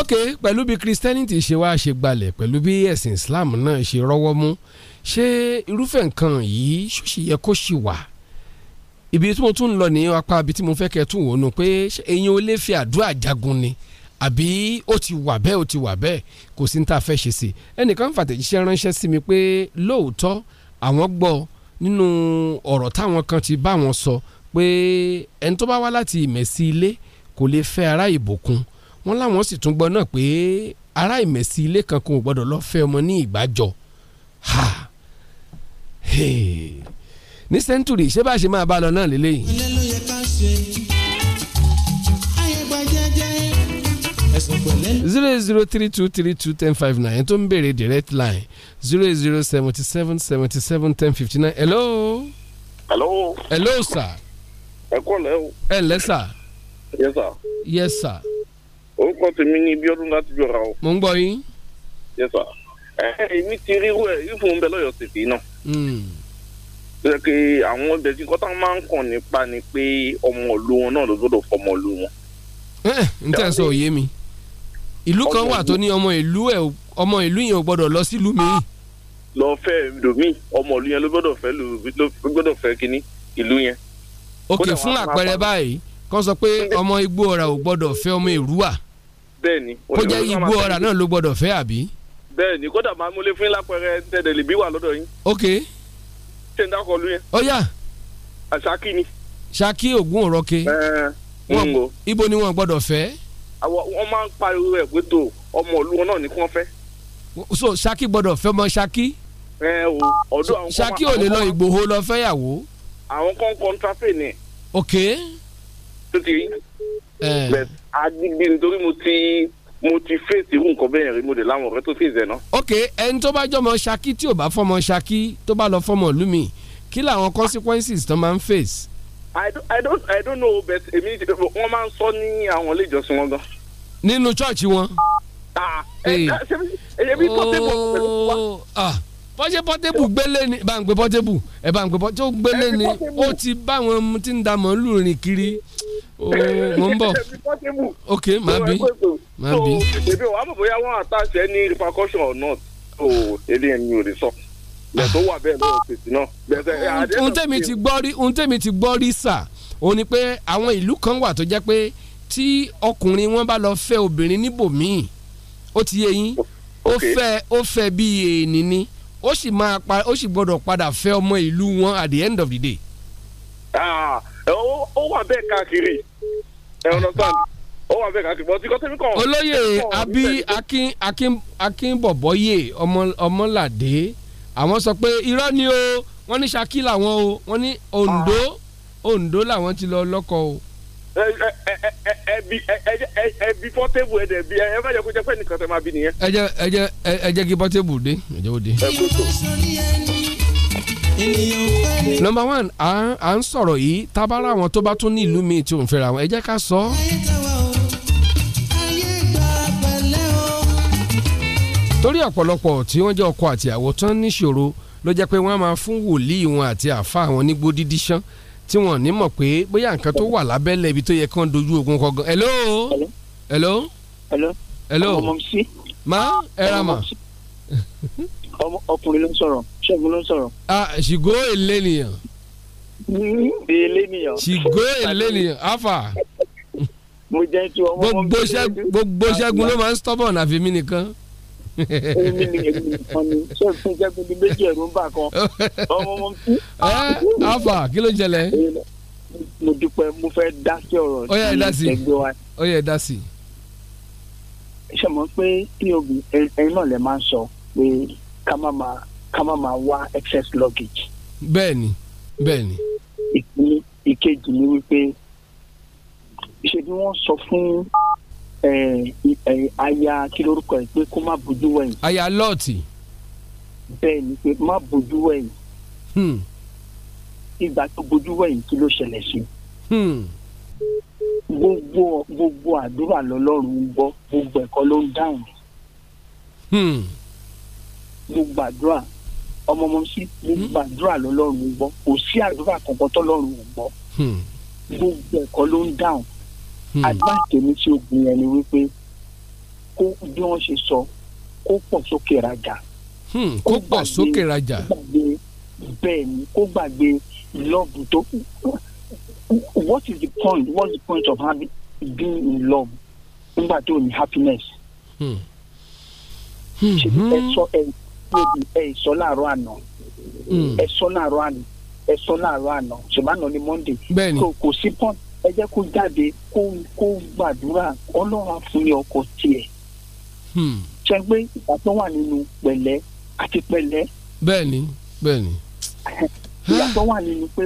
Speaker 7: ok pẹ̀lú bí christianity ṣe wá ṣe gbalẹ̀ pẹ̀lú bí ẹ̀sìn islam náà ṣe rọ́wọ́ mú ṣé irúfẹ́ nǹkan yìí ṣó ṣì yẹ kó ṣì wà ibi tí mo tún ń lọ ní apá ibi tí mo fẹ́ kẹ́ tún wò nù pé ẹ̀yin ò lè fi àdúrà jagun ni àbí ó ti wà bẹ́ẹ̀ ó ti wà bẹ́ẹ̀ kò sí ní tá a fẹ́ ṣe sí ẹnìkan fàtẹ̀jíṣẹ́ ránṣẹ́ sí mi pé lóòótọ́ àwọn gbọ́ nínú ọ̀rọ̀ táwọn kan ti bá wọn sọ pé ẹni tó bá wá láti ìmẹ̀sí ilé kò lè fẹ́ ará ìbòkun wọn láwọn sì tún gbọ́ náà pé ará ìmẹ̀sí ilé kankan ò gbọ́dọ̀ lọ́ọ́ fẹ́ ọmọ ní ìgbàjọ ha hey ní sẹ́ńtúrì ṣé bá ṣe máa bá lọ náà lélẹ́yìn. zero zero three two three two ten five nine tó ń béèrè direct line zero zero seventy seven seventy seven ten fifty nine hello. hello. hello sir. ẹ kọ́ lẹ́ o. ẹ ǹlẹ́ sà. yes sir. yes sir.
Speaker 13: orúkọ tèmi ni Bíọ́dún láti jọra o.
Speaker 7: mo ń gbọ́ yín.
Speaker 13: yes sir. ẹ ẹ mi ti rí irú ẹ irú fún un bẹ lọ́yọ̀ọ́ sì náà. Hmm tó yẹ pé àwọn ọbẹ̀ tí nǹkan táwọn máa ń kàn nípa ni pé
Speaker 15: ọmọ ìlú wọn náà ló gbọ́dọ̀ fọmọ ìlú wọn.
Speaker 7: ẹ eh, n tẹ́ sọ òye mi ìlú kan wà tó ní ọmọ ìlú ẹ ọmọ ìlú yẹn ò gbọ́dọ̀ lọ sílùú mi. Ah,
Speaker 13: lọ fẹ́ domi ọmọ ìlú yẹn ló gbọ́dọ̀ fẹ́ ló gbọ́dọ̀ fẹ́ kínní ìlú yẹn.
Speaker 7: ok fún àpẹẹrẹ báyìí kó sọ pé ọmọ igbó ọ̀rà ò gbọ́dọ̀ fẹ́ ọmọ Èrúwà.
Speaker 13: bẹ́ẹ̀ni kó jẹ́ igbó ọ̀rà náà
Speaker 7: ló gbọ́dọ̀ fẹ́ àbí.
Speaker 13: bẹ́ẹ̀ni kódà máa múlé fún lápẹẹrẹ tẹdẹlẹ bí wà lọ́dọ̀ yín. ok ṣé n dákọ̀ lu ó yà. Ṣakí ni.
Speaker 7: Ṣakí Ògún Òrọ́kè. wọn ibo ni wọn gbọ́dọ̀ fẹ́.
Speaker 13: àwọn wọn máa ń pariwo ẹ pé tó ọmọ ìlú wọn náà ní kí wọn fẹ́. so Ṣakí gbọ́dọ̀ fẹ́ mọ Ṣakí. ẹ o ọ̀dọ̀ àwọn kan. Ṣakí ò lè lọ Ìgbòho
Speaker 7: lọ fẹ́yàwó.
Speaker 13: àwọn kan kọ́ńtàfẹ́ ni. ok. tó ti rí. bẹ́ẹ̀ agbègbè nítorí mo ti mo ti fèsì irú nǹkan bẹ́ẹ̀ rí mo dẹ̀ láwọn ọ̀rẹ́ tó fèsì ẹ̀ náà.
Speaker 7: ok ẹni tó bá jọmọ ṣakí tí ò bá fọmọ ṣakí tó bá lọ fọmọ ìlú mi kí làwọn consequences tó máa ń face. I don't, I
Speaker 13: don't, I don't know but èmi wọ́n máa ń sọ ní àwọn ilé ìjọsìn wọn gan. nínú ṣọ́ọ̀ṣì wọn. èmi ah, pọ́tébù pẹ̀lú wa.
Speaker 7: bọ́jẹ́ oh, ah, pọ́tébù gbélé ni bá ń gbé pọ́tébù ẹ̀ bá ń gbé pọ́tébù gbélé ni ó ti báwọn tí ń da màálù
Speaker 16: rìn kiri
Speaker 13: oh, mo ń bọ̀
Speaker 7: ok màá bí
Speaker 13: má bí. so ebi wàá mọ̀ bóyá wọ́n àtàṣe ní repercussion or not so eléyẹn mi ò lè sọ
Speaker 15: bẹ́ẹ̀ tó wà bẹ́ẹ̀ náà fèsì náà. Eh, ohun tẹ́mi
Speaker 7: ti gbọ́ rí ohun tẹ́mi ti gbọ́ rí sà ó ní pé àwọn ìlú kan wà tó jẹ́ pé tí ọkùnrin wọn bá lọ fẹ́ obìnrin níbòmíì ó ti yé yín ó fẹ́ ó fẹ́ bí èèní ni ó sì máa pa ó sì gbọ́dọ̀ padà fẹ́ ọmọ ìlú wọn at the end of the day.
Speaker 13: Ah, ó wà bẹ́ẹ̀ káàkiri ẹ̀ ọ̀nà sáà ó wà bẹ́ẹ̀ káàkiri bọ́ tí kọ́tẹ́mí kàn. olóyè
Speaker 7: àbí akin akin àwọn sọ pé irọ́ ni o wọ́n ní Ṣakí làwọn o wọ́n ní Ondo ah. Ondo làwọn ti
Speaker 13: lọ lọ́kọ o. ẹbí pọ́tébù ẹ̀dẹ̀ bí ẹ má jẹ́ kó jẹ́ pé nìkan tẹ́ máa bí nìyẹn. ẹ jẹ́ ẹ jẹ́
Speaker 7: ẹ jẹ́ kí pọ́tébù dé ẹ jẹ́ ó dé. nọmba one à ń sọ̀rọ̀ yìí tábàárà àwọn tó bá tún ní ìlú mi tí òun fẹ́ra wọn ẹ jẹ́ ká sọ ọ́. torí ọ̀pọ̀lọpọ̀ tí wọ́n jẹ́ ọkọ àti ìyàwó tán níṣòro ló jẹ́ pé wọ́n máa fún wòlíì wọn àti àfa àwọn nígbó dídí sán tí wọ́n ní mọ̀ pé bóyá nǹkan tó wà lábẹ́lẹ̀ ibi tó yẹ kán dojú ogun kan hello. hello. hello. hello. ma ẹ ma.
Speaker 13: ọkùnrin ló ń sọ̀rọ̀ ṣẹ́gun ló ń sọ̀rọ̀.
Speaker 7: ah ṣìgó èlé nìyàn.
Speaker 13: de èlé nìyàn. ṣìgó
Speaker 7: èlé nìyàn afa. mo jẹ́ tí ọmọ mi. gbogbo ṣẹ́gun ló máa ń stubborn àfi mí nìkan èmi ni
Speaker 13: èmi nìkan ni ṣé fún jẹ́gun ní méjì ẹ̀rú ń bà kan ọmọ ọmọ mi. afa kí ló ń ṣẹlẹ̀. mo dúpẹ́ mo fẹ́ dá sí ọ̀rọ̀ tí ẹgbẹ́ wa. ó yẹ dá sí. ṣe mọ̀ pé pob ẹ̀yin náà lè máa ń sọ pé ká má máa ká má máa wá excess luggage. bẹ́ẹ̀ni bẹ́ẹ̀ni. ìkíni ìkejì ni wípé ṣe bí wọ́n sọ fún Eh, eh, aya kí lórúkọ ẹ pé kó má bójú wẹ̀yìn.
Speaker 7: aya lọ́ọ̀tì.
Speaker 13: bẹ́ẹ̀ ni pé má bójú wẹ̀yìn. Hmm. ìgbà tó bójú wẹ̀yìn kí ló ṣẹlẹ̀ sí.
Speaker 10: Hmm.
Speaker 11: gbogbo gbogbo àdúrà lọ́lọ́run ń gbọ́ gbogbo ẹ̀kọ́ ló ń dáhùn. Hmm. gbogbo àdúrà ọmọ
Speaker 13: ọmọ sí gbogbo àdúrà lọ́lọ́run ń gbọ́ kò sí àdúrà kankan tọ́lọ́run ń gbọ́ gbogbo ẹ̀kọ́ ló ń dáhùn àdúrà hmm. tèmi tí ó gbin ẹni wípé kó bí wọ́n ṣe sọ kó pọ̀ sókè rajà.
Speaker 10: Hmm, kó pọ̀
Speaker 13: sókè rajà. bẹ́ẹ̀ ni kó gbàgbé love tó what is the point what is the point of having being in love nígbà tó ní happiness.
Speaker 10: Hmm. ṣe ẹ
Speaker 13: sọ ẹ níbi ẹ sọ láàárọ̀ àná ẹ sọ láàárọ̀ àná ẹ sọ láàárọ̀ àná ṣùgbọ́n àná ni monday kò sí point ẹ jẹ́ kó jáde kó kó gbàdúrà ọlọ́run á fún ní ọkọ tiẹ̀. Hmm. ṣe gbé ìgbà tó wà nínú pẹ̀lẹ́ àti pẹ̀lẹ́. bẹ́ẹ̀ni bẹ́ẹ̀ni. ìgbà tó wà nínú pé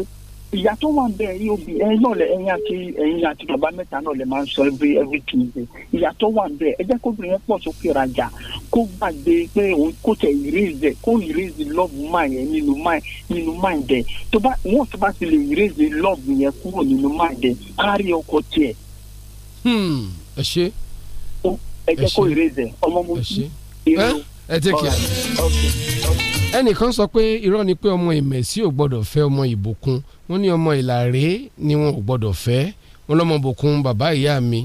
Speaker 13: ìyá tó wà bẹ́ẹ̀ yóò bí ẹ̀yin náà lẹ ẹ̀yin àti ẹ̀yin àti bàbá mẹ́ta náà lè máa ń sọ every every tuesday ìyá tó wà bẹ́ẹ̀ ẹ jẹ́ kóbìnrin yẹn pọ̀ sókè rajà kó gbàgbé pé òun kò tẹ̀ ìrèzè kó ìrèzè love mind yẹn nínú mind nínú mind dẹ̀ tó bá wọ́n tó bá ti lè ìrèzè love yẹn kúrò nínú mind dẹ̀ á rí ọkọ tiẹ̀.
Speaker 7: Hmm, ẹ ṣe.
Speaker 13: ẹ jẹ́ kó ìrèzè ọmọ mo ti. ẹ
Speaker 7: ẹ tẹ́ kí a ẹnìkan sọ pé irọ́ ni pé ọmọ ìmẹ̀sí ò gbọ́dọ̀ fẹ́ ọmọ ìbùkún wọ́n ní ọmọ ìlàrè ni wọn ò gbọ́dọ̀ fẹ́ wọn lọ́mọ ìbùkún bàbá ìyá mi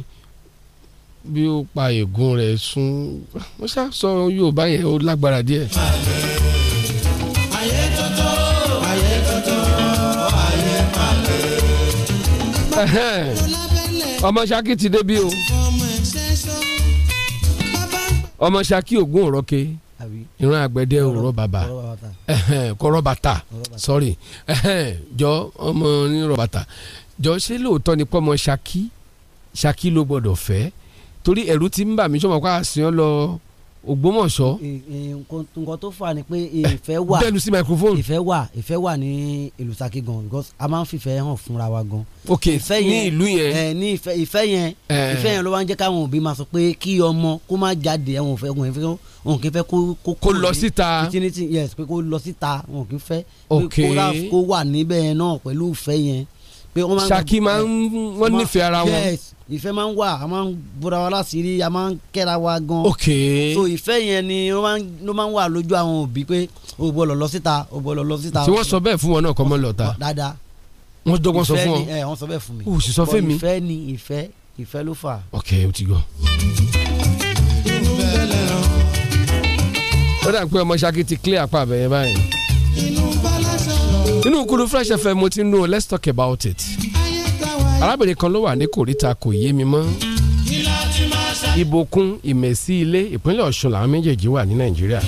Speaker 7: bí ó pa ègún rẹ̀ sún wọ́n ṣá sọ Yorùbá yẹn ó lágbára díẹ̀. ayé tótó ayé tótó ayé pàlẹ́. ọmọ Ṣakí ti débí o ọmọ Ṣakí ògún òrọ́kẹ́ ìran àgbẹ̀dẹ òró bàbà kọ́rọ́ bàtà sọ́rí jọ ọmọ nírọ̀ bàtà jọ ṣé lóòótọ́ ni pọ́mọ ṣakí ṣakí ló gbọ́dọ̀ fẹ́ torí ẹ̀rù ti ń bà mí sọ́mọ́ pa
Speaker 16: àṣìyàn lọ Ògbómọ̀ṣọ́. nǹkan tó fà ni pé ìfẹ́ wà [LAUGHS] bẹ́ẹ̀ lu sí microphone. ìfẹ́ wà ìfẹ́ wà ní ìlú Ṣakí gan because a máa ń fìfẹ́ hàn fúnra wa gan. ok ní ìlú yẹn. ẹ ní ìfẹ́ ìfẹ́ yẹn ìfẹ́ yẹn ló máa ń jẹ́ káwọn òbí máa sọ pé kí ọmọ kó má jáde ẹ̀wọ̀n fẹ́ wọn wọn kì í fẹ́ kó kó lọ síta yes kó lọ síta wọn kì í fẹ́ kó wà níbẹ̀ náà pẹ̀lú ìfẹ́ yẹn pé wọ́n máa ń Ṣaki máa ń eh, wọ́n nífẹ̀ẹ́ ara wọn. yes ìfẹ́ máa ń wà a máa ń bora wa láṣìírí a máa ń kẹ́ra wa gan. ok so ìfẹ́ yẹn ni ló máa ń wà lójú àwọn òbí pé o gbọ́dọ̀ lọ síta o gbọ́dọ̀ lọ síta. tí wọ́n sọ
Speaker 7: bẹ́ẹ̀ fún wọn náà kọ́ mọ́ lọ́ta.
Speaker 16: dáadáa wọ́n dọ́gbọ́n sọ fún ọ. ìfẹ́ ni eh, wọ́n sọ bẹ́ẹ̀ fún mi. o sì sọ fún mi. ìfẹ́ ni ìfẹ́ ìfẹ́ ló fà. ok o ti gbọ́.
Speaker 7: ó dà pé ọmọ Ṣaki ti clear apá nínú kúlú fresh fm mo ti ń nù let's talk about it arábìnrin kan ló wà ní kòríta kò yé mi mọ́ ìbòkun ìmẹ̀sí ilé ìpínlẹ̀ ọ̀ṣun làwọn méjèèjì wà ní nàìjíríà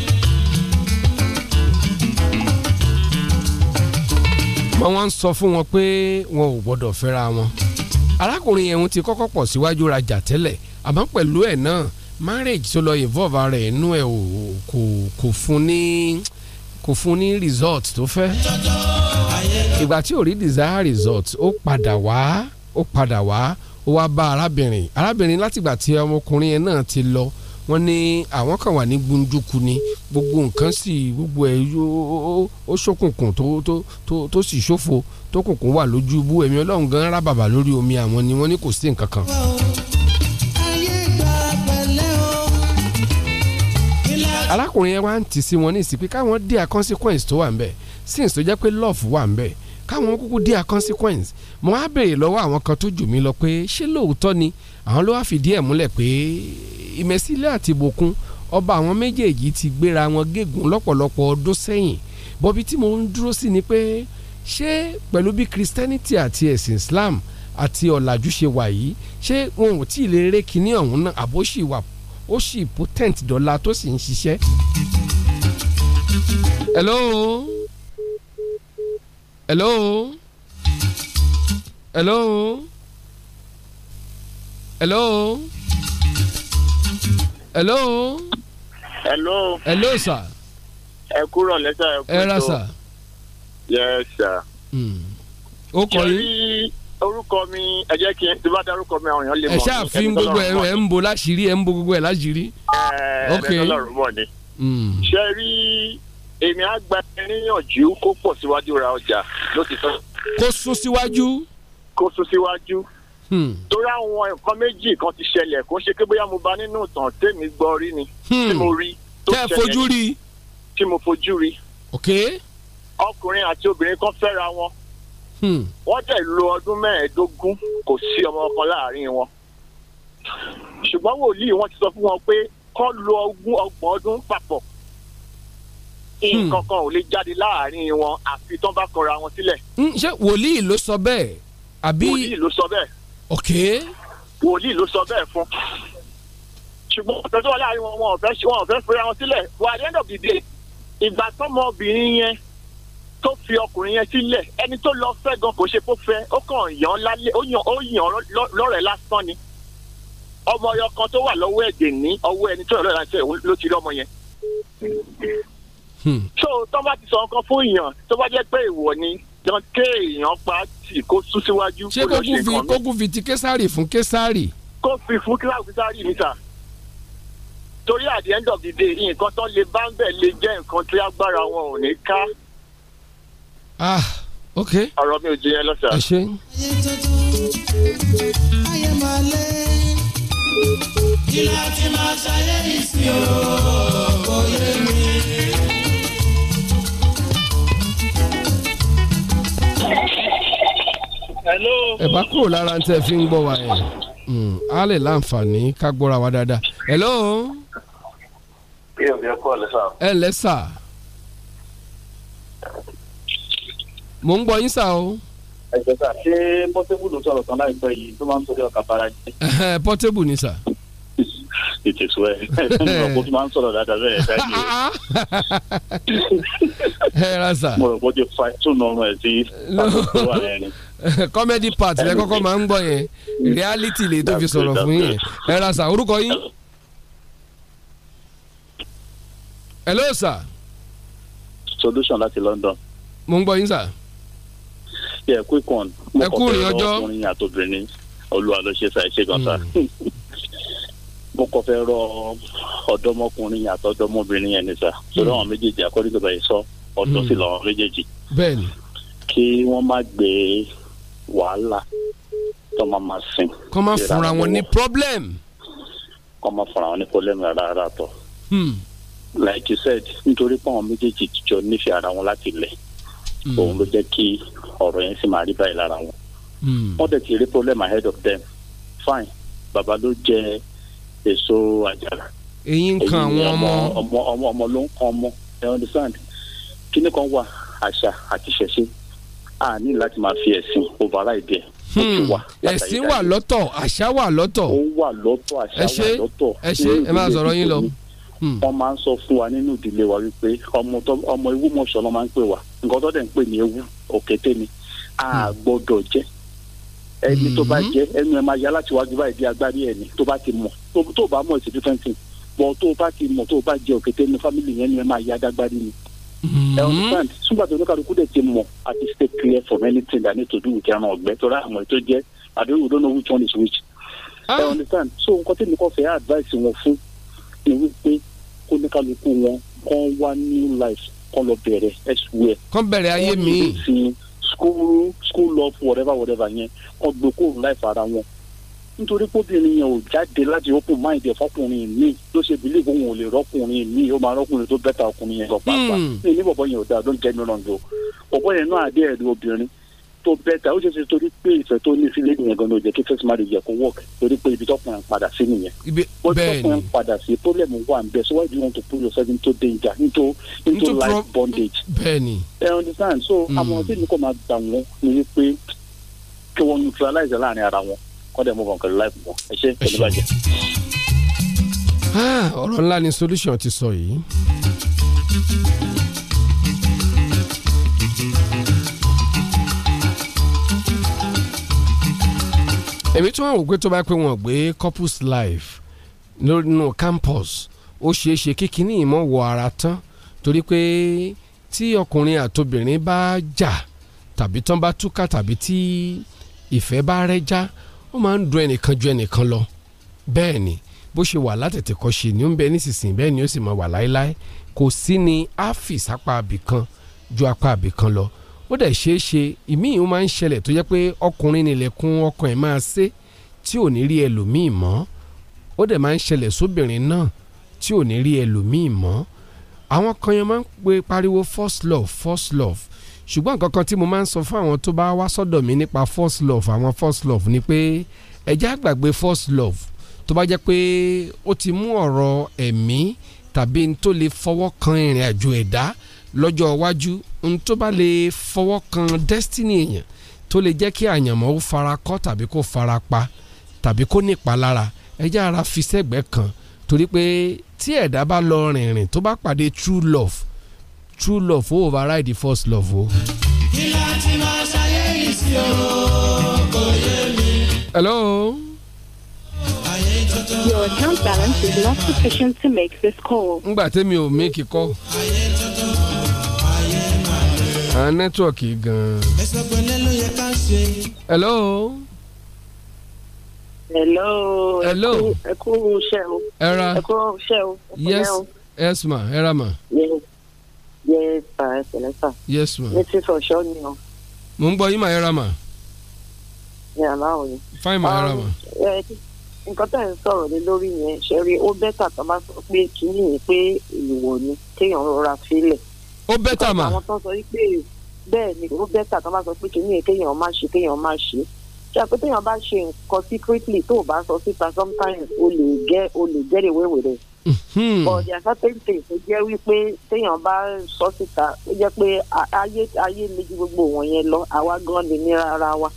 Speaker 7: mọ wọn ń sọ fún wọn pé wọn ò gbọdọ̀ fẹ́ra wọn arákùnrin yẹn ti kọ́kọ́ pọ̀ síwájú rajà tẹ́lẹ̀ àmọ́ pẹ̀lú ẹ̀ náà marriage tó lọ involve ara ẹ̀ nú ẹ̀ kò fún ní. Ni kò fún ní result tó fẹ́ ìgbà tí ò rí desire result ó padà wá ó padà wá ó wá bá arábìnrin arábìnrin látìgbà tí ọmọkùnrin yẹn náà ti lọ wọ́n ní àwọn kan wà ní gbunduku ni gbogbo nǹkan sì gbogbo ẹ̀ ó ṣókùnkùn tó sì ṣófo tó kùnkùn wà lójú ibú ẹ̀mí ọlọ́run gan rábàbà lórí omi àwọn ni wọ́n ní kò sí nǹkan kan. alákùnrin yẹn wá ń tì sí wọn ní ìsìn pé káwọn dé a consequence tó wà ń since tó jẹ́ pé love wà ń bẹ̀ káwọn kúkú dé a consequence mo á béèrè lọ́wọ́ àwọn kan tó jù mí lọ pé ṣé lóòótọ́ ni àwọn ló wá fìdí ẹ̀ múlẹ̀ pé ìmẹ̀sílẹ̀ àti ìbòkun ọba àwọn méjèèjì ti gbéra wọn gégùn lọ́pọ̀lọpọ̀ ọdún sẹ́yìn bọ́bí tí mo ń dúró sí ni pé ṣé pẹ̀lú bí Christianity àti ẹ̀sìn Islam àti ọ̀làjú ṣe wà yìí ṣé wọn ò tí ì lè ré kinní ọ̀hún náà àbó wà ó sì potent dọ́là tó sì ń ṣiṣẹ́. hello hello hello hello
Speaker 13: hello. hello. hello sir. ẹ kúrò lẹ́sà ẹ kúrò. ẹ ra sà.
Speaker 15: yes sir.
Speaker 10: Hmm.
Speaker 13: ó
Speaker 7: kọ́
Speaker 15: yín orúkọ mi ẹ jẹ́ kí n ti bá dárúkọ mi àwọn èèyàn lè mọ̀. ẹ ṣáà fi gbogbo ẹ ẹ ń
Speaker 7: bo láṣìírí ẹ ń bo gbogbo ẹ láṣìírí.
Speaker 15: ẹ ẹ lọ́rùn bọ̀ ni. Hmm. ṣe rí èmi á gba
Speaker 13: kó pọ̀ síwájú ra ọjà ló ti sọ. kó sún síwájú. kó sún síwájú. Hmm. torí àwọn nǹkan méjì kan ti ṣẹlẹ̀ kó ṣe pé bóyá mo bá nínú ìtàn tèmi gbọ́ rí ni tí hmm. mo rí tó ṣẹlẹ̀ tẹ́ fojú rí. tí mo fojú rí. ọkùnrin àti obìnrin kan fẹ́ra wọn. Hmm. wọ́n jẹ́ lo ọdún mẹ́ẹ̀ẹ́dógún kò sí ọmọ ọkọ láàrin wọn ṣùgbọ́n wòlíì wọ́n ti sọ fún wọn pé kọ́ lo ogún ọgbọ̀n ọdún papọ̀ hmm. nǹkan kan ò lè jáde láàrin wọn àfi tán bá kọra wọn sílẹ̀.
Speaker 7: Hmm, ṣé wòlíì ló sọ bẹ́ẹ̀ àbí. wòlíì
Speaker 13: ló sọ bẹ́ẹ̀. ok. wòlíì ló sọ bẹ́ẹ̀ fún. ṣùgbọ́n ọ̀sẹ̀ tó wà láàrin wọn wọn ò fẹ́ fẹ́ra wọn sílẹ̀ wà á dẹ́ndọ̀ bìbí ìgbà tọ́mọbìnrin yẹn tó fi ọkùnrin yẹn sílẹ̀ ẹni tó lọ fẹ́ gan kò ṣe kó fẹ́ ó kàn yàn lálẹ́ ó yàn ó lásán ni ọmọ ọyọ kan tó wà lọ́wọ́ ẹ̀jẹ̀ ní ọwọ́ ẹni tó yàn lọ́rẹ̀ lásán ló ti rí ọmọ yẹn. Hmm. so tó bá ti sọ nǹkan fún èèyàn tó bá jẹ́ pé ìwọ ni jọ kéèyàn pa tì kó sún síwájú kó lọ ṣe nǹkan mi. ṣé kókù fi ti
Speaker 7: késàrì fún késàrì.
Speaker 13: kó fi fún késàrì mi sà torí at the end of the day nǹkan tó le bá ń bẹ̀ le jẹ́ nǹkan tí agbára wọn ò ní ká
Speaker 7: ah ok.
Speaker 13: ọ̀rọ̀ mi ò jiyàn lọ́sà.
Speaker 7: ẹ ṣe. ayé
Speaker 6: tuntun ayé máa lé kí láti máa ṣayé ìsìn òkò yé mi.
Speaker 10: ẹ bá kúrò
Speaker 7: lára ń tẹ́ fi ń gbọ́ wa yẹn hmm, a lè láǹfààní ká gbọ́ra wa dáadáa. hello.
Speaker 2: ẹ ǹlẹ́ sà.
Speaker 7: ẹ ǹlẹ́ sà
Speaker 13: mò ń gbọ́ yín sà o. ẹ̀jẹ̀ sà ṣé pọ́tébù ló sọ̀rọ̀ tán láìpẹ́ yìí tó máa ń sọ̀rọ̀ ọ̀kà bara
Speaker 7: jẹ́. pọ́tébù ni sà.
Speaker 13: ètò ìṣúwẹ́ ẹ̀ mo máa ń sọ̀rọ̀ dáadáa bẹ́ẹ̀ dájú. [LAUGHS] ẹ ra sà. mo rò pé ó ti fa ìtúnú ọrùn ẹ̀ sí
Speaker 7: [LAUGHS] comedy part lẹ kọ́kọ́ máa ń gbọ́ yẹn reality lè tó fi sọ̀rọ̀ fún yẹn ẹ ra sà orúkọ yín. hello sà. solution láti London. mo ń gbọ́ yín sà ṣe ẹ kú ìkàn mo kọ fẹ́ rọ ọkùnrin
Speaker 13: àtòbìnrin olúwa ló ṣe ṣàìṣe gan sa mo kọ fẹ́ rọ ọ̀dọ́mọkùnrin àtọ̀dọ́mọbìnrin yẹn ni sa lórí hmm. àwọn méjèèjì àkọ́rí tó báyìí sọ ọ̀dọ́ hmm. sí lọ́wọ́ méjèèjì kí wọ́n má gbé wàhálà tó máa ma sìn. kọ́ máa fúnra wọn ní problem. kọ́ máa fúnra wọn ní problem rárá rárá tọ̀. Hmm. like you said nítorí pé àwọn méjèèjì jọ nífẹ̀ẹ́ ara wọn láti lẹ̀ Mm. òun ló jẹ́ kí ọ̀rọ̀ yẹn sì máa rí báyìí lára wọn. Mm. wọ́n dẹ̀ ti rí problem ahead of them fine bàbá ló jẹ èso àjàrà. èyí ń kan àwọn ọmọ ọmọ ọmọ ọmọ ló ń kan ọmọ ẹ understand kíní kan wà àṣà àti ìṣẹ̀ṣe a ní láti máa fi ẹ̀sìn override ẹ̀ hmm. ẹ̀sìn wà
Speaker 7: lọ́tọ̀ àṣà wà lọ́tọ̀. ó wà lọ́tọ̀ àṣà wà lọ́tọ̀. ẹ ṣe ẹ máa sọ̀rọ̀ yín lọ.
Speaker 13: wọ́n máa ń sọ fún wa nínú ìdílé wa wípé ọmọ ìwúmọ̀ṣọ́ ló máa ń pè wá nǹkan tó dẹ̀ ń pè ní ewu òkété ni a hmm. gbọ́dọ̀ jẹ ẹni tó bá hmm. jẹ ẹnu ẹ máa yá láti wájú báyìí bí agbárí ẹ ni tó bá ti mọ̀ tó bá mọ̀ it's a bọ̀ tó bá ti mọ̀ tó bá jẹ òkété ní fámìlì yẹn ni ẹ máa yá dágbárí ni
Speaker 10: hmm. ẹ understand
Speaker 13: ṣùgbọ́n àti oníkàlùkù dẹ̀ ti mọ̀ àti stay clear from anything that need to do with ẹran ọ̀gbẹ́ tó rà àmọ́ ètò jẹ́ àdéhùn don't know which one is which ah. ẹ understand so nǹkan tí mi kọ́ fẹ́ advice wọn fún ni wípé kóníkàlùkù wọn kàn wá new life kọ́ lọ bẹ̀rẹ̀ elsewhere. kọ́ bẹ̀rẹ̀ ayé mi. school school love whatever whatever yẹn kọ́ gbókòrò láì fara wọn nítorí pọ́bìnrin yẹn ò jáde láti open mind ẹ̀ fọkùnrin mi ló ṣe believe kó wọn ò lè rọ́kùnrin mi ó máa rọ́kùnrin tó bẹ́tà ọkùnrin yẹn lọ pàápàá ní hmm. ní bọ̀bọ̀ yẹn ò dáa ló ń jẹ́ mi ràn jù bọ̀bọ̀ yẹn náà adé ẹ̀rí obìnrin tó bẹ́tà ó ṣeéṣe torí pé ìfẹ́ tó ní sílé nìyẹn gan ló jẹ́ kí first marriage yẹ kó work torí pé ibi tọ́kùnrin padà sí nìyẹn.
Speaker 10: ibi bẹ́ẹ̀ ni tọ́kùnrin
Speaker 13: padà sí problem wà ń bẹ so why do you want to put yourself into danger into into life bondage. bẹ́ẹ̀ni. ẹ understand so hmm. àwọn tí mi kò máa gbà wọn ni wípé kí wọ́n neutralize láàrin ara wọn kọ́ dẹ̀ mú wọn kẹ́lẹ́ láìpẹ́ wọn ẹ ṣe pẹ̀lú bàjẹ́. Ah,
Speaker 7: ọ̀rọ̀ ńlá ni solution ti sọ yìí. èmi tí wọ́n wò pé tó bá pé wọ́n gbé couples life nínú campus ó ṣeé ṣe kíkiní ìmọ̀ wọ ara tán torí pé tí ọkùnrin àtobìnrin bá jà tàbí tán bá túká tàbí tí ìfẹ́ bá rẹ́já ó máa ń dùn ẹnìkan ju ẹnìkan lọ bẹ́ẹ̀ ni bó ṣe wà látẹ̀tẹ̀ kọ́ ṣe ni ó ń bẹ nísinsìnyí bẹ́ẹ̀ ni ó sì máa wà láéláé kò sí ni áfìs apá abìkan ju apá abìkan lọ ó dẹ̀ ṣeé ṣe ìmíì ó máa ń ṣẹlẹ̀ tó jẹ́ pé ọkùnrin nílẹ̀kùn ọkàn ẹ̀ máa ṣe tí ò ní rí ẹlòmíì mọ́ ó dẹ̀ máa ń ṣẹlẹ̀ sóbìnrin náà tí ò ní rí ẹlòmíì mọ́ àwọn kan yẹn máa ń pe pariwo first love first love ṣùgbọ́n nǹkan kan tí mo máa ń sọ fún àwọn tó bá wá sọ́dọ̀ mi nípa first love àwọn first love ni pé ẹ jẹ́ á first love tó bá jẹ́ pé ó ti mú ọ̀rọ̀ ẹ̀mí tàbí n tó lè fọwọ́ kan ìrìn àjò ẹ̀dá lọ́jọ́ iwájú n tó bá lè fọwọ́ kan destiny èèyàn tó lè jẹ́ kí àyànmọ́ ó fara kọ́ tàbí kó fara pa tàbí kó nípalára ẹjẹ́ ara fi sẹ́gbẹ́ kan torí pé tí ẹ̀dá bá lọ rìnrìn tó bá pàdé true love true love ó override first love o.
Speaker 6: kí láti máa ṣayé yìí sí o kò
Speaker 7: yé mi. hello.
Speaker 5: Your account balance is not sufficient
Speaker 7: to make this call. Ngbà tẹ́mi ò mí kíkọ́ àwọn nẹ́tíwọ̀kì gan-an.
Speaker 6: ẹsẹ̀ pẹ̀lẹ́ ló yẹ ká ṣe. hello. hello. hello. ẹ kú iṣẹ́ o. ẹ ẹ kú
Speaker 13: iṣẹ́ o. yes
Speaker 7: yes ma ẹ ma.
Speaker 13: yes yes pa ẹ pẹ̀lẹ́ yes ma. mi ti fọṣọ ni o.
Speaker 7: mo ń gbọ́ yín ma ẹ ma. ẹ aláwọ̀ yẹn. fine ma ẹ ra um, ma.
Speaker 13: nǹkan tẹ̀ ń sọ̀rọ̀ lé lórí yẹn ṣe rí ó bẹ́tà tó bá sọ pé kínní yẹn pé ìwọ ni kéèyàn rọra fílẹ̀ ó bẹ́tà mà. àwọn tó ń sọ wípé bẹ́ẹ̀ ni ó bẹ́tà tó bá sọ pé kìnìún kéèyàn má ṣe kéèyàn má ṣe ṣe àpé téèyàn bá ṣe nǹkan secretly tó o bá sọ síta sometimes o lè gẹ o lè jẹ́rìí wéwèé rẹ̀ but there are certain things tó jẹ́ wípé téèyàn bá sọ síta ó jẹ́ pé ayé ayé méjì gbogbo wọn yẹn lọ àwa gan ni ní rárá wa.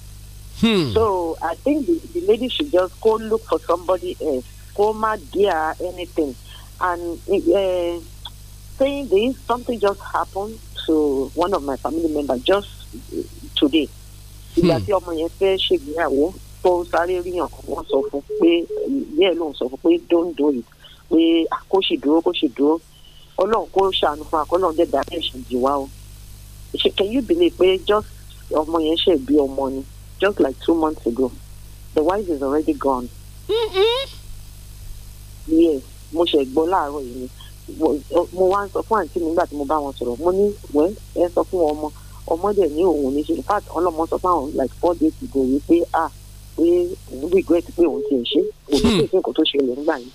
Speaker 13: Hmm. So I think the, the lady should just go look for somebody else. Kó má díà anything. And uh, saying this, something just happened to one of my family members just uh, today. Ìgbà hmm. tí ọmọ yẹn fẹ́ ṣègbéyàwó tó sáré rí hàn wọ́n sọ fún pé ìyá ẹ̀ sọ fún pé don't do it pé kó sì dúró kó sì dúró ọlọ́run kó ṣàánú fún akọ́lọ́run dẹ̀ dárí ẹ̀ṣẹ̀ jì wá o. Can you believe pé just ọmọ yẹn ṣe bí ọmọ ni just like two months ago the wife is already gone. yes mo ṣe gbọ́ láàárọ̀ yìí ni mo wá ń sọ fún àǹtí mi nígbà tí mo bá wọn sọ̀rọ̀ mo ní wẹ́n ẹ sọ fún ọmọ ọmọ dẹ̀ ní òun ní ṣe in fact ọlọ́mọ sọ fáwọn like four days ago yìí pé ah pé òun regret pé òun ti ṣe òun ti ṣe nǹkan tó ṣẹlẹ̀ nígbà yìí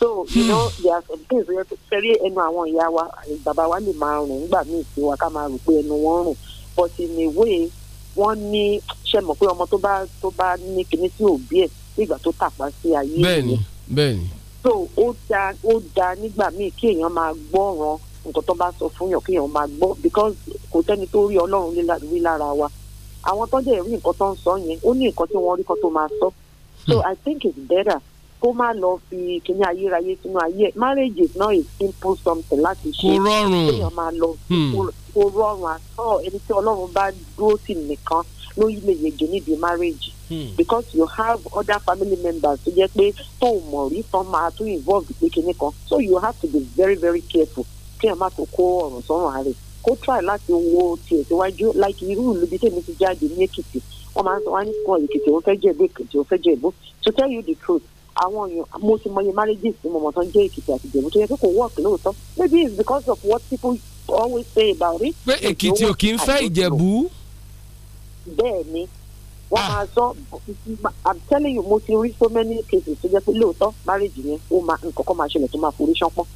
Speaker 13: so you know there are some things where fẹ́rí ẹnu àwọn ìyá wa bàbá wa lè máa rùn nígbà míì sí wa ká máa rò pé ẹnu wọn rùn but in a way wọ́n ní ṣe mọ̀ pé ọmọ tó bá tó bá ní kinní sí òbí ẹ̀ nígbà tó tàpá sí ayé ẹ̀ bẹ́ẹ̀ni so ó da ó da nígbà míì kí èèyàn máa gbọ́ràn nǹkan tó bá sọ fún yàn kí èèyàn máa gbọ́ because kò sẹ́ni tó rí ọlọ́run rí lára wa àwọn tó dẹ̀ rí nǹkan tó ń sọ yẹn ó ní nǹkan tí wọ́n rí kan tó máa sọ so hmm. i think it's better kó má lọ fi kíní ayérayé sínú ayé marriage is not a simple something láti ṣe kò rọrùn hmm. kó rọrùn àtọ ẹni tí ọlọ́run bá dúró sí nìkan ló lè yege níbi marriage. Hmm. because you have other family members tó jẹ́ pé tó o mọ̀ rí tán máa tún involve pé kinní kan so you have to be very very careful kí ẹ má tó kó ọ̀rùn sọ́rùn àárẹ̀ kó try láti wo tiẹ̀ síwájú like irú ìlú bíi tèmi ti jáde ní èkìtì wọ́n máa ń sọ wá ní kan èkìtì òun fẹ́ jẹ́ ìbò èkìtì òun fẹ́ jẹ́ ìbò to tell you the truth àwọn èèyàn mo ti mọye marriages tí mo mọ̀ tán jẹ́ èkìtì àti ìjẹ̀bú tó yẹ kó work lóòótọ́ maybe it's because of what people always say about it. pé èkìtì ò kì í fẹ́ ìjẹ̀bú bẹ́ẹ̀ ni wọ́n máa sọ i'm telling you mo ti rí so many cases tó jẹ́ pé lóòótọ́ marriage yẹn ó máa nǹkan kan máa ṣẹlẹ̀ tó máa forí ṣánpọ́n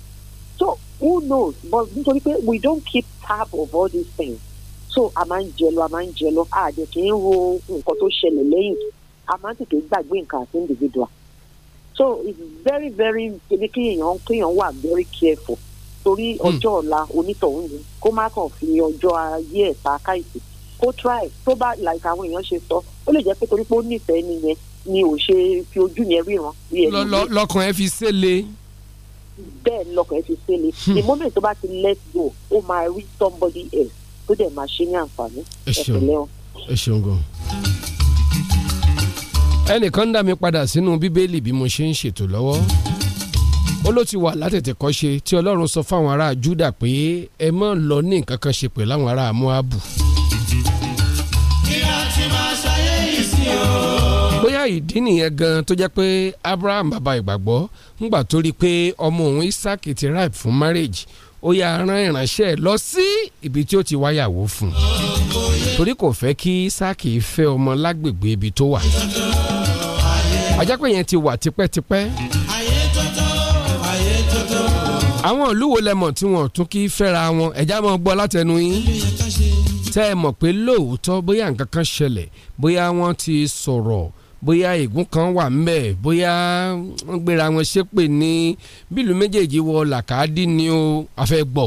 Speaker 13: so who knows but nítorí pé we don't keep tab of all these things so a máa ń jẹ lọ a máa ń jẹ lọ a jẹ kì í ro nǹkan tó ṣẹlẹ̀ lẹ́yìn a máa ń tètè gbàgbé nǹkan àti individual so it's very very ṣebí kí èèyàn kí èèyàn wà very careful torí hmm. ọjọ́ ọ̀la onítọ̀hún ni kó má kàn fi ọjọ́ ayé ẹ̀ ta kó try tó bá like àwọn èèyàn ṣe sọ ó lè jẹ́ pé torí pé ó nífẹ̀ẹ́ nìyẹn ni ò ṣe fi ojú yẹn ríran. lọkàn ẹ fi ṣẹlẹ̀. bẹ́ẹ̀ lọkàn ẹ fi ṣẹlẹ̀ [LAUGHS] hmm. the moment tó bá ti let go ó máa rí somebody else tó dẹ̀ máa ṣe ní àǹfààní ẹ̀pẹ̀lẹ́ o.
Speaker 7: ẹ ṣeun gan. ẹnìkan dá mi padà sínú bíbélì bí mo ṣe ń ṣètò lọ́wọ́ ó ló ti wà látètè kọ́ṣe tí ọlọ́run sọ fáwọn ará Júdà pé ẹ má lọ ní nǹkan kan ṣe pẹ̀lú àwọn ará Móábù. bóyá ìdí nìyẹn gan tó jẹ́ pé Abraham bàbá ìgbàgbọ́ ńgbà tó rí i pé ọmọ òun Isaac ti ripe fún marriage ó yà rán ìránṣẹ́ lọ sí ibi tí ó ti wáyàwó fún un torí kò fẹ́ kí Isaac fẹ́ ọmọ lágbègbè ibi tó wà ajápẹ́ yẹn ti wà tipẹ́tipẹ́ àwọn ìlú wo lẹ́mọ̀ tí wọ́n tún kí fẹ́ra wọn ẹ̀já máa gbọ́ látẹnu yín tẹ́ ẹ mọ̀ pé lóòótọ́ bóyá nǹkan kan ṣẹlẹ̀ bóyá wọ́n ti sọ̀rọ̀ bóyá ègún kan wà ńbẹ̀ bóyá wọ́n gbéra wọn ṣépè ní bílù méjèèjì wọ làkàdí ni o afẹ́ gbọ́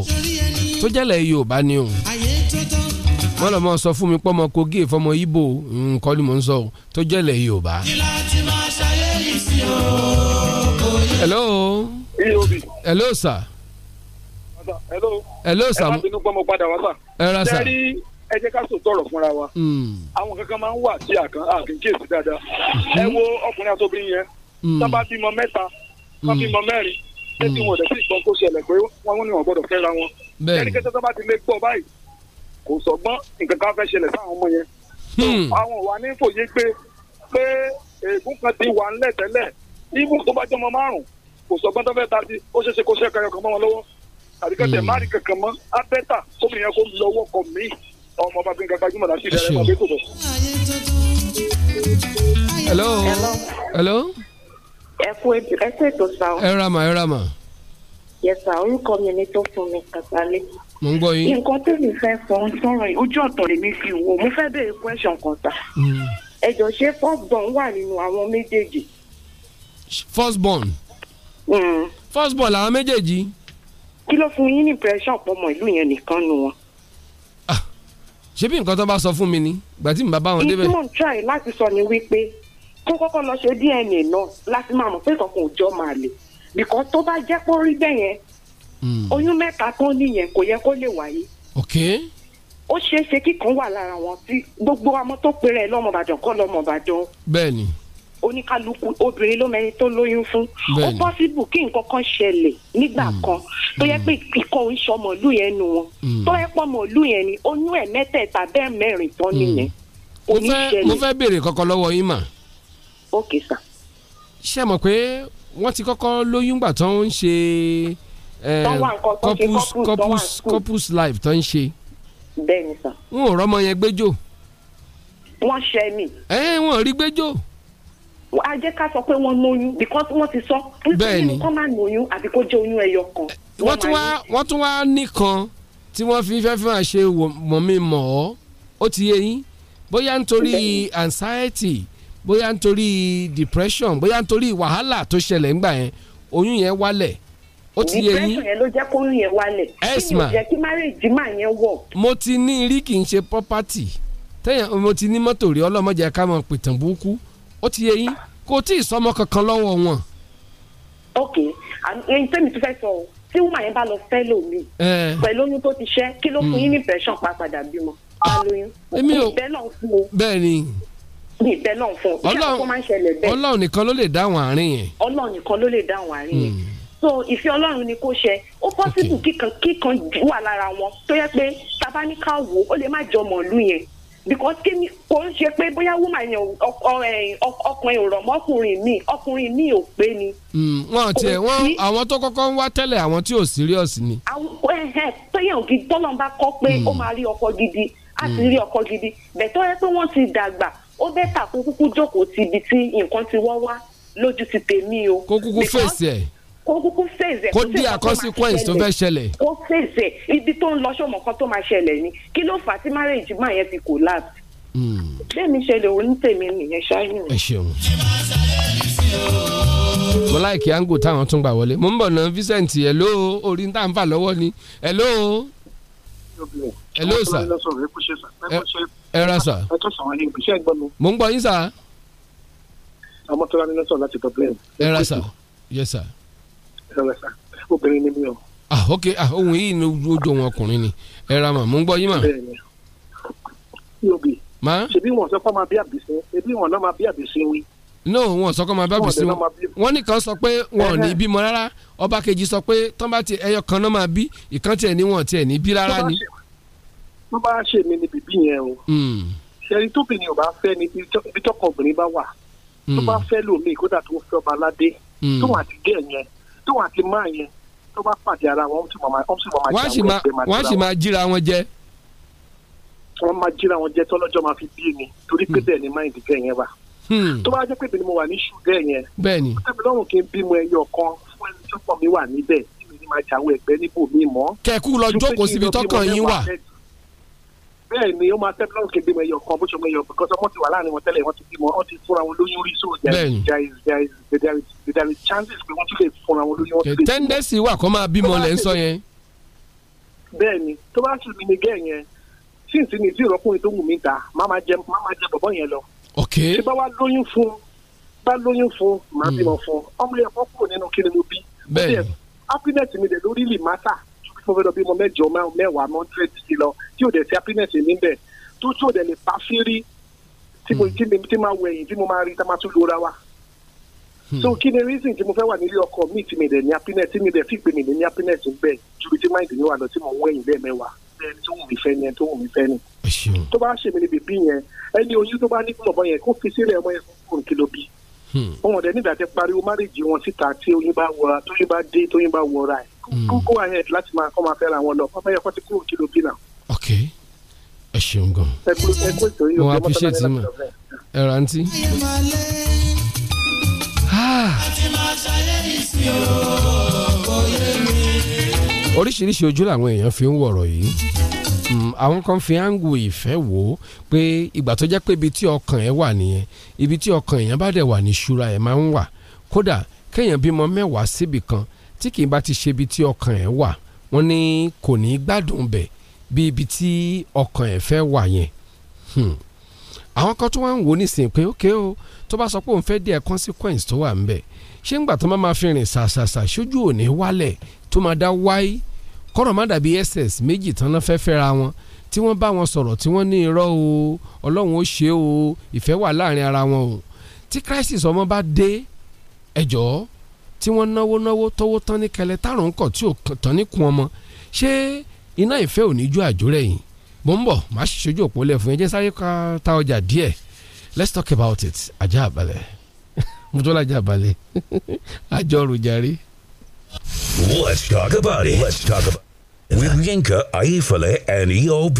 Speaker 7: tó jẹ́lẹ̀ Yorùbá ni o wọ́n lọ́ mọ sọ fún mi pọ́mọ Kogi ìfọmọ Ìgbò nǹkan ni mò ń sọ tó jẹ́lẹ̀ Yorùbá. hello. hello sir. hello sir.
Speaker 13: ẹ bá bínú pọ́nmọ́ padà wá sà. ẹ rà sà ẹ jẹ́ ká sọ tọ̀rọ̀ fúnra wa hmm. àwọn kankan máa ń wà tí àkínkèsí dáadáa hmm. ẹ wo ọkùnrin àtòbìnrin yẹn sábà hmm. bímọ mẹ́ta wọ́n bímọ mẹ́rin létí wọn ò dẹ̀ sí ìgbọ́n kó ṣẹlẹ̀ pé wọ́n ní wọn gbọ́dọ̀ fẹ́ra wọn ẹnikẹ́ni tó bá ti lé gbọ́ báyìí kò sọgbọ́n nǹkan kan fẹ́ ṣẹlẹ̀ sáwọn ọmọ yẹn àwọn wà ní fòye pé pé ègún kan ti wà ńlẹ̀ tẹ́lẹ̀ ibùn tó bá jọmọ márùn-ún kò sọgbọ́n tó fẹ́ ta sí ó ṣeéṣe
Speaker 15: kó ṣe kankan mọ́ wọn lọ́wọ́ àbíkẹ́tẹ̀ má rí kankan mọ́ abẹ́tà kóbìnrin yẹn kó lọ́wọ́ kọ míì ọmọ ọba gbẹngàn gbajúmọ̀ náà sì rẹ̀ ẹ̀ máa hello.
Speaker 13: hello. ẹ kú ẹ kú ètò sá o.
Speaker 7: ẹ ra mà ẹ ra mà.
Speaker 13: yẹsà orúkọ mi ni tó fún mi kàtàlẹ́. mo ń gbọ́ yín. nǹkan tó mi fẹ́ fọ ń sọ̀rọ̀ yìí ojú ọ̀tọ̀ lèmi fi wò mo fẹ́ béèrè question kan ta. Hmm. ẹjọ ṣé first born wà nínú àwọn méjèèjì. first born. Hmm. first born làwọn méjèèjì. kí ló fún yín ní impression pọ̀ mọ́ ìlú yẹn nìkan nu wọn
Speaker 7: ṣé bí nǹkan tó bá sọ fún mi ni ìgbà tí bàbá wọn débẹ̀. ìtumọ̀
Speaker 13: try láti sọ ni wípé kó kọ́kọ́ lọ ṣe DNA náà láti máa mọ̀ pé kankan ò jọ máa lè bìkọ́ tó bá jẹ́ pé ó rí bẹ́ẹ̀ yẹn hmm. oyún mẹ́ta tó nìyẹn kò yẹ kó lè wáyé. ok. ó ṣeé ṣe kíkan wà lára wọn tí gbogbo amọ́ tó péré lọ́mọ kọ́ lọ́mọ Ìbàdàn oníkálukú obìnrin ló mẹni tó lóyún fún ó pọ́sibù kí nǹkan kan ṣẹlẹ̀ nígbà hmm. kan tó yẹ pé hmm. ikọ̀ ń ṣọmọ ìlú yẹn nu wọn hmm. tó yẹ pọ̀ mọ̀ yẹn ni oyún ẹ̀ mẹ́tẹ̀ẹ̀ta bẹ́ẹ̀ mẹ́rin tán nìyẹn oníṣẹ́lẹ̀. mo
Speaker 7: fẹ́ béèrè kọ́kọ́ lọ́wọ́ yín mà. ok sir. ṣé ẹ mọ̀ pé wọ́n ti kọ́kọ́ lóyún gbà tó ń ṣe couples couples couples life tó ń ṣe.
Speaker 13: bẹ́ẹ̀ sir. n ò rọ́mọ yẹn gbẹ́jọ́. wọ́n ṣẹ́ mi. ẹ wọ́n rí gbẹ́jọ́ a jẹ́ ká sọ pé wọ́n lóyún because wọ́n ti sọ bẹ́ẹ̀ni kọ́ máa lóyún àbí kó jẹ́ oyún ẹyọ kan. wọ́n tún wá wọ́n tún wá nìkan tí wọ́n fi fẹ́ fún àṣẹ mọ̀ mi
Speaker 7: mọ̀ ọ́ ó ti yé yín bóyá nítorí anxiety bóyá nítorí depression bóyá nítorí wàhálà tó ṣẹlẹ̀ ńgbà yẹn oyún yẹn wálẹ̀ ó ti yé yín
Speaker 13: depression yẹn ló jẹ́ kó oyún yẹn wálẹ̀ kí ni ò jẹ́ kí marriage máa yẹn wọ̀. mo ti ní rí
Speaker 7: kì í ṣe property tẹ́yàn mo ti ní mọ́tò rí ọlọ́mọdé ká mọ̀ pìtàn burúkú ó ti yé yín kò tí ì sọmọ kankan lọ́wọ́ wọn.
Speaker 13: ok ẹyin tẹ́mi tó fẹ́ sọ o tí wúmà yẹn bá lọ fẹ́ lómi pẹ̀lú oyún tó ti ṣẹ́ kí ló fún yín ní hmm. impression pàpàdà bímọ alóyún ìbẹ́ náà fún o. bẹ́ẹ̀ ni ìbẹ́ náà fún o kí àwọn kó máa ń ṣẹlẹ̀
Speaker 7: bẹ́ẹ̀. ọlọ́run nìkan ló lè dáhùn àárín
Speaker 13: yẹn. ọlọ́run nìkan ló lè dáhùn àárín yẹn hmm. so ìfẹ́ ọlọ́run ni kò ṣe ó pọ́sibù kíkan kíkan wà lára wọn tó yẹ pé tabaníkà wò ó lè má jọmọ̀ ìlú yẹn because kí ni kò ń ṣe pé bóyá woman yẹn ọkùnrin ò rọ̀ mọ́kùnrin mi ọkùnrin mi ò pé ni. Hmm, wọn tiẹ̀ wọn àwọn tó kọ́kọ́ ń wá tẹ́lẹ̀ àwọn tí ò serious ni. àwọn ẹhẹn tẹyàn gidi tọlọmba kọ pé hmm. ó máa rí ọkọ gidi á ti hmm. rí ọkọ gidi bẹ̀tọ́ ẹ pé wọ́n ti dàgbà ó bẹ́ẹ̀ tà kó kúkú jókòó ti ibi tí nǹkan ti wọ́ wá lójú ti tèmi o. kó kúkú fèsì ẹ̀ kó kúkú fèsè. kó di consequence tó fẹ́ ṣẹlẹ̀. kó fèsè ibi tó ń lọ sọmọ kan tó máa ṣẹlẹ̀ ni kí ló fà á tí marriage máa yẹn fi collapse. Hmm. bẹ́ẹ̀ni ṣẹlẹ̀ òun tèmi nìyẹn ṣáájú.
Speaker 10: ẹ ṣeun.
Speaker 7: mo láìkí ango táwọn tún gbà wọlé mo ń bọ̀ ná Vincent hello orí tá à ń fà lọ́wọ́ ni hello. hello sir. ẹ ra sà. mo ń gbọ́ yín sà.
Speaker 13: ọmọ tó rà nínú sọ̀rọ̀ láti yes sir ẹ̀rọ̀sà obìnrin ni mí o.
Speaker 7: ah ok ah ohun yìí ni ó jọ wọn ọkùnrin ni ẹ ra mà mò ń gbọ́ yín mà. bẹ́ẹ̀ni yobi
Speaker 13: ṣebí wọn sọ pé ọmọ bí àbísí ṣebí wọn lọ máa bí àbísí wí.
Speaker 7: no wọn sọ pé ọmọ bí àbísí wọn nìkan sọ pé wọn ò ní bímọ rárá ọba kejì sọ pé tán bá ti ẹyọ kan náà máa bí ìkan tiẹ̀ ní wọn tiẹ̀ ní bí rárá ni.
Speaker 13: tó bá ṣe mí ni bìbí yẹn o hmm. ṣẹ́ni tóbìnrin ò bá fẹ́ ni ibi tọkọ obìnrin bá wà tó hmm. bá fẹ́ lómi kódà tó fẹ́ ọba aládé hmm. tó wà ti gẹ̀ yẹn tó wà ti máa yẹn tó bá pàdé ara wọn tí màmá ọ̀hún sì màmá jà wọ́n ẹgbẹ́ máa
Speaker 7: jíra wọn. wọ́n á
Speaker 13: sì máa jíra wọn jẹ. wọ́n máa jíra wọn jẹ tọ́lọ́jọ́ máa fi bíi ni torí pé hmm. bẹ́ẹ̀ ni máìndì kẹ́ yẹn wà. Hmm. tó bá jẹ́ pé èmi ni mo wà ní ṣùgẹ́ yẹn. bẹ́ẹ̀ni. tẹ́mi lọ́rùn kí n bímọ ẹyọ kan fún ẹni tó pọ̀ mi wà níbẹ̀ tí mi ní máa jà àwọn ẹgbẹ́ níbò mi mọ́. kẹ́kù lọ jókòó síbi tọ́kàn yín wà bẹ́ẹ̀ ni ó máa tẹ́ lọ́rùn kí n bímọ ẹyọ kan bó ṣe mọ ẹyọ because ọmọ ti wà láàrin wọn tẹ́lẹ̀ wọ́n ti bímọ wọ́n ti fúnra wọn lóyún rí so there is chances pé wọ́n tún lè fúnra wọn lóyún tẹ́ndẹ́sì wà kó máa bímọ lẹ́ ń sọ yẹn. bẹ́ẹ̀ ni tó bá sì ní gẹ́ yẹn sínsìn ní ìdíwọ̀ ọkùnrin tó wù mí ta má máa jẹ bọ̀bọ̀ yẹn lọ. ok ṣé bá wá lóyún fún bá lóyún fún màá hmm. bímọ fún ọmọ yẹn fọ́ kúrò nínú kí mo fẹ́ lọ bímọ mẹ́jọ mẹ́wàá mọ́ tírẹ̀tì sí lọ tí ò dẹ̀ sí happiness níbẹ̀ tó tí ò dẹ̀ lè pa fírí tí mo hmm. tí mi tí máa wẹ̀yìn tí mo máa rí tá máa tún lora wa. Hmm. so kí ni reason tí mo fẹ́ wà nílé ọkọ mi tí mi dẹ̀ ní happiness tí mi dẹ̀ fi pè ní happiness níbẹ̀ ju bí tí mind mi wà lọ tí mo wẹ̀yìn lẹ́ẹ̀mẹ́wàá ẹni tó wù mí fẹ́ ni tó wù mí fẹ́ ni. tó bá ṣe mí níbi bí yẹn ẹni oyún tó bá ní ọmọ yẹn kó fi sílẹ̀ ọmọ yẹn fún fún kí ló bí. Hmm. wọn ò nígbà tẹ pariwo márìjì wọn síta tí oyún bá wọra tóyún bá dé tóyún bá wọra ẹ̀ Mm. do go ahead láti máa kọ́ máa fẹ́ra wọn lọ pápá yẹ kó ti kúrò kí ló bí náà. ok ẹ ṣeun gan. mo appreciate ma
Speaker 7: ẹ rántí. Ah. oríṣiríṣi ojú làwọn èèyàn fi ń wọ̀rọ̀ yìí mm, àwọn kan fi áńgù ìfẹ́ wò ó pé ìgbà tó jẹ́ pé ibi tí ọkàn ẹ̀ wà nìyẹn ibi tí ọkàn èèyàn bá dẹ̀ wà ní ṣúra ẹ̀ máa ń wà kódà kéèyàn bímọ mẹ́wàá síbì kan tí kì í bá ti ṣe ibi tí ọkàn ẹ̀ wà wọ́n ní kò ní í gbádùn bẹ̀ bí ibi tí ọkàn ẹ̀ fẹ́ wà yẹn hmm. àwọn kan tó wá ń wò nísìnyí pé ókè o tó bá sọ pé òun fẹ́ díẹ̀ consequence tó wà ń bẹ̀ ṣé ńgbà tó má máa fi rìn ṣàṣàṣà sójú òní wálẹ̀ tó máa dá wáyé kọ́rọ̀ má dàbí ss méjì tán náà fẹ́ fẹ́ra wọn tí wọ́n bá wọn sọ̀rọ̀ tí wọ́n ní irọ́ o ọlọ́run ó ṣe o ìfẹ́ wà láàrin ara wọn o tí crisis ọmọ bá dé ẹjọ́ tí wọ́n náwó náwó tówó tán ní kẹlẹ́ tárùn kọ̀ tí ò tán ní kun ọmọ ṣé iná ìfẹ́ ò ju àjò yìí bó ń bọ̀ má ṣe ṣojú òpó lẹ̀ yẹn jẹ́ sáré ká ta ọjà díẹ̀ let's talk about it ajá àbálẹ̀ mutola [LAUGHS] [LAUGHS] ajá àbálẹ̀ àjọrò jàre.
Speaker 3: let's talk about it let's talk about it with Yinka Ayefele and EOB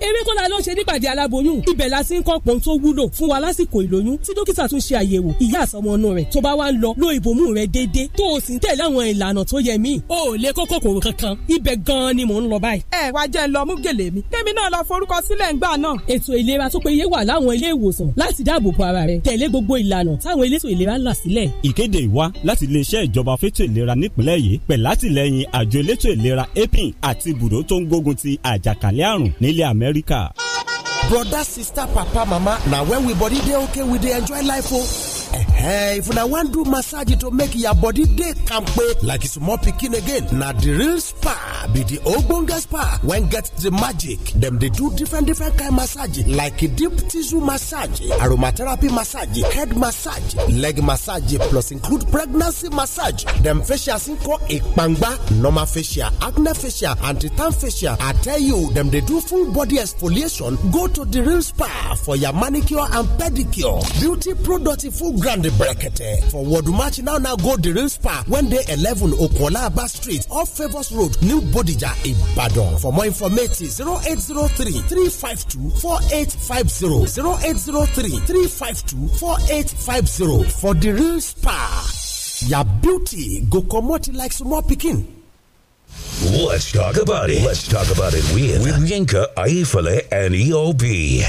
Speaker 5: eré kọ́lá ló ṣe nípàdé aláboyún ibẹ̀ la sì ń kọ́ pọ́n tó wúlò fún wa lásìkò ìlóyún tí dókítà tún ṣe àyẹ̀wò ìyá àsọmọnú rẹ̀ tó bá wá ń lọ lo ìbomú rẹ̀ déédéé tó o sì ń tẹ̀lé àwọn ìlànà tó yẹ mí. o ò lè kó kòkòrò kankan ibẹ̀ gan-an ni mò ń lọ báyìí. ẹ wá jẹ́ lọ mú gèlè mi kémi náà lọ forúkọ sílẹ̀ ńgbà náà. ètò ìlera tó péye wà láwọn ilé ìwòsàn láti dáàbò bo ara rẹ tẹ̀lé gbogbo ìlànà táwọn elétò ìlera là sílẹ̀. ìkéde ìwá láti iléeṣẹ́ ìjọba fétò ìlera nípìnlẹ̀ yìí pẹ̀ látìlẹ́yìn àjọ elétò ìlera apin àti ibùdó tó ń gbógun ti àjàkálẹ̀ àrùn nílẹ̀
Speaker 11: àmì America. Brother, sister, papa, mama, na when we body dey okay, we dey enjoy life o. Oh. eh if want to do massage to make your body dey kampe like more picking again na the real spa be the ogbonge spa When get the magic them they do different different kind massage like deep tissue massage aromatherapy massage head massage leg massage plus include pregnancy massage Them facial sin call ipangba normal fascia, acne facial anti-tan i tell you them they do full body exfoliation go to the real spa for your manicure and pedicure beauty product full Grand Brekete. For Wadumachi now now go the real spa when they 11 Okolaba Street off Favors Road, New Bodija, Ibadan. For more information 0803 352 4850 0803 352 4850 for the real spa. Your beauty go commodity like small picking.
Speaker 3: Let's talk about it. Let's talk about it with, with Yinka, Aifale, and EOB.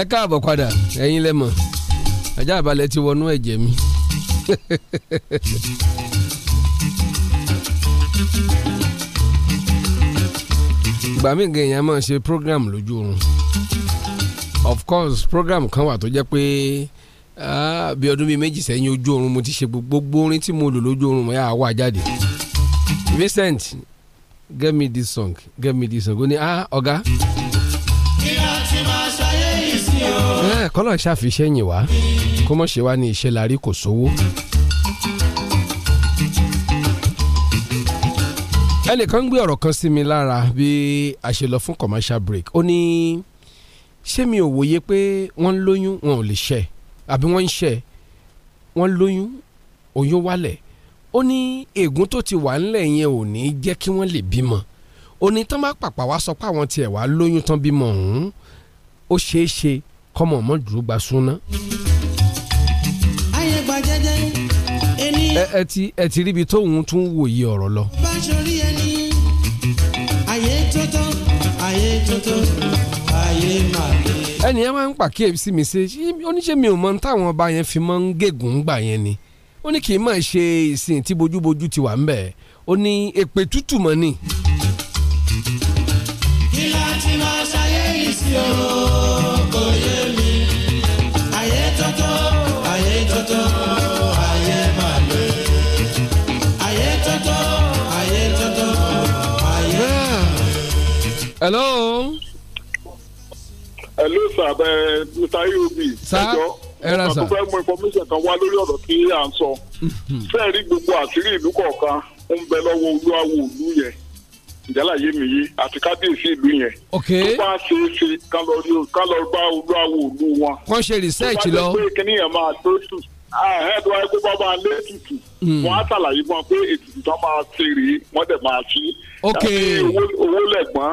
Speaker 7: ẹ káàbọ̀ padà ẹ̀yin lẹ́mọ̀ ajá àbálẹ̀ ti wọnú ẹ̀jẹ̀ mi. ìgbà míì gan èèyàn máa ṣe program lójú oorun of course program kan wà tó jẹ́ pé ah, bí ọdún bíi méjì sẹ́yìn ojú oorun mo ti ṣe gbogbo orin tí mo lò lójú oorun mo yà wá jáde Vincent get me this song get me this song ó ní ah ọ̀gá. Okay? kọ́lọ́ ṣàfihàn wá kó mọ̀ ṣe wá ní iṣẹ́ larí kò sówó. ẹnìkan ń gbé ọ̀rọ̀ kan sí mi lára bí a ṣe lọ fún commercial break ó ní ṣé mi ò wòye pé wọ́n ń lóyún wọn ò lè ṣẹ́ àbí wọ́n ń ṣẹ́ wọ́n lóyún oyún wálẹ̀ ó ní ègún tó ti wà ńlẹ̀ yẹn ò ní jẹ́ kí wọ́n lè bímọ ó bá pàpà wá sọ pé àwọn tiẹ̀ wá lóyún tán bímọ ọ̀hún ó ṣeé ṣe kọ́mọ ọmọ dùrú gba súná.
Speaker 6: ayé gba jẹjẹ ẹni.
Speaker 7: ẹ ti ẹ ti ríbi tóun tún wòye ọ̀rọ̀ lọ. ẹnì yẹn máa ń pàkíyèsí mi ṣe oníṣẹ́ mi ò mọ táwọn ọba yẹn fi máa ń gégùn gbà yẹn ni ó ní kì í máa ṣe ìsìn tí bójúbójú ti wà ń bẹ̀ ó ní èpè tútù mọ́ ni.
Speaker 6: kí láti máa ṣayé yìí sí o.
Speaker 15: hello. hello sir uh, ẹ mr iobi. sa
Speaker 10: ẹ ra sa. ọ̀sán tó fẹ́
Speaker 15: mú information kan wá lórí ọ̀rọ̀ tí à ń sọ. fẹ́ẹ̀ mm-hmm. rí gbogbo àṣírí ìlú kọ̀ọ̀kan ó ń bẹ lọ́wọ́ olúwawo ìlú yẹn ìjálàyé mi yìí àti kábíyèsí ìlú yẹn. ok tó bá ṣe é ṣe ká lọ rí ká lọ bá olúwawo wọn. wọ́n ṣe research lọ. tó bá dé pé kíní yẹn máa tó tù àhẹ́dù ayé kó bá máa lé tutù mm. wọ́n á ṣàlàyé fún wa pé ètùtù tó máa ṣe rèé wọ́n dẹ̀ máa ṣí. ok owó lẹ̀gbọ́n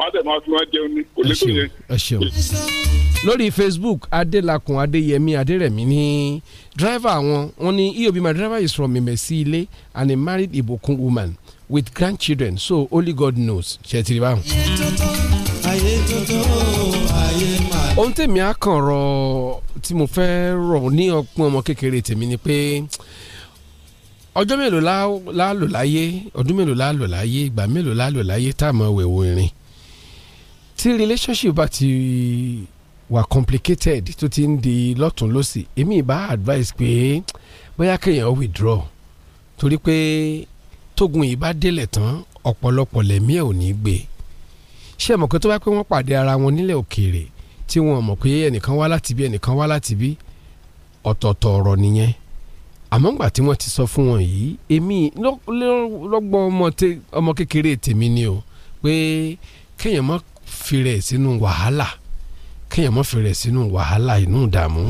Speaker 15: má tẹ̀ máa fi wọn jẹun
Speaker 7: lórí facebook adélakùn adéyẹmí adérẹ̀mí ní driver wọn wọn ní eob my driver is from imesi ile and a married ibokun woman with grandchildren so only god knows ṣe ti rí báwọn. ohun tèmi á kàn rọ tí mo fẹ́ rọ ní ọpọ́n ọmọ kékeré tèmi ni pé ọjọ́ mélòó la lò láyé ọdún mélòó la lò láyé ìgbà mélòó la lò láyé tá a mọ̀ wẹ̀wò irin tí relationship bá ti wà complicated tó ti ń di lọ́tún lọ́sì èmi ìbá advice pé bóyá kéèyàn withdraw torí pé tógun yìí bá délẹ̀ tán ọ̀pọ̀lọpọ̀ lẹ́mí ẹ̀ ò ní gbé ṣé mọ̀ pé tó bá pé wọ́n pàdé ara wọn nílẹ̀ òkèèrè tí wọ́n mọ̀ pé ẹnìkan wá láti bí ẹnìkan wá láti bí ọ̀tọ̀ọ̀tọ̀ ọ̀rọ̀ nìyẹn àmọ́ ngbà tí wọ́n ti sọ fún wọn yìí èmi lọ́gbọ́n ọmọ kékeré tèmi ni o pé kéèyàn má fìrẹ̀ sínú wàhálà kéèyàn mọ́ fìrẹ̀ sínú wàhálà inú ìdààmú.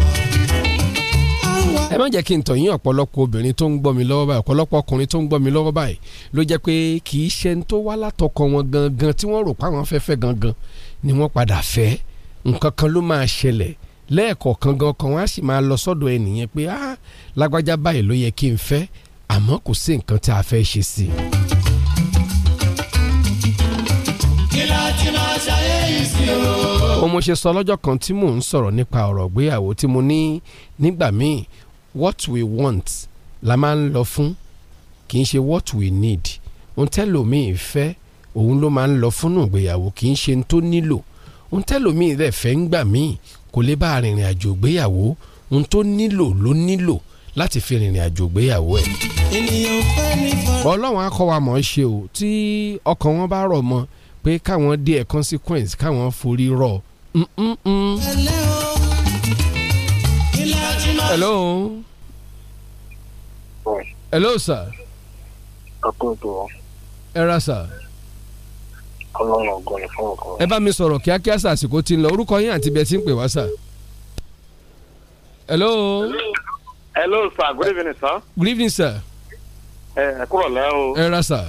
Speaker 7: ẹ má jẹ́ kí n tọ̀yìn ọ̀pọ̀lọpọ̀ obìnrin tó ń gbọ́ mi lọ́wọ́ báyìí ọ̀pọ̀lọpọ̀ ọkùnrin tó ń gbọ́ mi lọ́wọ́ báyìí ló jẹ́ pé kì í ṣe ń tó wá látọkọ wọn gangan tí wọ́n rò pé àwọn fẹ́fẹ́ gangan ni wọ́n padà fẹ́ nǹkan kan ló máa ṣẹlẹ̀ lẹ́ẹ̀kọ̀ọ̀kan gan kan wọ́n á sì ah lágbájá báyìí ló yẹ kí n fẹ́ àmọ́ ó mo ṣe sọ lọ́jọ́ kan tí mò ń sọ̀rọ̀ nípa ọ̀rọ̀ ìgbéyàwó tí mo ní nígbà míì what we want la máa ń lọ fún kì í ṣe what we need ohun tẹ́lòmíì fẹ́ òun ló máa ń lọ fún ìgbéyàwó kì í ṣe ohun tó nílò ohun tẹ́lòmíì rẹ̀ fẹ́ ń gbà míì kò lè bá arìnrìn àjò ìgbéyàwó ohun tó nílò ló nílò láti fi rìnrìn àjò ìgbéyàwó ẹ̀. ọlọ́run á wa mọ̀ ọ́ ṣe o tí ọkàn wọn bá rọ̀ mọ́ ọ pé káwọn díẹ̀ consequence káwọn forí rọ̀. Mm, mm, mm. hello. hello sir. ẹ ra sir. ẹ bá mi sọ̀rọ̀ kíákíá sàsìkò tí ń lọ orúkọ yín àti ibi ẹ ń pè wá sà.
Speaker 13: hello. hello sir good evening sir. good evening sir. ẹ kúrọ̀ lẹ́ ẹ ra sir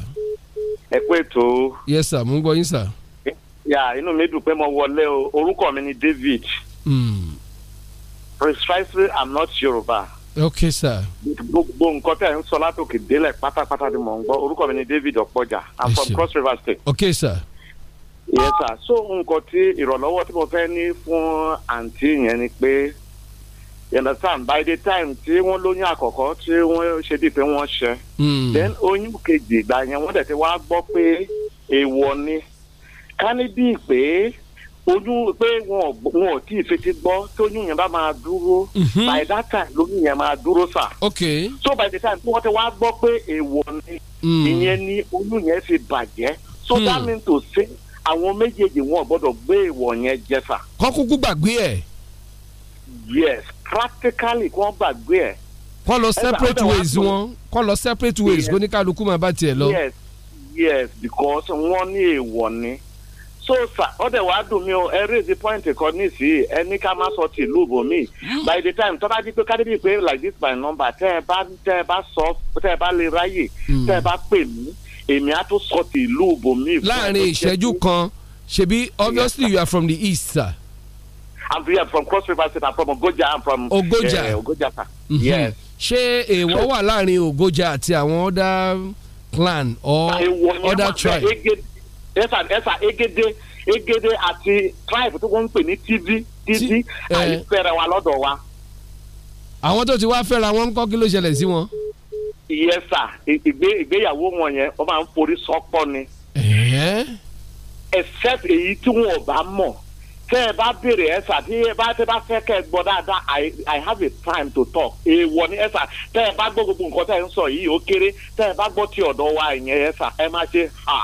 Speaker 13: ẹ pé ètò.
Speaker 7: yes sir mo ń yín sir.
Speaker 13: yà inú mi dùn pé mo wọlé o orúkọ mi ni David. Mm. precisely i'm not Yorùbá.
Speaker 7: ok sir.
Speaker 13: gbogbo nǹkan tẹ̀ ń sọ látòkè délẹ̀ pátápátá ni mò ń gbọ́ orúkọ mi ni David Ọ̀pọ̀jà i'm from Cross River State. ok sir. yes sir so nǹkan tí ìrànlọ́wọ́ tí mo fẹ́ ní fún àǹtí yẹn ni pé understand by the time tí wọ́n lóyún àkọ́kọ́ tí wọ́n ṣe bíi pé wọ́n ṣẹ́ hmm. then oyún kejì ìgbà yẹn wọ́n dẹ̀ ti wá gbọ́ pé èèwọ̀ ni ká ní bíi pé oyún pé wọn ò tí ì fetí gbọ́ tóyún yẹn bá máa dúró hmm. by that time lóyún yẹn máa dúró sà. okay so by the time tí wọ́n ti wá gbọ́ pé èèwọ̀ ni hmm. ìyẹn ni oyún yẹn fi bàjẹ́ so that means to say àwọn méjèèjì wọn ò gbọ́dọ̀ gbé èèwọ̀ yẹn jẹ sà.
Speaker 7: kọ́kúkú gbàgbé ẹ̀.
Speaker 13: yes practically kí wọ́n gbàgbé ẹ̀. kọ́ lọ separate ways wọn
Speaker 7: kọ́ lọ separate ways kó ní kálukú máa bá tiẹ̀ lọ. yes
Speaker 13: yes because wọ́n ní èèwọ̀ ni so sa ọdẹ wàá dùn mí o ẹ raise point kan nísìnyí ẹ ní ká má sọ tìlú bòmí by the time tọ́ba di pé kádébí pé like this by number tẹ́ ẹ bá tẹ́ ẹ bá sọ tẹ́ ẹ bá lè ráyè hmm. tẹ́ ẹ bá pè mí èmi á tún sọ tìlú bòmí. láàrin ìṣẹ́jú
Speaker 7: kan ṣebí obviously you are from the east sir.
Speaker 13: I'm here from Cross River State. I'm from Ogoja. I'm from Ogoja. Uh, Ogoja Park. Mm -hmm.
Speaker 7: Yes. Ṣé èèwọ̀ wà láàrin Ogoja àti àwọn other clan or other tribe?
Speaker 13: Ẹ̀sà Ẹ̀sà Egede Egede àti tribe tó wọ́n ń pè ní TV TV àìfẹ́ra wa lọ́dọ̀ wa.
Speaker 7: Àwọn tó ti wá fẹ́ra wọn ń kọ́ kí ló ṣẹlẹ̀ sí wọn.
Speaker 13: Yes sir ìgbéyàwó wọn yẹn wọ́n máa ń forí sọ́pọ̀ ni. Except èyí tí wọn ò bá mọ̀ tẹ́ ẹ bá béèrè ẹ sà tí ẹ bá tẹ́ bá fẹ́ kẹ́ ẹ gbọ́ dáadáa i i have a time to talk èèwọ̀ ni ẹ sà tẹ́ ẹ bá gbọ́ gbogbo nǹkan tẹ́ ẹ ń sọ yìí ó kéré tẹ́ ẹ bá gbọ́ ti ọ̀dọ̀ wa ìyẹn ẹ sà ẹ má ṣe hà.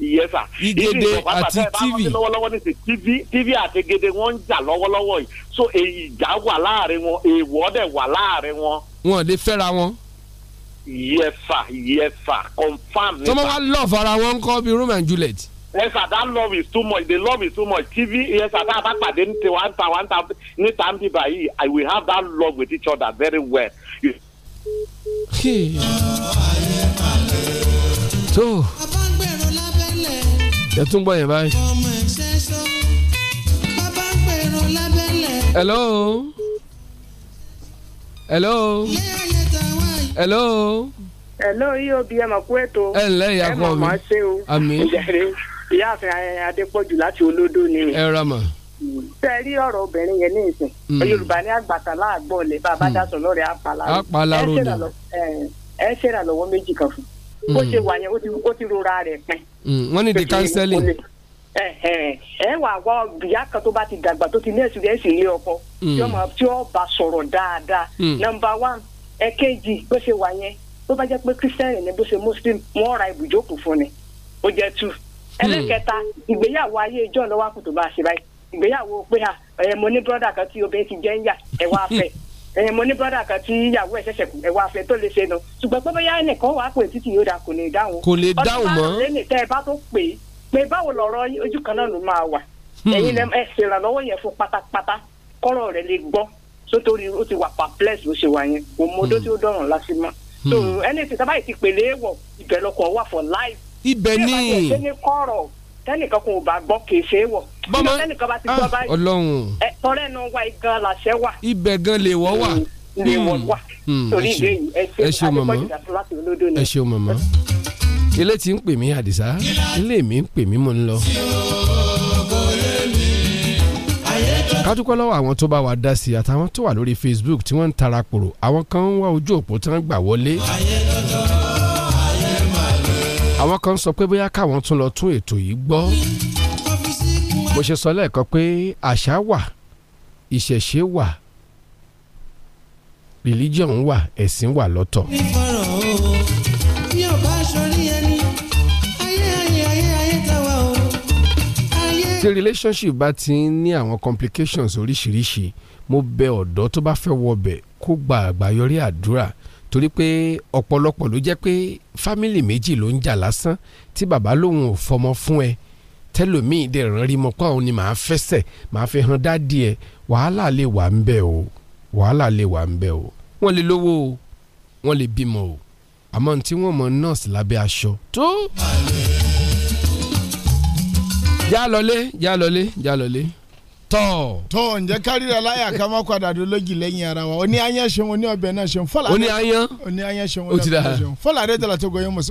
Speaker 13: ìyẹn sà ìdí ìjọba àti tv lọ́wọ́lọ́wọ́ ní ti tv tv àti gèdè wọ́n ń jà lọ́wọ́lọ́wọ́ yìí so èyí ìjà wà láàrin wọn èèwọ̀ dẹ̀ wà láàrin wọn.
Speaker 7: wọn ò lè fẹ́ra wọn
Speaker 13: yẹfa yẹfa confam nípa. tọ́mọ wa
Speaker 7: lọ́ọ̀fù ara wọn ń kọ́ bí Romeo and Juliet
Speaker 13: yes sir that love is too much the love is too much tv yes sir tá a bá pàdé ní tiwa níta wá níta níta ń i will have that love with each other very well.
Speaker 7: So. ẹ tún gbọ́ yẹn báyìí. hello
Speaker 13: hello hello. hello iye obi ẹ mà kú ètò ẹ ǹlẹ́ ìyá kan mi ẹ mà má ṣe o. àmín. [LAUGHS] ìyáàfin adépọ̀jù láti olódó ni. ẹ rà mọ̀. tẹ rí ọ̀rọ̀ obìnrin yẹn ní ìsìn hmm. yorùbá ní àgbàtà láàgbọ̀ ọ̀lẹ̀ bá a bá hmm. dasọ̀ lọ́rẹ̀ apàlárò ni ẹ ṣèrà lọ́wọ́ méjì kan fún bó hmm. ṣe wà yẹn ó ti rora rẹ̀ pin.
Speaker 7: wọ́n ní di counseling.
Speaker 13: ẹ ẹ wà wá ìyá kan tó bá ti dàgbà tó ti ní experience ilé ọkọ tí ó bá sọ̀rọ̀
Speaker 10: dáadáa number
Speaker 13: one ẹ̀kejì bó ṣe wà yẹn tó bá jẹ́ pé christian ni bó ṣe muslim wọ́n ra ibùjókòó fún ni ó jẹ́ two ẹlẹ́kẹta hmm. ìgbéyàwó ayé ìjọ́ lọ́wọ́ àkùtù bá a ṣe báyìí ìgbéyàwó pé à ah, ẹ̀yẹ mo ní brọ́dà kan tí obìnrin ti jẹ́ ń yà ẹ̀ wá fẹ́ ẹ̀yẹ [LAUGHS] mo ní brọ́dà kan tí ìyàwó ẹ̀ ṣẹ̀ṣẹ̀ kù ẹ̀ wá fẹ́ tó lè ṣe nà ṣùgbọ́n pé bóyá ẹnìkan wàá pè títí yóò dà kò lè dáhùn kò lè dáhùn mọ́ ọdún bá lè ẹ bá tó pè é pé báwo lọ̀rọ̀ ojú ibẹ̀ ni. bí ìbàdàn ṣe ní kọ́rọ̀ tẹnìkan kò bá gbọ́ kì í ṣe é wọ̀. bọ́mọ tẹnìkan bá ti ah, gbọ́ báyìí. ọlọ́run. ẹ tọrẹ nu wa igan làṣẹ wà. ibẹ̀ gan lè wọ́ wà. lè wọ́ wà. Hmm, hmm, torí ìdí èyí ẹ ṣe adékọ̀jì ìdásílẹ̀ láti olódò
Speaker 7: ni. ilé tí ń pè mí àdìsá ilé mi ń pè mí mò ń lọ kádúpẹ́ lọ́wọ́ àwọn tó bá wa dá sí i àtàwọn tó wà lórí Facebook tí wọ́n ń tara pòrò àwọn kan ń wá ojú òpó tí wọ́n gbà wọlé àwọn kan sọ pé bóyá káwọn tún lọ tún ètò yìí gbọ́ mo ṣe sọ lẹ́ẹ̀kan pé àṣà wà ìṣẹ̀ṣe wà religion wà ẹ̀sìn wà lọ́tọ̀. tí relationship bá ti ń ní àwọn complications oríṣiríṣi mo bẹ ọ̀dọ́ tó bá fẹ́ wọbẹ̀ kó gba àgbáyọrí àdúrà torí pé ọ̀pọ̀lọpọ̀ ló jẹ́ pé fámìlì méjì ló ń jà lásán tí bàbá lòun ò fọmọ fún ẹ tẹlòmíì dẹ̀ rán rí mọ pé òun ni màá fẹsẹ̀ màá fi hàn dádì ẹ wàhálà lè wà ń bẹ o wàhálà lè wà ń bẹ o wọ́n lè lówó o wọ́n lè bímọ o àmọ́ tí wọ́n mọ nọ́ọ̀sì lábẹ́ aṣọ tó. já lọlé já tọ́.
Speaker 8: tọ́ ǹjẹ́ kárí rẹ̀ láyà ká má padà dún lójì lẹ́yìn ara wa oní ayán ṣeun oní ọbẹ̀ náà ṣeun fọlá. oní ayán oní ayán ṣeun oní ọbẹ̀ náà ṣeun fọlá adéjọba tó gbọ́ yẹn